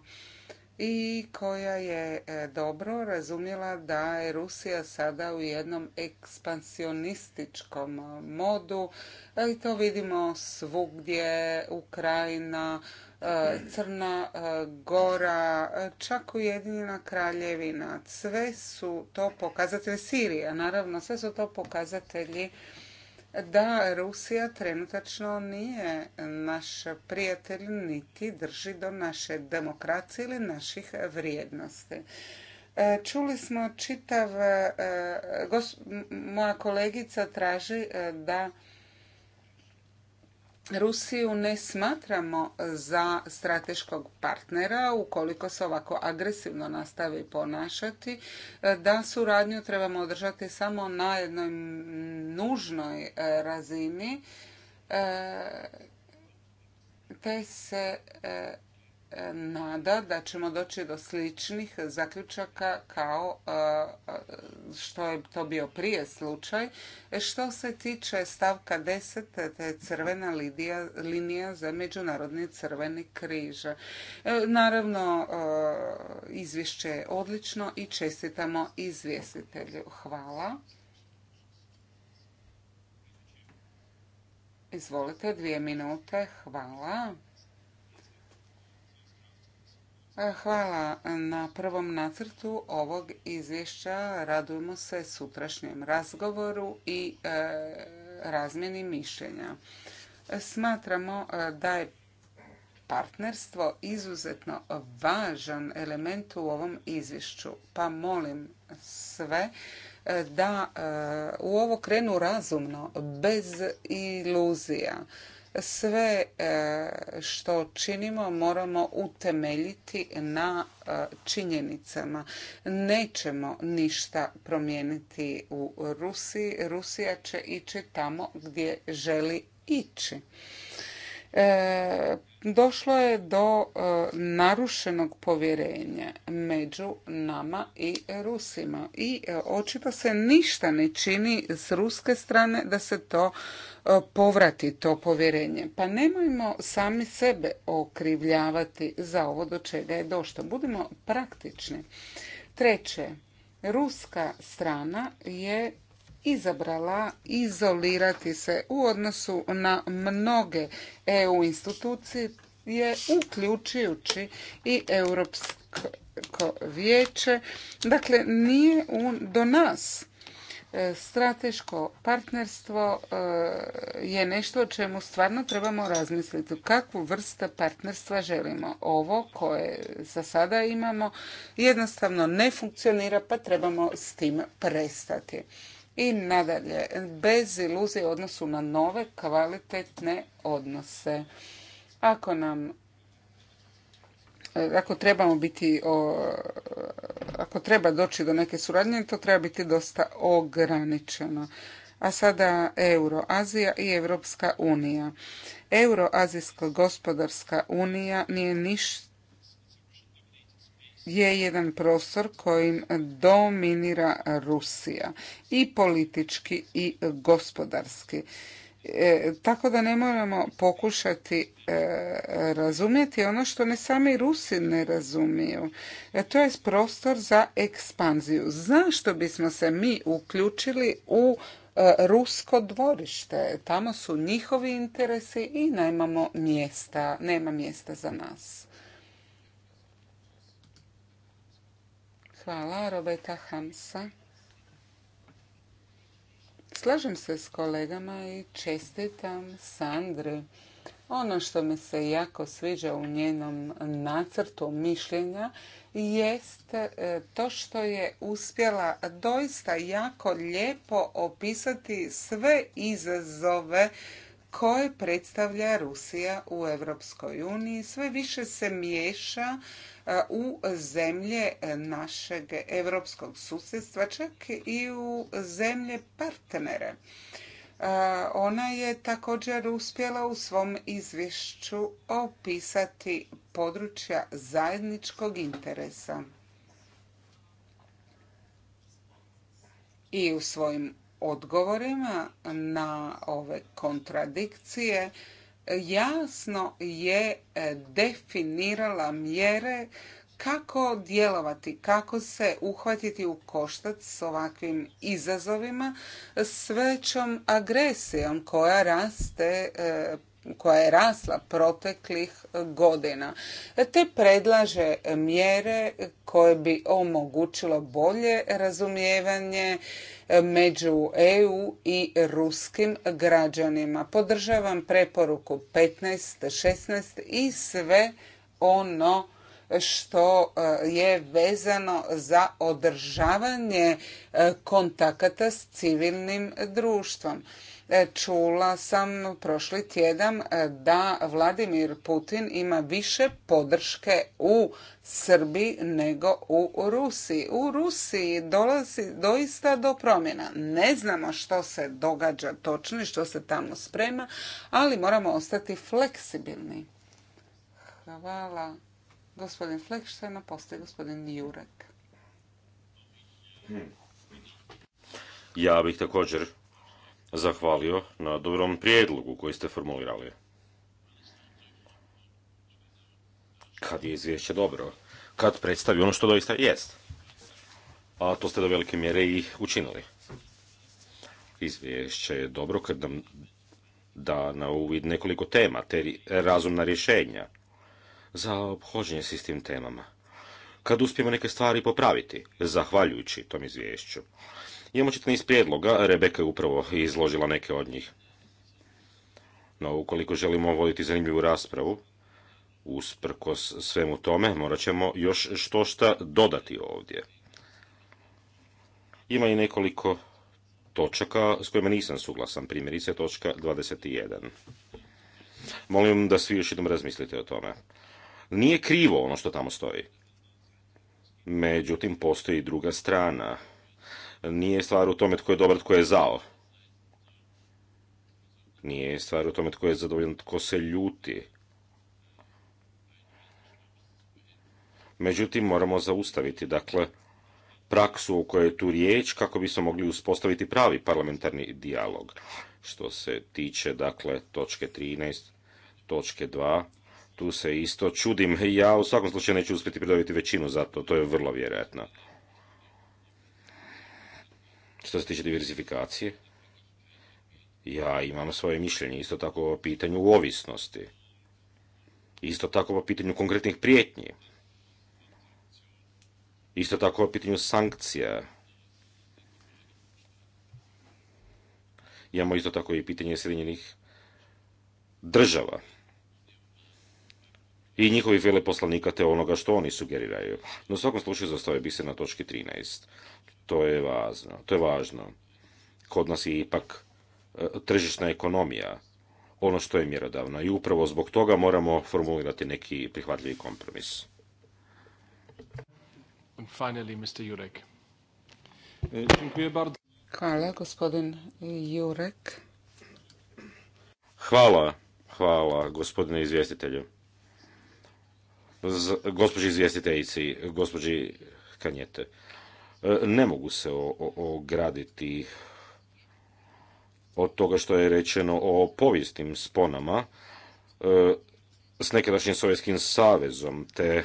i koja je e, dobro razumjela da je Rusija sada u jednom ekspansionističkom e, modu e, i to vidimo svugdje Ukrajina, Crna Gora, čak Ujedinjena Kraljevina. Sve su to pokazatelji Sirija, naravno, sve su to pokazatelji da Rusija trenutačno nije naš prijatelj niti drži do naše demokracije ili naših vrijednosti. E, čuli smo čitav, e, moja kolegica traži e, da Rusiju ne smatramo za strateškog partnera ukoliko se ovako agresivno nastavi ponašati, e, da suradnju trebamo održati samo na jednoj nužnoj e, razini e, te se nada da ćemo doći do sličnih zaključaka kao e, što je to bio prije slučaj. E, što se tiče stavka 10, te crvena linija za Međunarodni crveni križ. E, naravno, izvješće je odlično i čestitamo izvjestitelju. Hvala. Izvolite, dvije minute. Hvala. E, hvala na prvom nacrtu ovog izvješća. Radujemo se sutrašnjem razgovoru i e, razmjeni mišljenja. Smatramo e, da je partnerstvo izuzetno važan element u ovom izvješću, pa molim sve da u ovo krenu razumno, bez iluzija sve e, što činimo moramo utemeljiti na e, činjenicama. Nećemo ništa promijeniti u Rusiji. Rusija će ići tamo gdje želi ići. E, došlo je do e, narušenog povjerenja među nama i Rusima. I e, očito se ništa ne čini s ruske strane da se to povrati, to povjerenje. Pa nemojmo sami sebe okrivljavati za ovo do čega je došlo. Budimo praktični. Treće, ruska strana je izabrala izolirati se u odnosu na mnoge EU institucije uključujući i Europsko vijeće. Dakle, nije do nas e, strateško partnerstvo e, je nešto o čemu stvarno trebamo razmisliti. Kakvu vrsta partnerstva želimo? Ovo koje za sada imamo jednostavno ne funkcionira pa trebamo s tim prestati. I nadalje, bez iluzije odnosu na nove kvalitetne odnose. Ako nam e, ako trebamo biti ako treba doći do neke suradnje, to treba biti dosta ograničeno. A sada Euroazija i Europska unija. Euroazijska gospodarska unija nije ništa je jedan prostor kojim dominira Rusija i politički i gospodarski. E, tako da ne moramo pokušati e, razumjeti ono što ne sami Rusi ne razumiju. E, to je prostor za ekspanziju. Zašto bismo se mi uključili u e, rusko dvorište? Tamo su njihovi interesi i nemamo mjesta, nema mjesta za nas. Hvala, Roberta Hamsa. Slažem se s kolegama i čestitam Sandri. Ono što mi se jako sviđa u njenom nacrtu mišljenja jest e, to što je uspjela doista jako lijepo opisati sve izazove koje predstavlja Rusija u Europskoj uniji. Sve više se miješa E, u zemlje našeg europskog susjedstva, čak i u zemlje partnere. E, ona je također uspjela u svom izvješću opisati područja zajedničkog interesa. I u svojim odgovorima na ove kontradikcije jasno je e, definirala mjere kako djelovati, kako se uhvatiti u koštac s ovakvim izazovima, s većom agresijom koja raste e, koja je rasla proteklih godina, te predlaže mjere koje bi omogućilo bolje razumijevanje među EU i ruskim građanima. Podržavam preporuku 15, 16 i sve ono što e, je vezano za održavanje e, kontakata s civilnim društvom. E, čula sam prošli tjedan e, da Vladimir Putin ima više podrške u Srbiji nego u Rusiji. U Rusiji dolazi doista do promjena. Ne znamo što se događa točno i što se tamo sprema, ali moramo ostati fleksibilni. Hvala. Gospodin Flekštajna, postoji gospodin Jurek. Hm. Ja bih također zahvalio na dobrom prijedlogu koji ste formulirali. Kad je izvješće dobro, kad predstavi ono što doista jest. A to ste do velike mjere i učinili. Izvješće je dobro kad nam da na uvid nekoliko tema, te razumna rješenja za obhođenje s istim temama. Kad uspijemo neke stvari popraviti, zahvaljujući tom izvješću. Imamo čitav niz prijedloga, Rebeka je upravo izložila neke od njih. No, ukoliko želimo voditi zanimljivu raspravu, usprkos svemu tome, morat ćemo još što šta dodati ovdje. Ima i nekoliko točaka s kojima nisam suglasan, primjerice točka 21. Molim da svi još jednom razmislite o tome. Nije krivo ono što tamo stoji. Međutim, postoji druga strana nije stvar u tome tko je dobar, tko je zao. Nije stvar u tome tko je zadovoljan, tko se ljuti. Međutim, moramo zaustaviti, dakle, praksu o kojoj je tu riječ kako bismo mogli uspostaviti pravi parlamentarni dijalog. Što se tiče, dakle, točke 13, točke 2, tu se isto čudim. Ja u svakom slučaju neću uspjeti pridobiti većinu, zato to je vrlo vjerojatno. Što se tiče diversifikacije, ja imam svoje mišljenje isto tako o pitanju ovisnosti. Isto tako o pitanju konkretnih prijetnji. Isto tako o pitanju sankcija. Imamo isto tako i pitanje Sjedinjenih država i njihovih veleposlanika te onoga što oni sugeriraju. No u svakom slučaju zastavio bi se na točki 13. To je važno. To je važno. Kod nas je ipak e, tržišna ekonomija ono što je mjerodavno i upravo zbog toga moramo formulirati neki prihvatljivi kompromis. finally, Mr. Jurek. E, hvala, gospodin Jurek. Hvala, hvala, gospodine izvjestitelju. gospođi izvjestiteljici, gospođi Kanjete. E, ne mogu se ograditi od toga što je rečeno o povijesnim sponama e, s nekadašnjim Sovjetskim savezom, te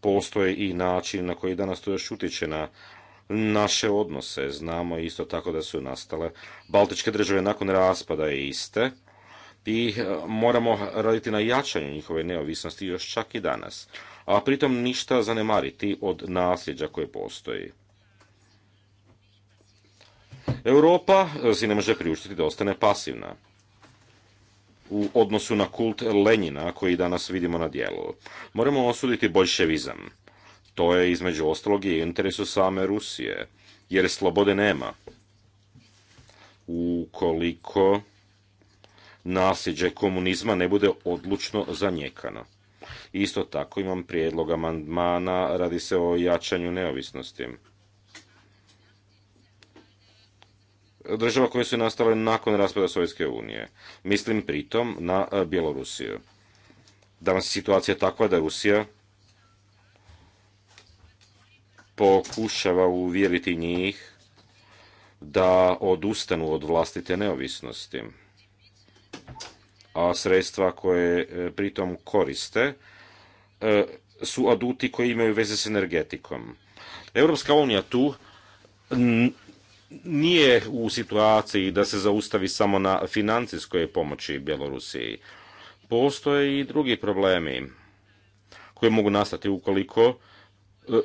postoje i način na koji danas to još utječe na naše odnose. Znamo isto tako da su nastale Baltičke države nakon raspada je iste i e, moramo raditi na jačanju njihove neovisnosti još čak i danas, a pritom ništa zanemariti od nasljeđa koje postoji. Europa eh, si ne može priuštiti da ostane pasivna u odnosu na kult Lenjina koji danas vidimo na dijelu. Moramo osuditi bolševizam. To je između ostalog i interesu same Rusije, jer slobode nema. Ukoliko nasljeđe komunizma ne bude odlučno zanjekano. Isto tako imam prijedlog amandmana, radi se o jačanju neovisnosti. država koje su nastale nakon raspada Sovjetske unije. Mislim pritom na e, Bjelorusiju. Danas je situacija takva da Rusija pokušava uvjeriti njih da odustanu od vlastite neovisnosti. A sredstva koje e, pritom koriste e, su aduti koji imaju veze s energetikom. Europska unija tu nije u situaciji da se zaustavi samo na financijskoj pomoći Bjelorusiji. Postoje i drugi problemi koji mogu nastati ukoliko e,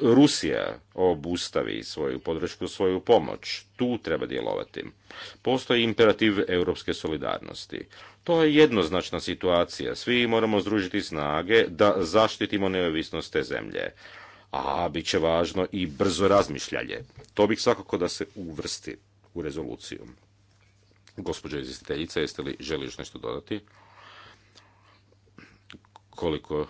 Rusija obustavi svoju podršku, svoju pomoć. Tu treba djelovati. Postoji imperativ europske solidarnosti. To je jednoznačna situacija. Svi moramo združiti snage da zaštitimo neovisnost te zemlje a bit će važno i brzo razmišljanje. To bih svakako da se uvrsti u rezoluciju. Gospođo izvjestiteljica, jeste li želiš nešto dodati? Koliko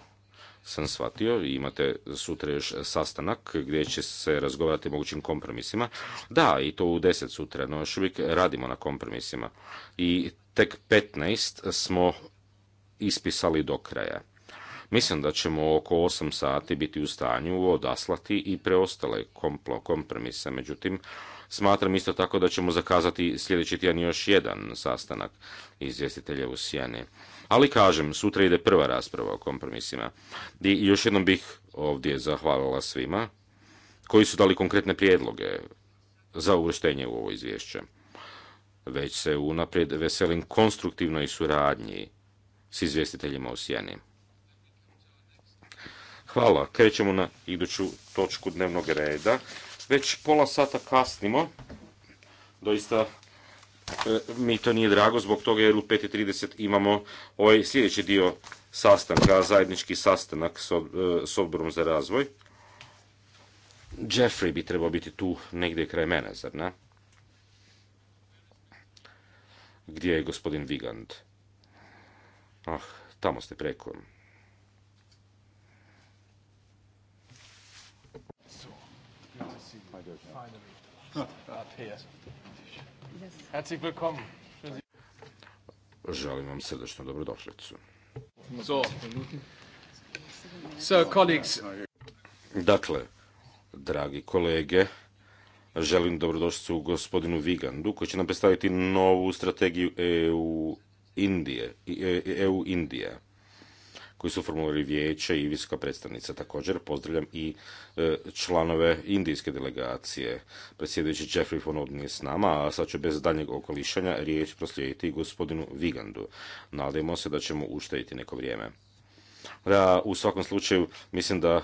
sam shvatio, imate sutra još sastanak gdje će se razgovarati o mogućim kompromisima. Da, i to u deset sutra, no još uvijek radimo na kompromisima. I tek 15 smo ispisali do kraja. Mislim da ćemo oko 8 sati biti u stanju odaslati i preostale kompromise. Međutim, smatram isto tako da ćemo zakazati sljedeći tjedan još jedan sastanak izvjestitelja u Sjeni. Ali kažem, sutra ide prva rasprava o kompromisima. I još jednom bih ovdje zahvalila svima koji su dali konkretne prijedloge za uvrštenje u ovo izvješće. Već se unaprijed veselim konstruktivnoj suradnji s izvjestiteljima u Sjeni. Hvala. Krećemo na iduću točku dnevnog reda. Već pola sata kasnimo. Doista e, mi to nije drago zbog toga jer u 5.30 imamo ovaj sljedeći dio sastanka, zajednički sastanak e, s odborom za razvoj. Jeffrey bi trebao biti tu negdje kraj mene, zar ne? Gdje je gospodin Vigand? Ah, tamo ste preko. Herzlich willkommen. Želim vam srdečno dobrodošlicu. Dakle, dragi kolege, želim dobrodošlicu gospodinu Vigandu koji će nam predstaviti novu strategiju EU Indije. EU e e Indije koji su formulirali vijeće i visoka predstavnica. Također pozdravljam i e, članove indijske delegacije. Predsjedajući Jeffrey von Oden s nama, a sad ću bez daljnjeg okolišanja riječ proslijediti gospodinu Vigandu. Nadajmo se da ćemo uštediti neko vrijeme. u svakom slučaju mislim da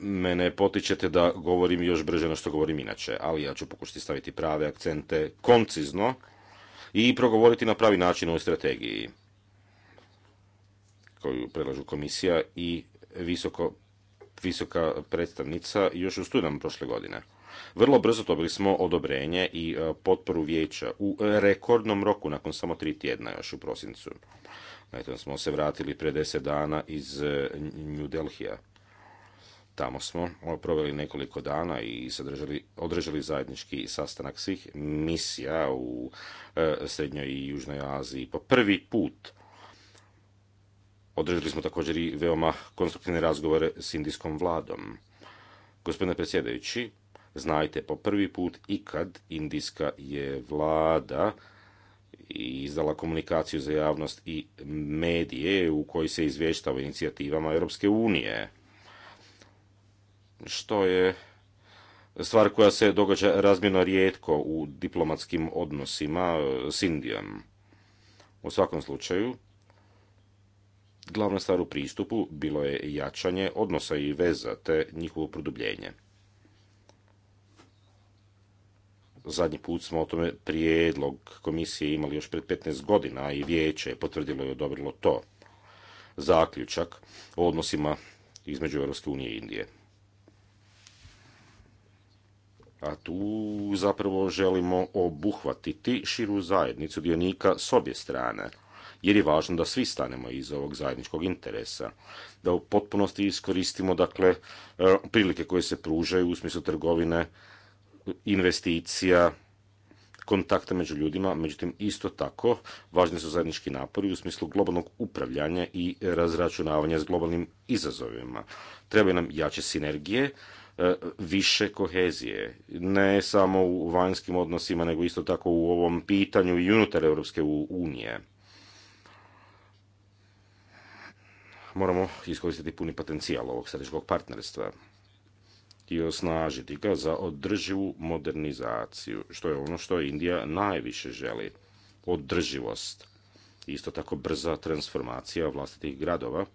mene potičete da govorim još brže na što govorim inače, ali ja ću pokušati staviti prave akcente koncizno i progovoriti na pravi način o strategiji koju predlažu komisija i visoko, visoka predstavnica još u studenom prošle godine. Vrlo brzo dobili smo odobrenje i e, potporu vijeća u rekordnom roku nakon samo tri tjedna još u prosincu. Eto, smo se vratili pre deset dana iz e, New Delhija. Tamo smo e, proveli nekoliko dana i sadržali, održali zajednički sastanak svih misija u Srednjoj i Južnoj Aziji. Po prvi put Održali smo također i veoma konstruktivne razgovore s indijskom vladom. Gospodine predsjedajući, znajte, po prvi put ikad indijska je vlada izdala komunikaciju za javnost i medije u kojoj se izvještava inicijativama Europske unije. Što je stvar koja se događa razmjerno rijetko u diplomatskim odnosima e, s Indijom. U svakom slučaju, Glavna stvar u pristupu bilo je jačanje odnosa i veza te njihovo produbljenje. Zadnji put smo o tome prijedlog komisije imali još pred 15 godina i vijeće je potvrdilo i odobrilo to. Zaključak o odnosima između Europske unije i Indije. A tu zapravo želimo obuhvatiti širu zajednicu dionika s obje strane – jer je važno da svi stanemo iz ovog zajedničkog interesa, da u potpunosti iskoristimo dakle e, prilike koje se pružaju u smislu trgovine, investicija, kontakta među ljudima, međutim isto tako važni su zajednički napori u smislu globalnog upravljanja i razračunavanja s globalnim izazovima. Trebaju nam jače sinergije, e, više kohezije, ne samo u vanjskim odnosima, nego isto tako u ovom pitanju i unutar Europske unije. moramo iskoristiti puni potencijal ovog strateškog partnerstva i osnažiti ga za održivu modernizaciju, što je ono što Indija najviše želi. Održivost. Isto tako brza transformacija vlastitih gradova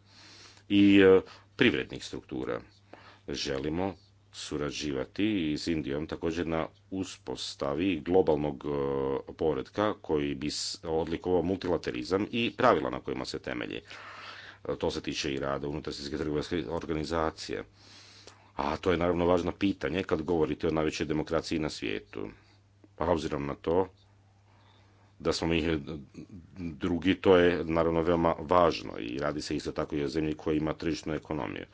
i e, privrednih struktura. Želimo surađivati s Indijom također na uspostavi globalnog e, poredka koji bi odlikovao multilaterizam i pravila na kojima se temelji. E, to se tiče i rada unutar svjetske trgovinske organizacije. A to je naravno važno pitanje kad govorite o najvećoj demokraciji na svijetu. Pa obzirom na to da smo mi drugi, to je naravno veoma važno i radi se isto tako i o zemlji koja ima tržišnu ekonomiju.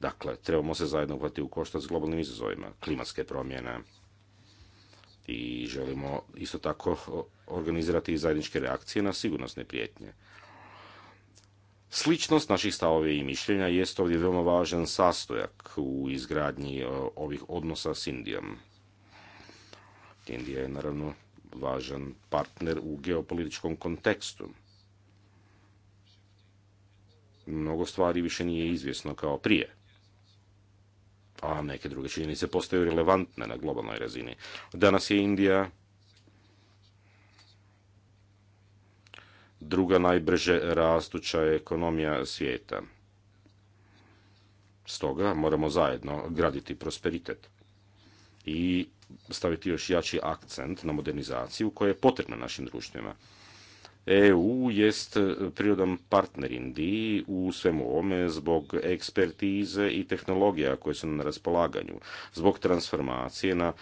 Dakle, trebamo se zajedno uhvati u koštac s globalnim izazovima, klimatske promjene i želimo isto tako organizirati zajedničke reakcije na sigurnosne prijetnje. Sličnost naših stavove i mišljenja jest ovdje veoma važan sastojak u izgradnji e, ovih odnosa s Indijom. Indija je naravno važan partner u geopolitičkom kontekstu. Mnogo stvari više nije izvjesno kao prije a neke druge činjenice postaju relevantne na globalnoj razini. Danas je Indija druga najbrže rastuća ekonomija svijeta. Stoga moramo zajedno graditi prosperitet i staviti još jači akcent na modernizaciju koja je potrebna našim društvima. EU jest e, prirodan partner Indiji u svemu ovome zbog ekspertize i tehnologija koje su na raspolaganju, zbog transformacije na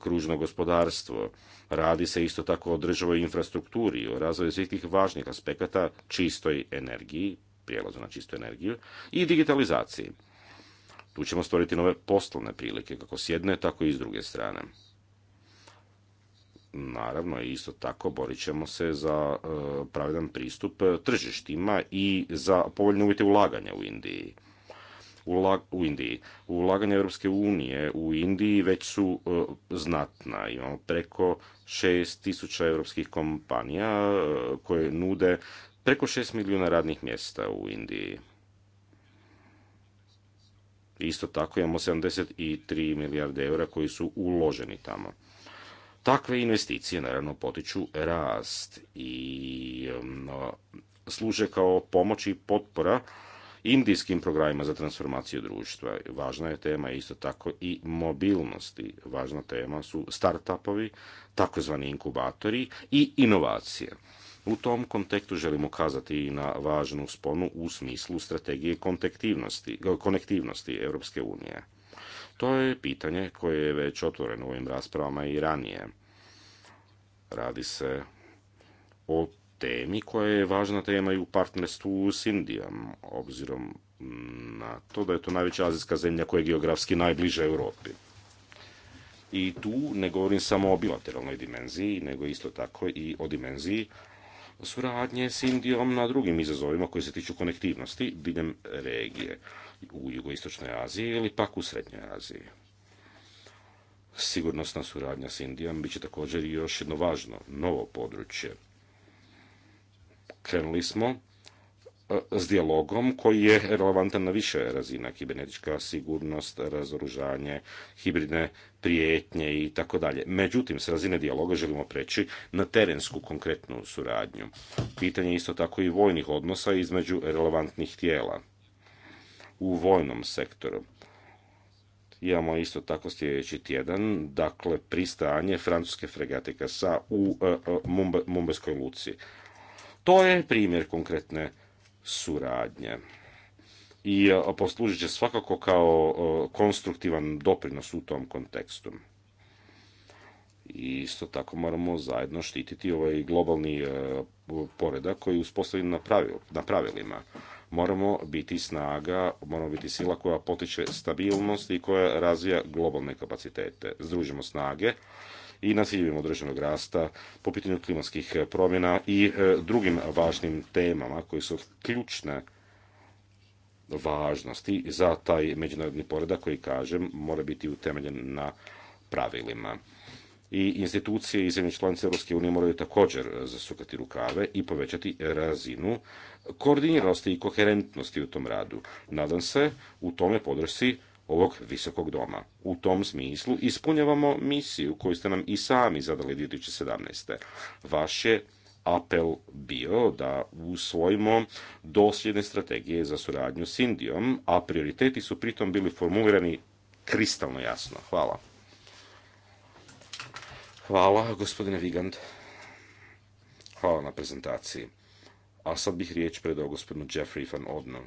kružno gospodarstvo. Radi se isto tako o državoj infrastrukturi, o razvoju svih tih važnih aspekata, čistoj energiji, prijelazu na čistu energiju i digitalizaciji. Tu ćemo stvoriti nove poslovne prilike, kako s jedne, tako i s druge strane naravno isto tako borit ćemo se za e, pravedan pristup e, tržištima i za povoljne uvjete ulaganja u Indiji u Indiji. Ulaganja Europske unije u Indiji već su e, znatna. Imamo preko tisuća europskih kompanija koje nude preko šest milijuna radnih mjesta u Indiji. Isto tako imamo 73 milijarde eura koji su uloženi tamo. Takve investicije naravno potiču rast i služe kao pomoć i potpora indijskim programima za transformaciju društva. Važna je tema isto tako i mobilnosti. Važna tema su startupovi, takozvani inkubatori i inovacije. U tom kontekstu želim ukazati i na važnu sponu u smislu strategije konektivnosti Europske unije. To je pitanje koje je već otvoreno u ovim raspravama i ranije. Radi se o temi koja je važna tema i u partnerstvu s Indijom, obzirom na to da je to najveća azijska zemlja koja je geografski najbliža Europi. I tu ne govorim samo o bilateralnoj dimenziji, nego isto tako i o dimenziji suradnje s Indijom na drugim izazovima koji se tiču konektivnosti diljem regije u jugoistočnoj Aziji ili pak u srednjoj Aziji. Sigurnosna suradnja s Indijom biće također i još jedno važno novo područje. Krenuli smo e, s dijalogom koji je relevantan na više razina, kibernetička sigurnost, razoružanje, hibridne prijetnje i tako dalje. Međutim, s razine dijaloga želimo preći na terensku konkretnu suradnju. Pitanje je isto tako i vojnih odnosa između relevantnih tijela u vojnom sektoru. Imamo isto tako sljedeći tjedan, dakle, pristajanje francuske fregate Kasa u e, e, Mumbajskoj luci. To je primjer konkretne suradnje i e, poslužit će svakako kao konstruktivan doprinos u tom kontekstu. I isto tako moramo zajedno štititi ovaj globalni poredak koji je uspostavljen na pravilima. Moramo biti snaga, moramo biti sila koja potiče stabilnost i koja razvija globalne kapacitete. Združimo snage i nasiljujemo ciljevima rasta po pitanju klimatskih promjena i e, drugim važnim temama koji su ključne važnosti za taj međunarodni poredak koji, kažem, mora biti utemeljen na pravilima. I institucije i zemlje članice EU moraju također zasukati rukave i povećati razinu koordiniranosti i koherentnosti u tom radu. Nadam se u tome podrsi ovog visokog doma. U tom smislu ispunjavamo misiju koju ste nam i sami zadali 2017. Vaš je apel bio da usvojimo dosljedne strategije za suradnju s Indijom, a prioriteti su pritom bili formulirani kristalno jasno. Hvala. Hvala, gospodine Vigand. Hvala na prezentaciji a sad bih riječ predao gospodinu Jeffrey van Odno.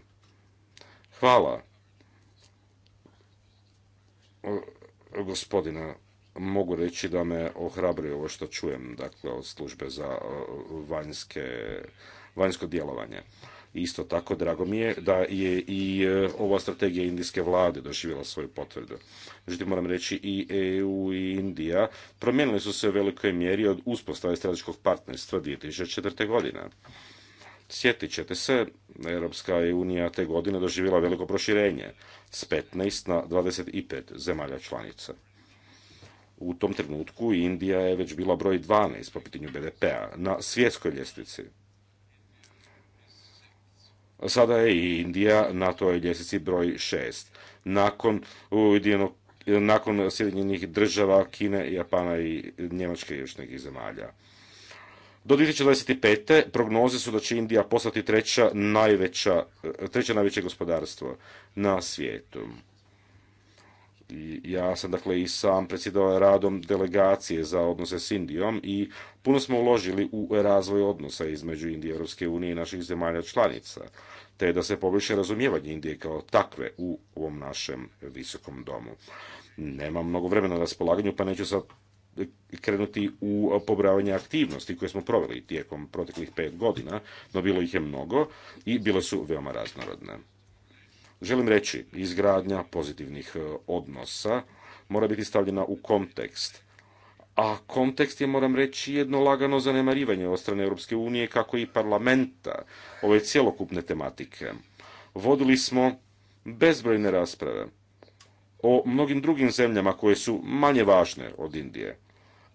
Hvala. E, Gospodina, mogu reći da me ohrabruje ovo što čujem, dakle, od službe za e, vanjske, vanjsko djelovanje. Isto tako, drago mi je da je i e, ova strategija indijske vlade doživjela svoju potvrdu. Međutim, moram reći i EU i Indija promijenili su se u velikoj mjeri od uspostave strateškog partnerstva 2004. godine. Sjetit ćete se, Europska je unija te godine doživjela veliko proširenje s 15 na 25 zemalja članica. U tom trenutku Indija je već bila broj 12 po pitanju BDP-a na svjetskoj ljestvici. Sada je i Indija na toj ljestvici broj 6. Nakon nakon Sjedinjenih država, Kine, Japana i Njemačke i još nekih zemalja. Do 2025. prognoze su da će Indija postati treća najveća, treće najveće gospodarstvo na svijetu. I ja sam dakle i sam predsjedao radom delegacije za odnose s Indijom i puno smo uložili u razvoj odnosa između Indije, Europske unije i naših zemalja članica, te da se poboljša razumijevanje Indije kao takve u ovom našem visokom domu. Nemam mnogo vremena na raspolaganju, pa neću sad krenuti u pobravanje aktivnosti koje smo proveli tijekom proteklih pet godina, no bilo ih je mnogo i bile su veoma raznorodne. Želim reći, izgradnja pozitivnih e, odnosa mora biti stavljena u kontekst. A kontekst je, moram reći, jedno lagano zanemarivanje od strane Europske unije, kako i parlamenta, ove cjelokupne tematike. Vodili smo bezbrojne rasprave o mnogim drugim zemljama koje su manje važne od Indije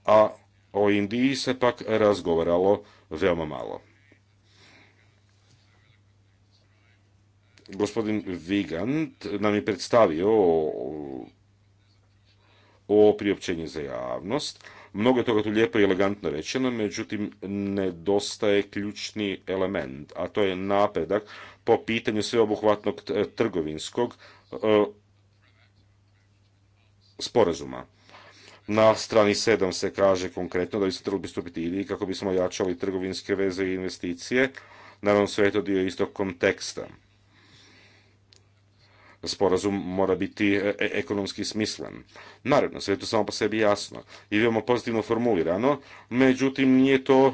a o Indiji se pak razgovaralo veoma malo. Gospodin Vigand nam je predstavio o priopćenju za javnost. Mnogo je toga tu lijepo i elegantno rečeno, međutim nedostaje ključni element, a to je napredak po pitanju sveobuhvatnog trgovinskog e, sporazuma. Na strani 7 se kaže konkretno da bi se trebalo pristupiti ili kako bismo jačali trgovinske veze i investicije. Naravno sve je to dio istog konteksta. Sporazum mora biti e, e, ekonomski smislen. Naravno, sve je to samo po sebi jasno i veoma pozitivno formulirano, međutim nije to e,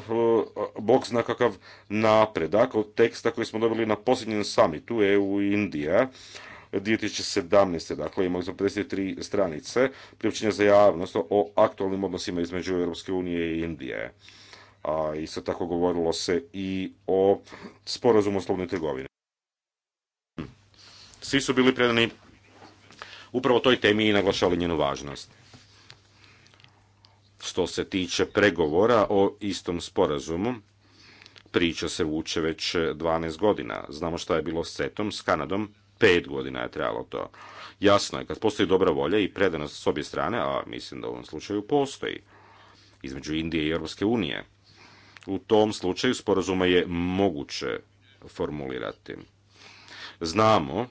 bog zna kakav napredak od teksta koji smo dobili na posljednjem samitu EU i Indija 2017. Dakle, imali smo 53 stranice priopćenja za javnost o aktualnim odnosima između Europske unije i Indije. A isto tako govorilo se i o sporazumu o slobodnoj trgovini. Svi su bili predani upravo toj temi i naglašali njenu važnost. Što se tiče pregovora o istom sporazumu, priča se vuče već 12 godina. Znamo šta je bilo s CETom, s Kanadom, pet godina je trebalo to. Jasno je, kad postoji dobra volja i predanost s obje strane, a mislim da u ovom slučaju postoji, između Indije i Europske unije, u tom slučaju sporazuma je moguće formulirati. Znamo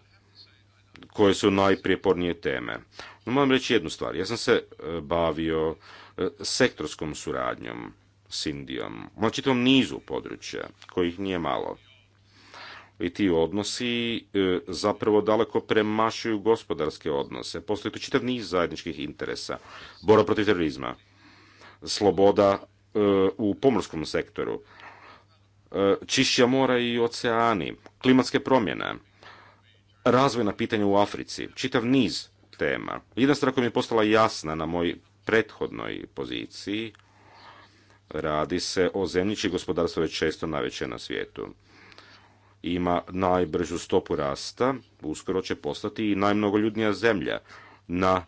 koje su najprijepornije teme. No, moram reći jednu stvar. Ja sam se e, bavio e, sektorskom suradnjom s Indijom na čitavom nizu područja, kojih nije malo i ti odnosi e, zapravo daleko premašuju gospodarske odnose. Postoji tu čitav niz zajedničkih interesa. Bora protiv terorizma, sloboda e, u pomorskom sektoru, e, čišća mora i oceani, klimatske promjene, razvojna pitanja u Africi, čitav niz tema. Jedna stvar koja mi je postala jasna na moj prethodnoj poziciji, radi se o zemlji čije gospodarstvo je često najveće na svijetu ima najbržu stopu rasta, uskoro će postati i najmnogoljudnija zemlja na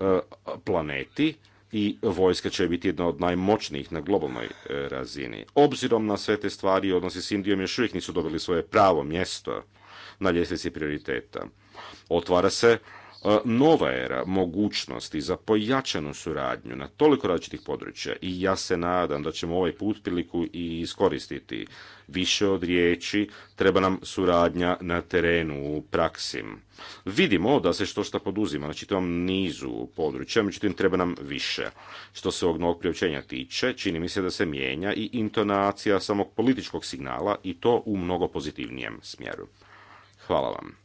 e, planeti i vojska će biti jedna od najmoćnijih na globalnoj e, razini. Obzirom na sve te stvari, odnosi s Indijom još uvijek nisu dobili svoje pravo mjesto na ljestvici prioriteta. Otvara se E, nova era mogućnosti za pojačanu suradnju na toliko različitih područja i ja se nadam da ćemo ovaj put priliku i iskoristiti. Više od riječi treba nam suradnja na terenu u praksi. Vidimo da se što što poduzima na tom nizu područja, međutim treba nam više. Što se ovog novog priopćenja tiče, čini mi se da se mijenja i intonacija samog političkog signala i to u mnogo pozitivnijem smjeru. Hvala vam.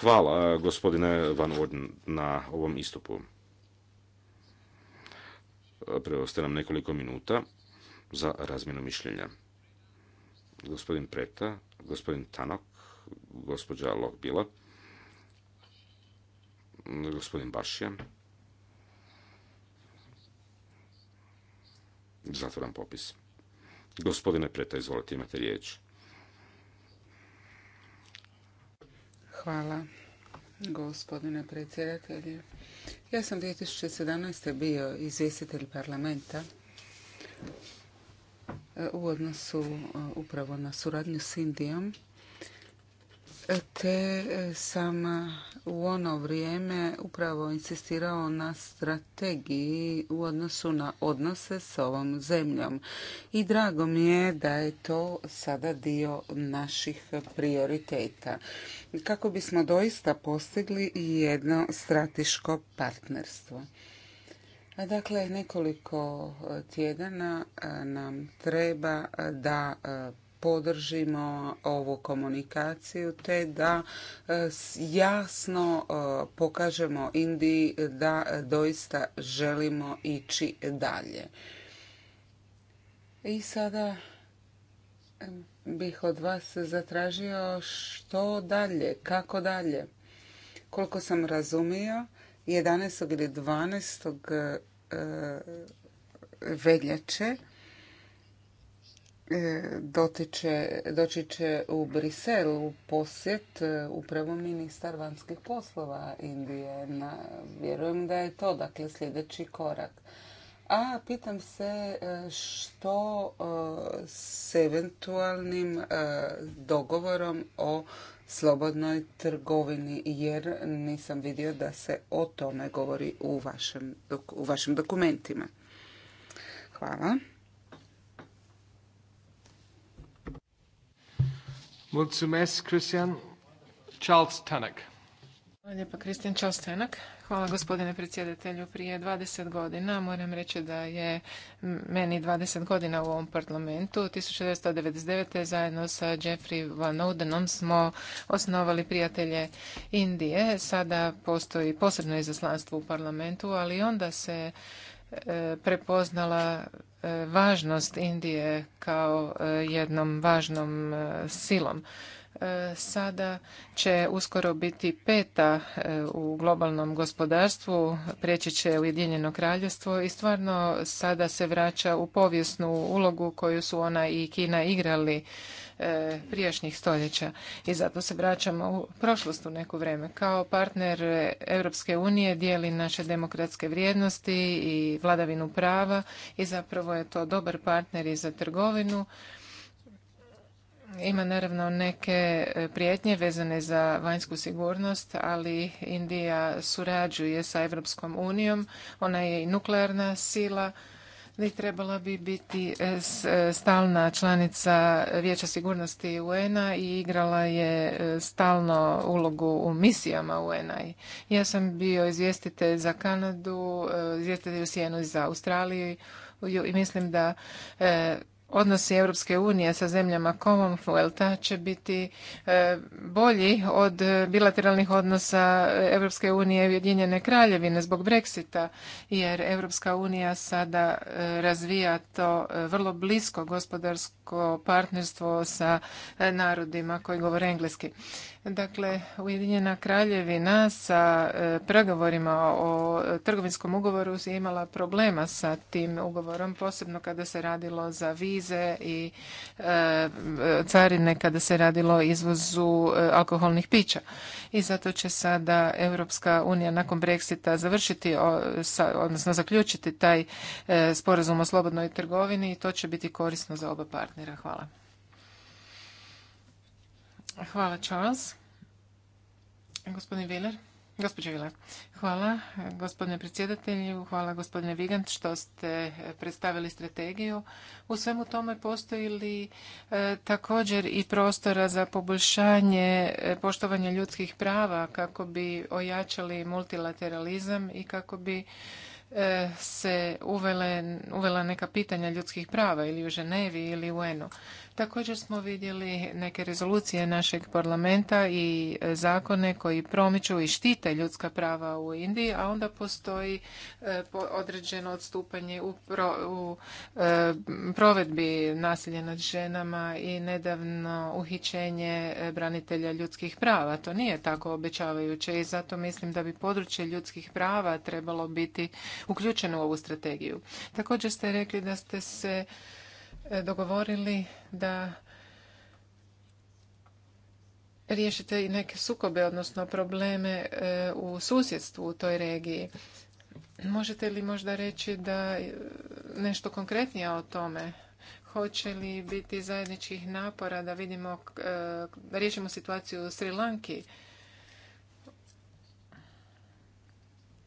Hvala eh, gospodine Van Orden na ovom istupu. Eh, Preostaje nam nekoliko minuta za razmjenu mišljenja. Gospodin Preta, gospodin Tanok, gospođa Lokbila, gospodin Bašija. Zatvoram popis. Gospodine Preta, izvolite, imate riječ. Hvala, gospodine predsjedatelju. Ja sam 2017. bio izvjestitelj parlamenta e, u odnosu e, upravo na suradnju s Indijom te e, sam e, u ono vrijeme upravo insistirao na strategiji u odnosu na odnose s ovom zemljom. I drago mi je da je to sada dio naših prioriteta. Kako bismo doista postigli jedno strateško partnerstvo. Dakle, nekoliko e, tjedana nam treba da podržimo ovu komunikaciju te da e, jasno e, pokažemo Indiji da doista želimo ići dalje. I sada e, bih od vas zatražio što dalje, kako dalje. Koliko sam razumio, 11. ili 12. veljače E, doći će u Briselu u posjet e, upravo ministar vanjskih poslova Indije. Na, vjerujem da je to dakle sljedeći korak. A pitam se e, što s eventualnim dogovorom o slobodnoj trgovini, jer nisam vidio da se o tome govori u u vašim dokumentima. Hvala. Mulțumesc, Christian. Charles Tanak. Hvala lijepa, Hvala gospodine predsjedatelju. Prije 20 godina moram reći da je meni 20 godina u ovom parlamentu. 1999. zajedno sa Jeffrey Van Oudenom smo osnovali prijatelje Indije. Sada postoji posebno izaslanstvo u parlamentu, ali onda se E, prepoznala e, važnost Indije kao e, jednom važnom silom. Sada će uskoro biti peta u globalnom gospodarstvu, prijeći će Ujedinjeno Kraljevstvo i stvarno sada se vraća u povijesnu ulogu koju su ona i Kina igrali E, prijašnjih stoljeća i zato se vraćamo u prošlost u neko vrijeme. Kao partner Europske unije dijeli naše demokratske vrijednosti i vladavinu prava i zapravo je to dobar partner i za trgovinu. Ima naravno neke e, prijetnje vezane za vanjsku sigurnost, ali Indija surađuje sa Evropskom unijom. Ona je i nuklearna sila vi trebala bi biti e, e, stalna članica Vijeća sigurnosti UN-a i igrala je e, stalno ulogu u misijama UN-a. Ja sam bio izvjestitelj za Kanadu, izvjestitelj u Sijenu za Australiju i mislim da odnosi Europske unije sa zemljama Commonwealtha će biti e, bolji od bilateralnih odnosa Europske unije i Ujedinjene kraljevine zbog Brexita, jer Europska unija sada e, razvija to e, vrlo blisko gospodarsko partnerstvo sa narodima koji govore engleski. Dakle, Ujedinjena kraljevina sa e, pregovorima o trgovinskom ugovoru je imala problema sa tim ugovorom, posebno kada se radilo za vize i e, carine, kada se radilo o izvozu e, alkoholnih pića. I zato će sada Europska unija nakon Brexita završiti, odnosno zaključiti taj sporazum o slobodnoj trgovini i to će biti korisno za oba partnera. Hvala. Hvala Charles. Gospodin Viler. Gospođo Vila, hvala gospodine predsjedatelju, hvala gospodine Vigant što ste predstavili strategiju. U svemu tome postoji li e, također i prostora za poboljšanje e, poštovanja ljudskih prava kako bi ojačali multilateralizam i kako bi e, se uvela neka pitanja ljudskih prava ili u Ženevi ili u UN-u. Također smo vidjeli neke rezolucije našeg parlamenta i zakone koji promiču i štite ljudska prava u Indiji, a onda postoji e, određeno odstupanje u, e, provedbi nasilja nad ženama i nedavno uhićenje e, branitelja ljudskih prava. To nije tako obećavajuće i zato mislim da bi područje ljudskih prava trebalo biti uključeno u ovu strategiju. Također ste rekli da ste se E, dogovorili da riješite i neke sukobe, odnosno probleme e, u susjedstvu u toj regiji. Možete li možda reći da e, nešto konkretnije o tome? Hoće li biti zajedničkih napora da vidimo, da riješimo situaciju u Sri Lanki?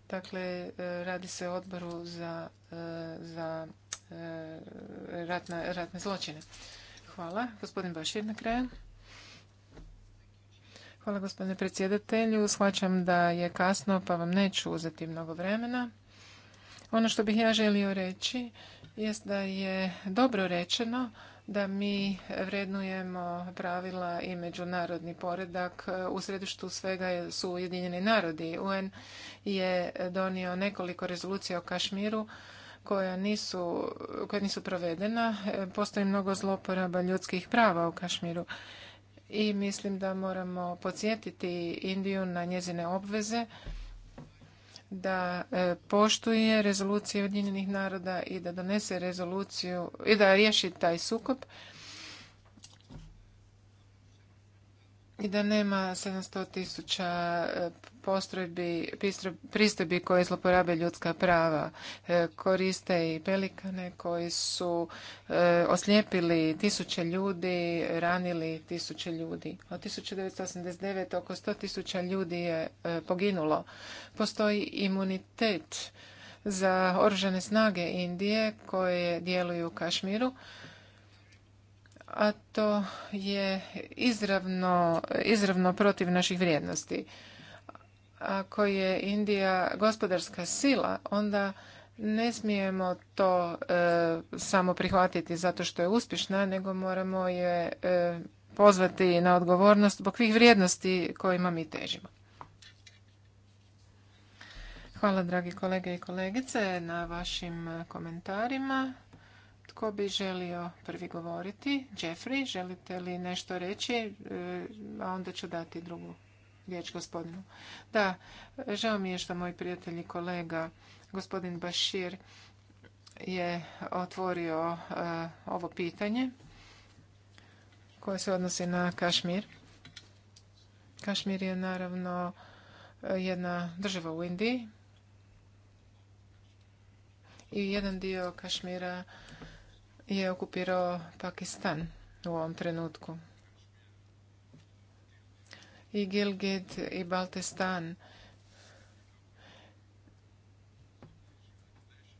Dakle, radi se o odboru za, za E, ratne zločine. Hvala. Gospodin Bašir na kraju. Hvala gospodine predsjedatelju. Shvaćam da je kasno pa vam neću uzeti mnogo vremena. Ono što bih ja želio reći jest da je dobro rečeno da mi vrednujemo pravila i međunarodni poredak. U središtu svega su Ujedinjeni narodi. UN je donio nekoliko rezolucija o Kašmiru koja nisu, koja nisu provedena. E, postoji mnogo zloporaba ljudskih prava u Kašmiru i mislim da moramo podsjetiti Indiju na njezine obveze da e, poštuje rezolucije Ujedinjenih naroda i da donese rezoluciju i da riješi taj sukob i da nema 700 tisuća e, postrojbi, pristojbi koje zloporabe ljudska prava. E, koriste i pelikane koji su e, oslijepili tisuće ljudi, ranili tisuće ljudi. Od 1989. oko 100 tisuća ljudi je poginulo. Postoji imunitet za oružane snage Indije koje djeluju u Kašmiru a to je izravno, izravno protiv naših vrijednosti. Ako je Indija gospodarska sila, onda ne smijemo to e, samo prihvatiti zato što je uspješna, nego moramo je e, pozvati na odgovornost zbog svih vrijednosti kojima mi težimo. Hvala dragi kolege i kolegice na vašim komentarima. Tko bi želio prvi govoriti? Jeffrey, želite li nešto reći? E, a onda ću dati drugu riječ gospodinu. Da, žao mi je što moj prijatelj i kolega, gospodin Bashir je otvorio e, ovo pitanje koje se odnosi na Kašmir. Kašmir je naravno e, jedna država u Indiji i jedan dio Kašmira je okupirao Pakistan u ovom trenutku. I Gilgit i baltistan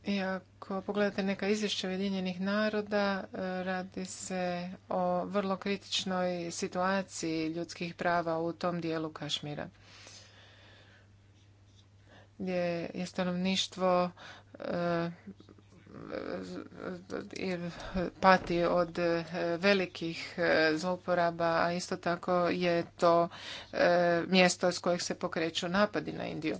I ako pogledate neka izvješća Ujedinjenih naroda, e, radi se o vrlo kritičnoj situaciji ljudskih prava u tom dijelu Kašmira. Gdje je stanovništvo e, pati od e, velikih e, zlouporaba, a isto tako je to e, mjesto s kojeg se pokreću napadi na Indiju.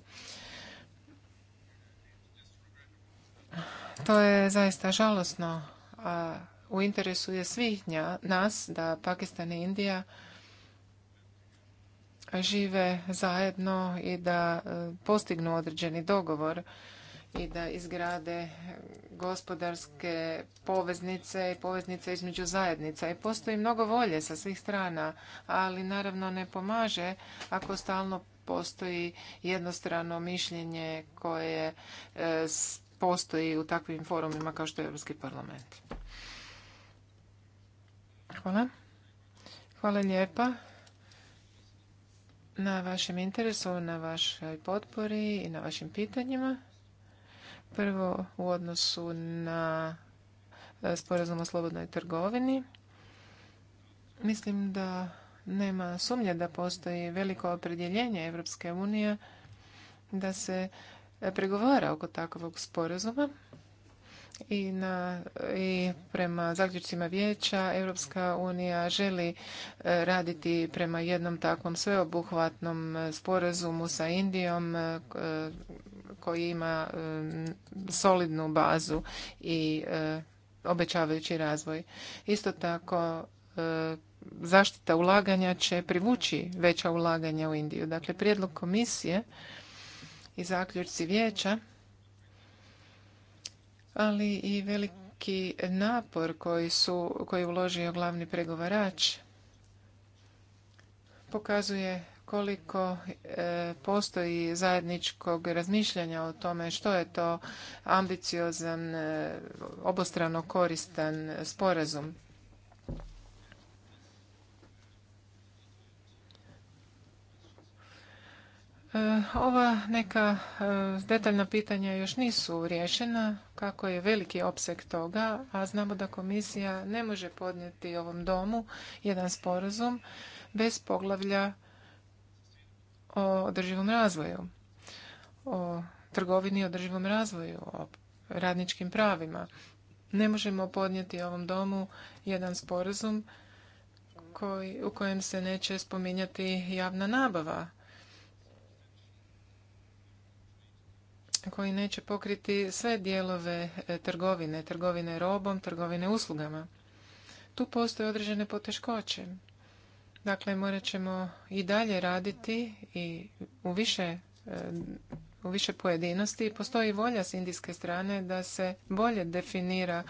To je zaista žalosno, a u interesu je svih nas da Pakistan i Indija žive zajedno i da postignu određeni dogovor i da izgrade gospodarske poveznice i poveznice između zajednica. I postoji mnogo volje sa svih strana, ali naravno ne pomaže ako stalno postoji jednostrano mišljenje koje e, postoji u takvim forumima kao što je Europski parlament. Hvala. Hvala lijepa na vašem interesu, na vašoj potpori i na vašim pitanjima. Prvo u odnosu na e, sporazum o slobodnoj trgovini. Mislim da nema sumnje da postoji veliko opredjeljenje Evropske unije da se e, pregovara oko takvog sporazuma i, na, i prema zaključcima vijeća Evropska unija želi e, raditi prema jednom takvom sveobuhvatnom sporazumu sa Indijom koji ima solidnu bazu i e, obećavajući razvoj. Isto tako e, zaštita ulaganja će privući veća ulaganja u Indiju. Dakle, prijedlog komisije i zaključci vijeća, ali i veliki napor koji, je uložio glavni pregovarač pokazuje koliko e, postoji zajedničkog razmišljanja o tome što je to ambiciozan, e, obostrano koristan sporazum. E, ova neka detaljna pitanja još nisu riješena, kako je veliki opseg toga, a znamo da komisija ne može podnijeti ovom domu jedan sporazum bez poglavlja o održivom razvoju, o trgovini i održivom razvoju, o radničkim pravima. Ne možemo podnijeti ovom domu jedan sporazum koji, u kojem se neće spominjati javna nabava, koji neće pokriti sve dijelove e, trgovine, trgovine robom, trgovine uslugama. Tu postoje određene poteškoće. Dakle, morat ćemo i dalje raditi i u više e, u više pojedinosti. Postoji volja s indijske strane da se bolje definira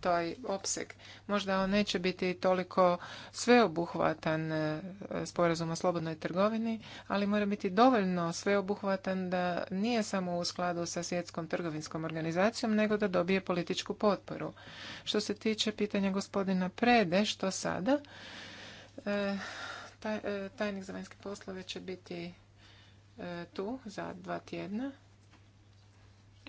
taj opseg. Možda on neće biti toliko sveobuhvatan e, sporazum o slobodnoj trgovini, ali mora biti dovoljno sveobuhvatan da nije samo u skladu sa svjetskom trgovinskom organizacijom, nego da dobije političku potporu. Što se tiče pitanja gospodina Prede, što sada? E, e, tajnik za vanjske poslove će biti e, tu za dva tjedna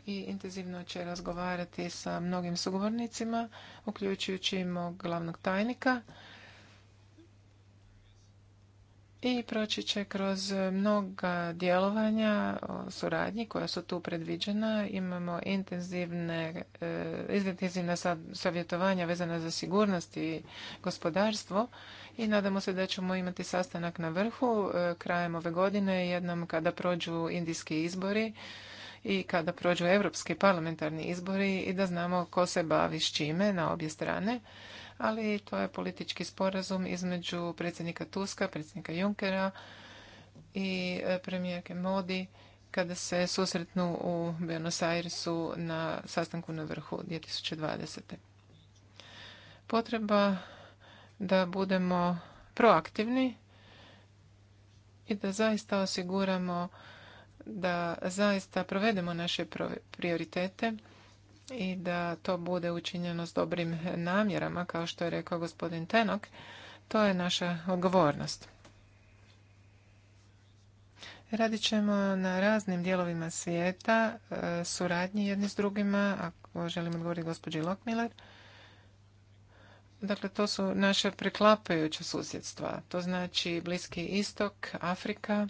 i intenzivno će razgovarati sa mnogim sugovornicima, uključujući i mog glavnog tajnika i proći će kroz mnoga djelovanja suradnji koja su tu predviđena. Imamo intenzivne, e, intenzivna savjetovanja vezana za sigurnost i gospodarstvo i nadamo se da ćemo imati sastanak na vrhu e, krajem ove godine jednom kada prođu indijski izbori i kada prođu europski parlamentarni izbori i da znamo ko se bavi s čime na obje strane ali to je politički sporazum između predsjednika Tuska, predsjednika Junkera i e, premijerke Modi kada se susretnu u Buenos Airesu na sastanku na vrhu 2020. Potreba da budemo proaktivni i da zaista osiguramo da zaista provedemo naše prioritete i da to bude učinjeno s dobrim namjerama, kao što je rekao gospodin Tenok, to je naša odgovornost. Radit ćemo na raznim dijelovima svijeta, e, suradnji jedni s drugima, ako želim odgovoriti gospođi Lokmiler. Dakle, to su naše preklapajuća susjedstva. To znači Bliski istok, Afrika,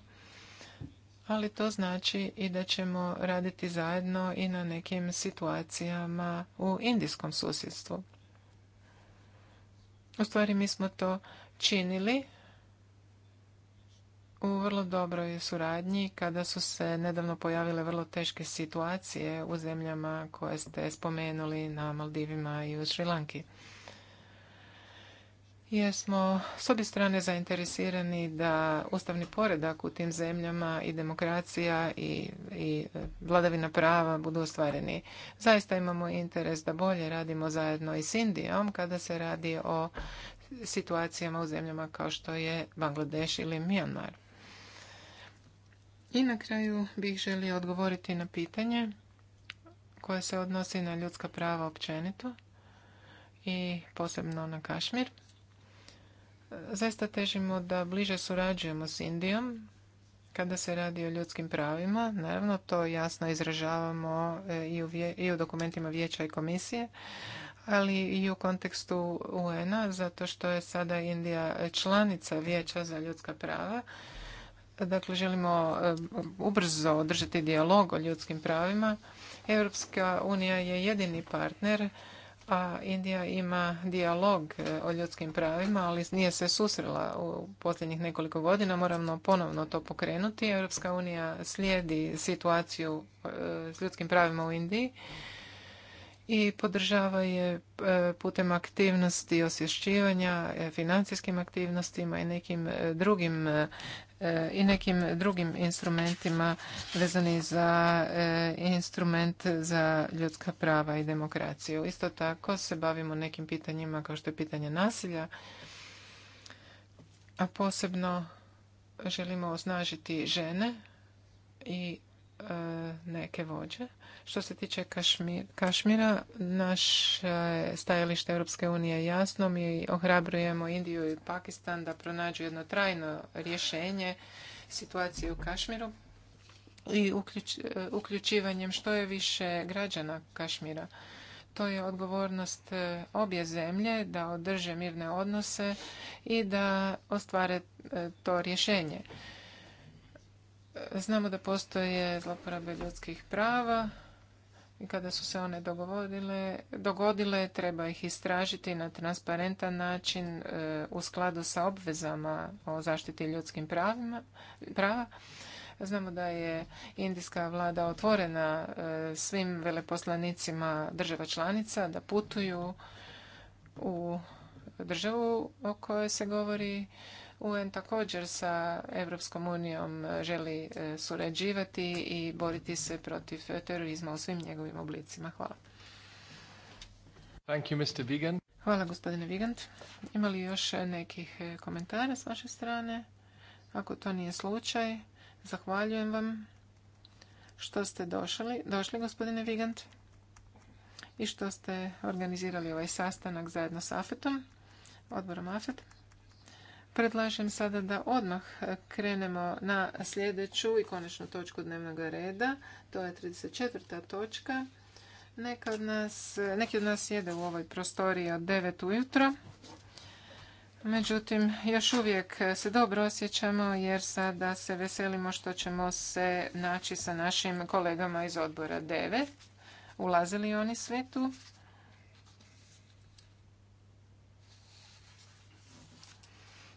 ali to znači i da ćemo raditi zajedno i na nekim situacijama u indijskom susjedstvu. U stvari mi smo to činili u vrlo dobroj suradnji kada su se nedavno pojavile vrlo teške situacije u zemljama koje ste spomenuli na Maldivima i u Šrilanki jer smo s obje strane zainteresirani da ustavni poredak u tim zemljama i demokracija i, i e, vladavina prava budu ostvareni. Zaista imamo interes da bolje radimo zajedno i s Indijom kada se radi o situacijama u zemljama kao što je Bangladeš ili Mijanmar. I na kraju bih želio odgovoriti na pitanje koje se odnosi na ljudska prava općenito i posebno na Kašmir zaista težimo da bliže surađujemo s Indijom kada se radi o ljudskim pravima. Naravno, to jasno izražavamo e, i u, i u dokumentima vijeća i komisije, ali i u kontekstu UN-a, zato što je sada Indija članica vijeća za ljudska prava. Dakle, želimo e, ubrzo održati dijalog o ljudskim pravima. Europska unija je jedini partner a Indija ima dijalog e, o ljudskim pravima, ali nije se susrela u posljednjih nekoliko godina. Moramo ponovno to pokrenuti. Europska unija slijedi situaciju e, s ljudskim pravima u Indiji i podržava je e, putem aktivnosti osvješćivanja, e, financijskim aktivnostima i nekim e, drugim i nekim drugim instrumentima vezani za instrument za ljudska prava i demokraciju. Isto tako se bavimo nekim pitanjima kao što je pitanje nasilja, a posebno želimo osnažiti žene i neke vođe što se tiče Kašmira, naš stajalište Europske unije je jasno. Mi ohrabrujemo Indiju i Pakistan da pronađu jedno trajno rješenje situacije u Kašmiru i uključivanjem što je više građana Kašmira. To je odgovornost e, obje zemlje da održe mirne odnose i da ostvare e, to rješenje. E, znamo da postoje zloporabe ljudskih prava i kada su se one dogodile, dogodile, treba ih istražiti na transparentan način e, u skladu sa obvezama o zaštiti ljudskim pravima, prava. Znamo da je indijska vlada otvorena e, svim veleposlanicima država članica da putuju u državu o kojoj se govori UN također sa Europskom unijom e, želi e, surađivati i boriti se protiv e, terorizma u svim njegovim oblicima. Hvala. Thank you, Mr. Hvala gospodine Vigant. Ima li još nekih komentara s vaše strane? Ako to nije slučaj, zahvaljujem vam što ste došli, došli gospodine Vigant, i što ste organizirali ovaj sastanak zajedno s afet odborom AFET. Predlažem sada da odmah krenemo na sljedeću i konačnu točku dnevnog reda. To je 34. točka. neki od nas jede u ovoj prostoriji od 9 ujutro. Međutim, još uvijek se dobro osjećamo jer sada se veselimo što ćemo se naći sa našim kolegama iz odbora 9. Ulazili oni sve tu?